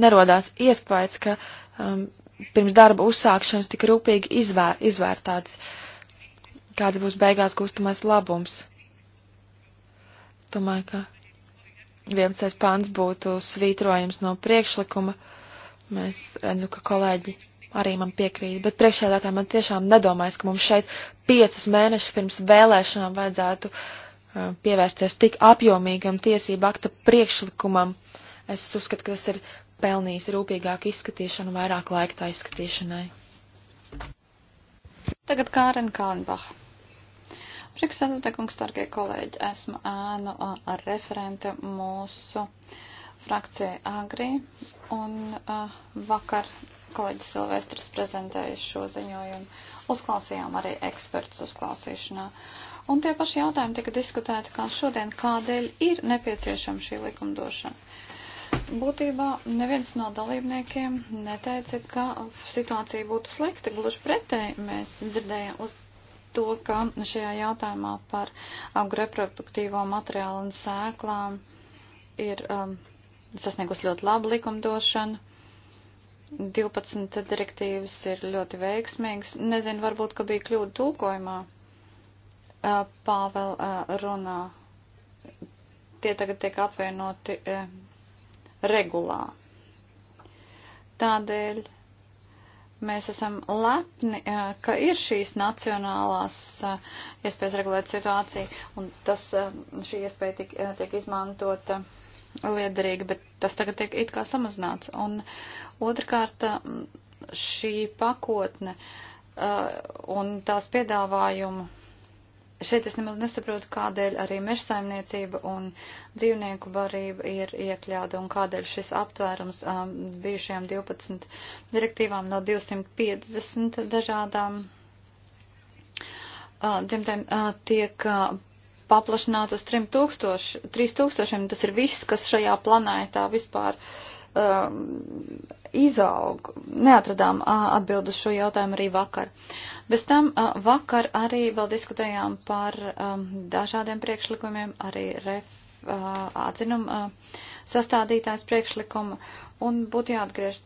nerodās iespējas, ka um, pirms darba uzsākšanas tik rūpīgi izvēr, izvērtāts, kāds būs beigās gūstamais labums. Domāju, ka 11. pāns būtu svītrojums no priekšlikuma. Mēs redzam, ka kolēģi arī man piekrīt, bet priekšēdētā man tiešām nedomājas, ka mums šeit piecus mēnešus pirms vēlēšanām vajadzētu uh, pievērsties tik apjomīgam tiesību akta priekšlikumam. Es uzskatu, ka tas ir pelnījis rūpīgāku izskatīšanu, vairāk laika tā izskatīšanai. Tagad Kāren Kānbach. Priekšsēdētāj, kungs, starkie kolēģi, esmu ēnu ar referente mūsu frakcija Agri, un uh, vakar kolēģis Silvestris prezentēja šo ziņojumu. Uzklausījām arī ekspertus uzklausīšanā. Un tie paši jautājumi tika diskutēti kā šodien, kādēļ ir nepieciešama šī likumdošana. Būtībā neviens no dalībniekiem neteica, ka situācija būtu slikta, gluži pretēji mēs dzirdējām, uz, to, ka šajā jautājumā par augu um, reproduktīvo materiālu un sēklām ir um, sasniegus ļoti labu likumdošanu. 12 direktīvas ir ļoti veiksmīgas. Nezinu, varbūt, ka bija kļūda tulkojumā. Uh, Pāvēl uh, runā. Tie tagad tiek apvienoti uh, regulā. Tādēļ Mēs esam lepni, eh, ka ir šīs nacionālās eh, iespējas regulēt situāciju, un tas, eh, šī iespēja tiek, tiek izmantota liederīgi, bet tas tagad tiek it kā samazināts. Un otrkārt, šī pakotne un tās piedāvājumu šeit es nemaz nesaprotu, kādēļ arī mežsaimniecība un dzīvnieku barība ir iekļauta un kādēļ šis aptvērums um, bijušajām 12 direktīvām no 250 dažādām uh, dzimtēm uh, tiek uh, paplašināt uz 3000, 3000, tas ir viss, kas šajā planētā vispār um, izaug. Neatradām atbildu šo jautājumu arī vakar. Bez tam vakar arī vēl diskutējām par dažādiem priekšlikumiem, arī ref atzinuma sastādītājs priekšlikuma un būtu jāatgriež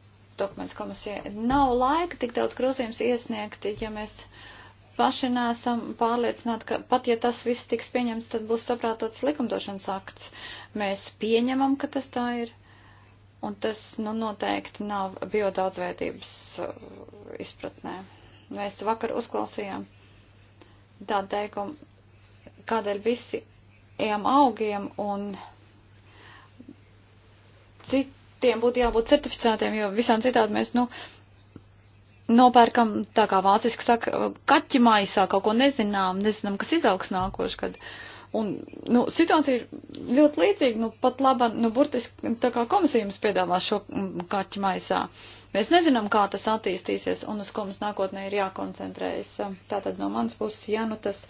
dokumentu komisijai. Nav laika tik daudz grozījums iesniegt, ja mēs paši neesam pārliecināti, ka pat ja tas viss tiks pieņemts, tad būs saprātots likumdošanas akts. Mēs pieņemam, ka tas tā ir. Un tas nu, noteikti nav biodaudzveidības uh, izpratnē. Mēs vakar uzklausījām tādu teikumu, kādēļ visiem augiem un citiem būtu jābūt certificētiem, jo visām citādi mēs, nu, nopērkam, tā kā vāciski saka, kaķi maisā kaut ko nezinām, nezinām, kas izaugs nākošais, kad uh, Un, nu, situācija ir ļoti līdzīga, nu, pat laba, nu, burtiski tā kā komisija mums piedāvā šo mm, kaķu maisā. Mēs nezinām, kā tas attīstīsies un uz ko mums nākotnē ir jākoncentrējas. Tātad no manas puses, ja nu tas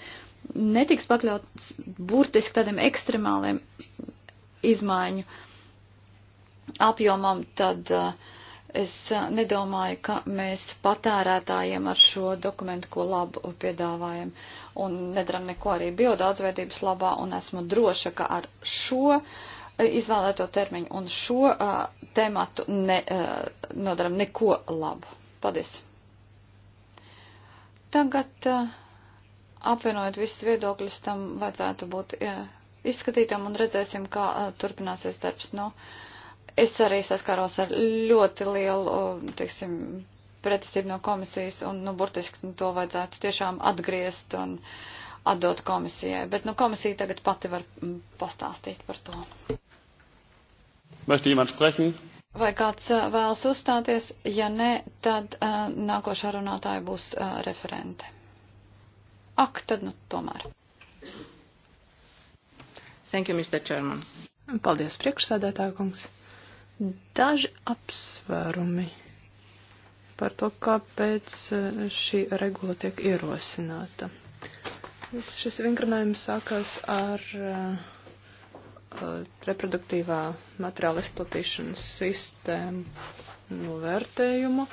netiks pakļauts burtiski tādiem ekstremāliem izmaiņu apjomam, tad uh, Es nedomāju, ka mēs patērētājiem ar šo dokumentu ko labu piedāvājam un nedaram neko arī biodaudzveidības labā un esmu droša, ka ar šo izvēlēto termiņu un šo uh, tēmatu ne, uh, nodaram neko labu. Paldies! Tagad uh, apvienojot visus viedokļus, tam vajadzētu būt uh, izskatītam un redzēsim, kā uh, turpināsies darbs. No, nu, uh, Es arī saskāros ar ļoti lielu, teiksim, pretestību no komisijas, un, nu, burtiski nu, to vajadzētu tiešām atgriezt un atdot komisijai. Bet, nu, komisija tagad pati var mm, pastāstīt par to. Möchte jemand sprechen? Vai kāds vēlas uzstāties? Ja nē, tad uh, nākošā runātāja būs uh, referente. Ak, tad nu tomēr. Thank you, Mr. Chairman. Paldies, priekšsēdētāja kungs. Daži apsvērumi par to, kāpēc eh, šī regula tiek ierosināta. Šis vingrinājums sākās ar eh, eh, reproduktīvā materiāla izplatīšanas sistēmu vērtējumu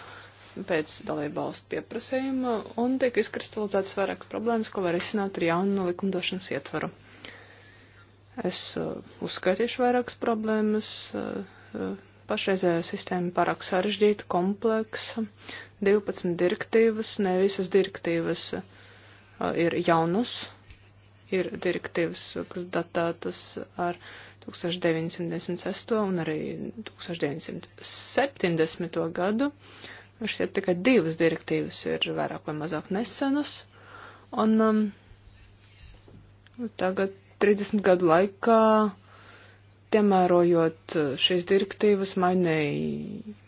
pēc dalībvalstu pieprasījuma un tiek izkristalizētas vairākas problēmas, ko var izsināt ar jaunu likumdošanas ietvaru. Es uh, uzskaitīšu vairākas problēmas, uh, pašreizējā sistēma pārāk sarežģīta, kompleksa, 12 direktīvas, ne visas direktīvas uh, ir jaunas, ir direktīvas, kas datētas ar 1996. un arī 1970. gadu. Šķiet, tikai divas direktīvas ir vairāk vai mazāk nesenas. Un um, tagad 30 gadu laikā uh, piemērojot eh, šīs direktīvas, mainēj,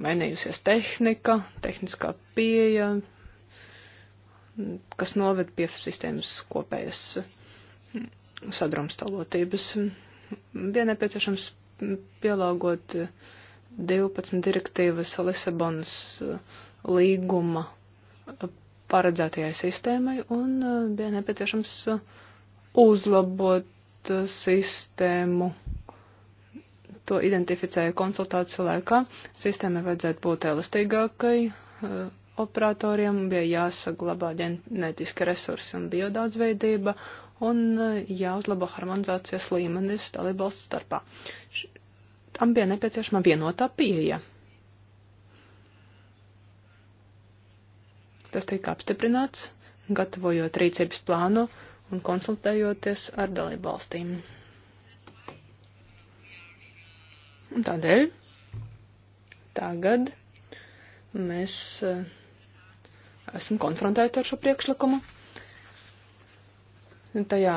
mainījusies tehnika, tehniskā pieeja, kas noved pie sistēmas kopējas mm, sadrumstalotības. Bija nepieciešams pielāgot 12 direktīvas Lisabonas eh, līguma eh, paredzētajai sistēmai un bija nepieciešams uzlabot sistēmu to identificēja konsultāciju laikā. Sistēmai vajadzētu būt elastīgākai, eh, operatoriem bija jāsaglabā ģenētiski resursi un biodaudzveidība un eh, jāuzlabo harmonizācijas līmenis dalībvalsts starpā. Tam bija nepieciešama vienotā pieeja. Tas tika apstiprināts, gatavojot rīcības plānu un konsultējoties ar dalībvalstīm. Un tādēļ tagad mēs eh, esam konfrontēti ar šo priekšlikumu. Tajā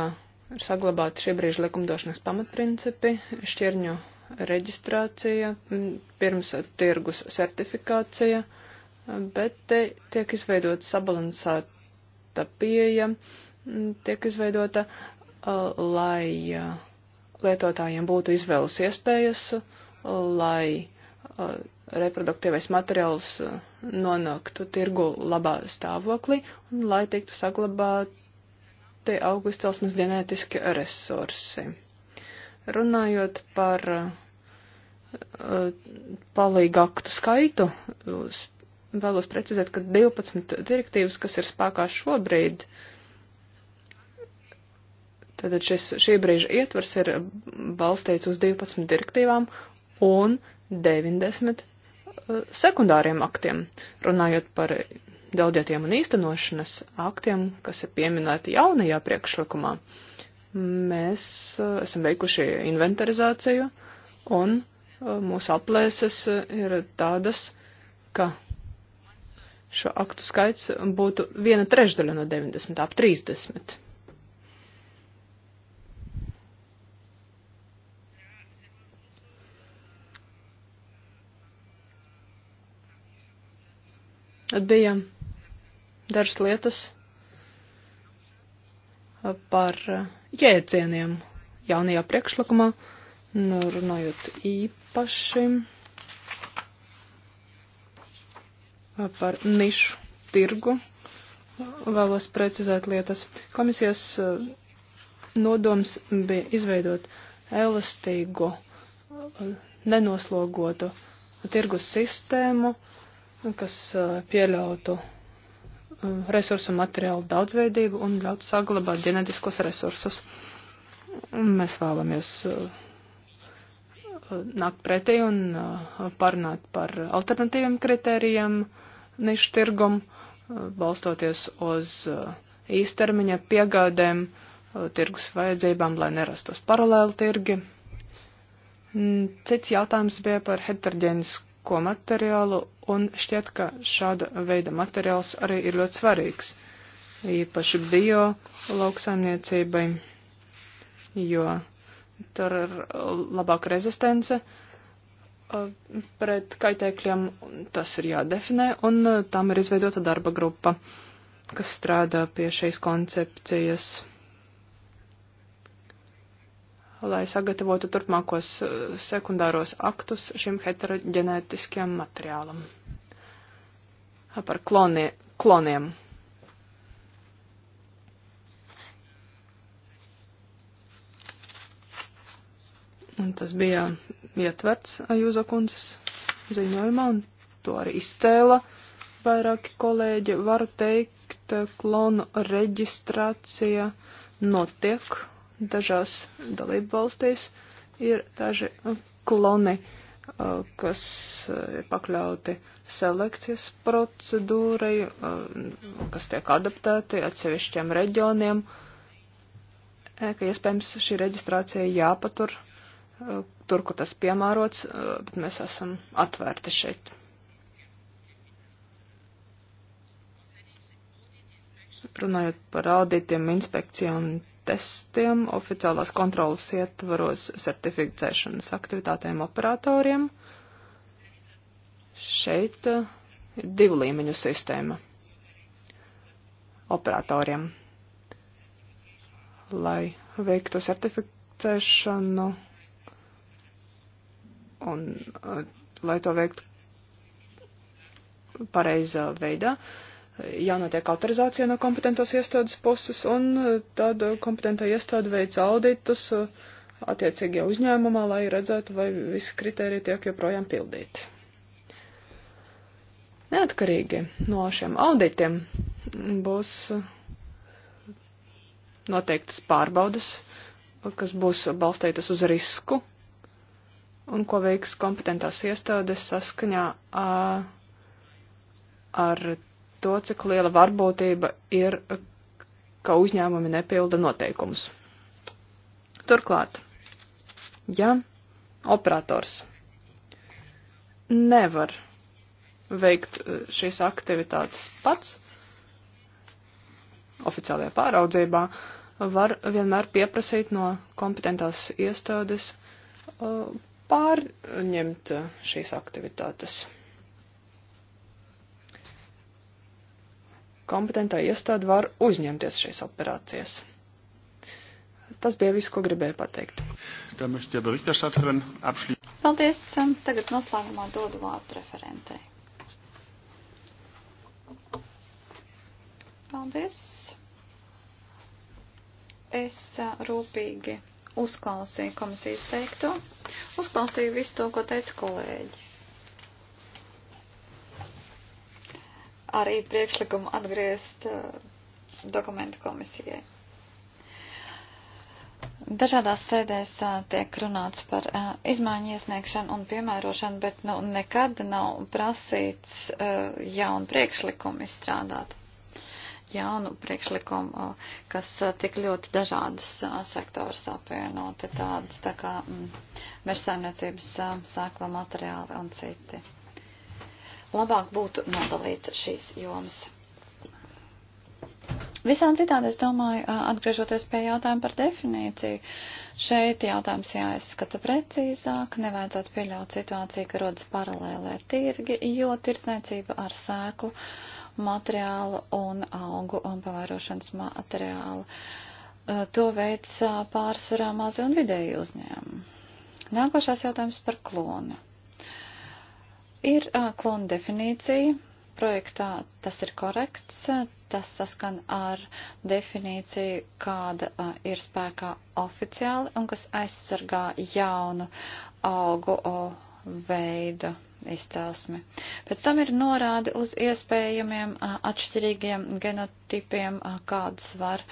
ir saglabāti šie brīža likumdošanas pamatprincipi, šķirņu reģistrācija, pirms tirgus certifikācija, bet te tiek izveidota sabalansēta pieeja, tiek izveidota, eh, lai eh, lietotājiem būtu izvēles iespējas, uh, lai uh, reproduktīvais materiāls uh, nonāktu tirgu labā stāvoklī un lai tiktu saglabāti augu izcelsmes ģenētiski resursi. Runājot par uh, palīga aktu skaitu, vēlos precizēt, ka 12 direktīvas, kas ir spēkā šobrīd, Tātad šis, šī brīža ietvers ir balstīts uz 12 direktīvām, un 90 eh, sekundāriem aktiem, runājot par daudzietiem un īstenošanas aktiem, kas ir pieminēti jaunajā priekšlikumā. Mēs eh, esam veikuši inventarizāciju, un eh, mūsu aplēses ir tādas, ka šo aktu skaits būtu viena trešdaļa no 90, ap 30. Tad bija dažas lietas par jēdzieniem jaunajā priekšlikumā, nu, runājot īpaši par nišu tirgu. Vēlos precizēt lietas. Komisijas eh, nodoms bija izveidot elastīgu, eh, nenoslogotu tirgus sistēmu, uh, kas eh, pieļautu eh, resursu materiālu daudzveidību un ļautu saglabāt ģenetiskos resursus. Mēs vēlamies eh, nākt pretī un parunāt par alternatīviem kritērijiem nišu tirgum, balstoties uz īstermiņa piegādēm, tirgus vajadzībām, lai nerastos paralēli tirgi. Cits jautājums bija par heterģēnisku ko materiālu, un šķiet, ka šāda veida materiāls arī ir ļoti svarīgs, īpaši bio lauksaimniecībai, jo tur ir labāka rezistence pret kaitēkļiem, tas ir jādefinē, un tam ir izveidota darba grupa, kas strādā pie šīs koncepcijas lai sagatavotu turpmākos eh, sekundāros aktus šim heteroģenētiskajam materiālam. Par klonie, kloniem. Un tas bija ietverts Ajūza kundzes ziņojumā, un to arī izcēla vairāki kolēģi. Varu teikt, klonu reģistrācija notiek Dažās dalību valstīs ir daži kloni, kas ir pakļauti selekcijas procedūrai, kas tiek adaptēti atsevišķiem reģioniem, ka iespējams šī reģistrācija jāpatur tur, kur tas piemērots, bet mēs esam atvērti šeit. Runājot par auditiem, inspekcijām un testiem, oficiālās kontrolas ietvaros certificēšanas aktivitātēm operatoriem. Šeit ir eh, divu līmeņu sistēma operatoriem, lai veiktu certificēšanu un eh, lai to veiktu pareizā veidā. Uh, jānotiek autorizācija no kompetentās iestādes puses, un e, tad kompetentā iestāde veic auditus e, attiecīgajā uzņēmumā, lai redzētu, vai visi kriteriji tiek joprojām pildīti. Neatkarīgi no šiem auditiem būs e, noteiktas pārbaudas, kas būs balstītas uz risku un ko veiks kompetentās iestādes saskaņā ar to, cik liela varbūtība ir, ka uzņēmumi nepilda noteikumus. Turklāt, ja operators nevar veikt e, šīs aktivitātes pats oficiālajā pāraudzībā, var vienmēr pieprasīt no kompetentās iestādes e, pārņemt šīs aktivitātes. kompetentā iestāde var uzņemties šīs operācijas. Tas bija viss, ko gribēju pateikt. Paldies. Tagad noslēgumā dodu vārdu referentei. Paldies. Es eh, rūpīgi uzklausīju komisijas teikto, uzklausīju visu to, ko teica kolēģi. arī priekšlikumu atgriezt uh, dokumentu komisijai. Dažādās sēdēs uh, tiek runāts par uh, izmaiņu iesniegšanu un piemērošanu, bet nu, nekad nav prasīts jaunu priekšlikumu izstrādāt. Jaunu priekšlikumu, kas tik ļoti dažādus sektors apvienoti, tādus tā kā mm, mežsaimniecības sēkla materiāli un citi labāk būtu nodalīt šīs jomas. Visām citādi, es domāju, atgriežoties pie jautājuma par definīciju, šeit jautājums jāizskata precīzāk, nevajadzētu pieļaut situāciju, ka rodas paralēlē tirgi, jo tirdzniecība ar sēklu materiālu un augu un pavērošanas materiālu to veids pārsvarā mazi un vidēji uzņēmumi. Nākošais jautājums par klonu. Ir klona definīcija. Projektā tas ir korekts. Tas saskan ar definīciju, kāda ir spēkā oficiāli un kas aizsargā jaunu augu veidu izcelsmi. Pēc tam ir norādi uz iespējamiem atšķirīgiem genotipiem, kādas var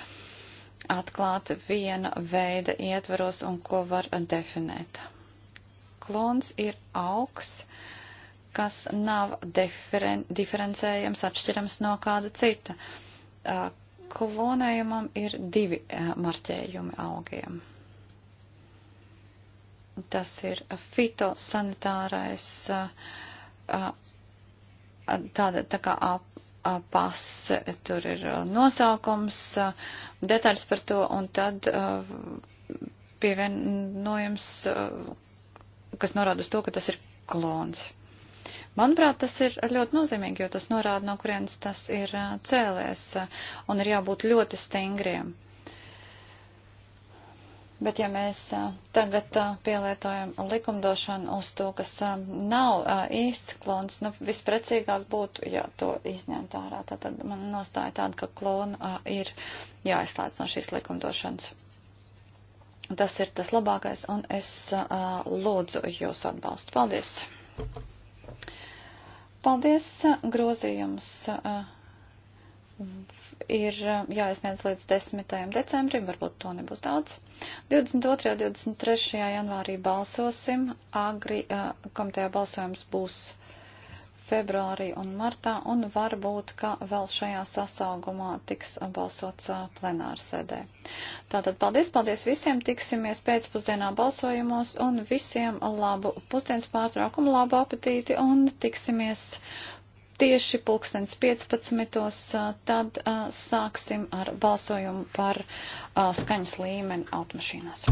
atklāt viena veida ietvaros un ko var definēt. Klons ir augs, kas nav diferen, diferencējams, atšķirams no kāda cita. Klonējumam ir divi marķējumi augiem. Tas ir fitosanitārais, tāda tā kā pase, tur ir nosaukums, detaļas par to, un tad pievienojums, kas norāda uz to, ka tas ir klons. Manuprāt, tas ir ļoti nozīmīgi, jo tas norāda, no kurienes tas ir cēlēs, un ir jābūt ļoti stingriem. Bet ja mēs tagad pielietojam likumdošanu uz to, kas nav īsts klons, nu visprecīgāk būtu, ja to izņemt ārā. Tātad man nostāja tāda, ka klona ir jāizslēdz no šīs likumdošanas. Tas ir tas labākais, un es lūdzu jūsu atbalstu. Paldies! Paldies, grozījums eh, ir eh, jāiesniedz līdz 10. decembrim, varbūt to nebūs daudz. 22. un 23. janvārī balsosim, agri eh, komitejā balsojums būs februārī un martā, un varbūt, ka vēl šajā sasaugumā tiks balsots plenārsēdē. Tātad paldies, paldies visiem, tiksimies pēcpusdienā balsojumos, un visiem labu pusdienas pārtraukumu, labu apetīti, un tiksimies tieši pulkstens 15. tad uh, sāksim ar balsojumu par uh, skaņas līmeni automašīnās.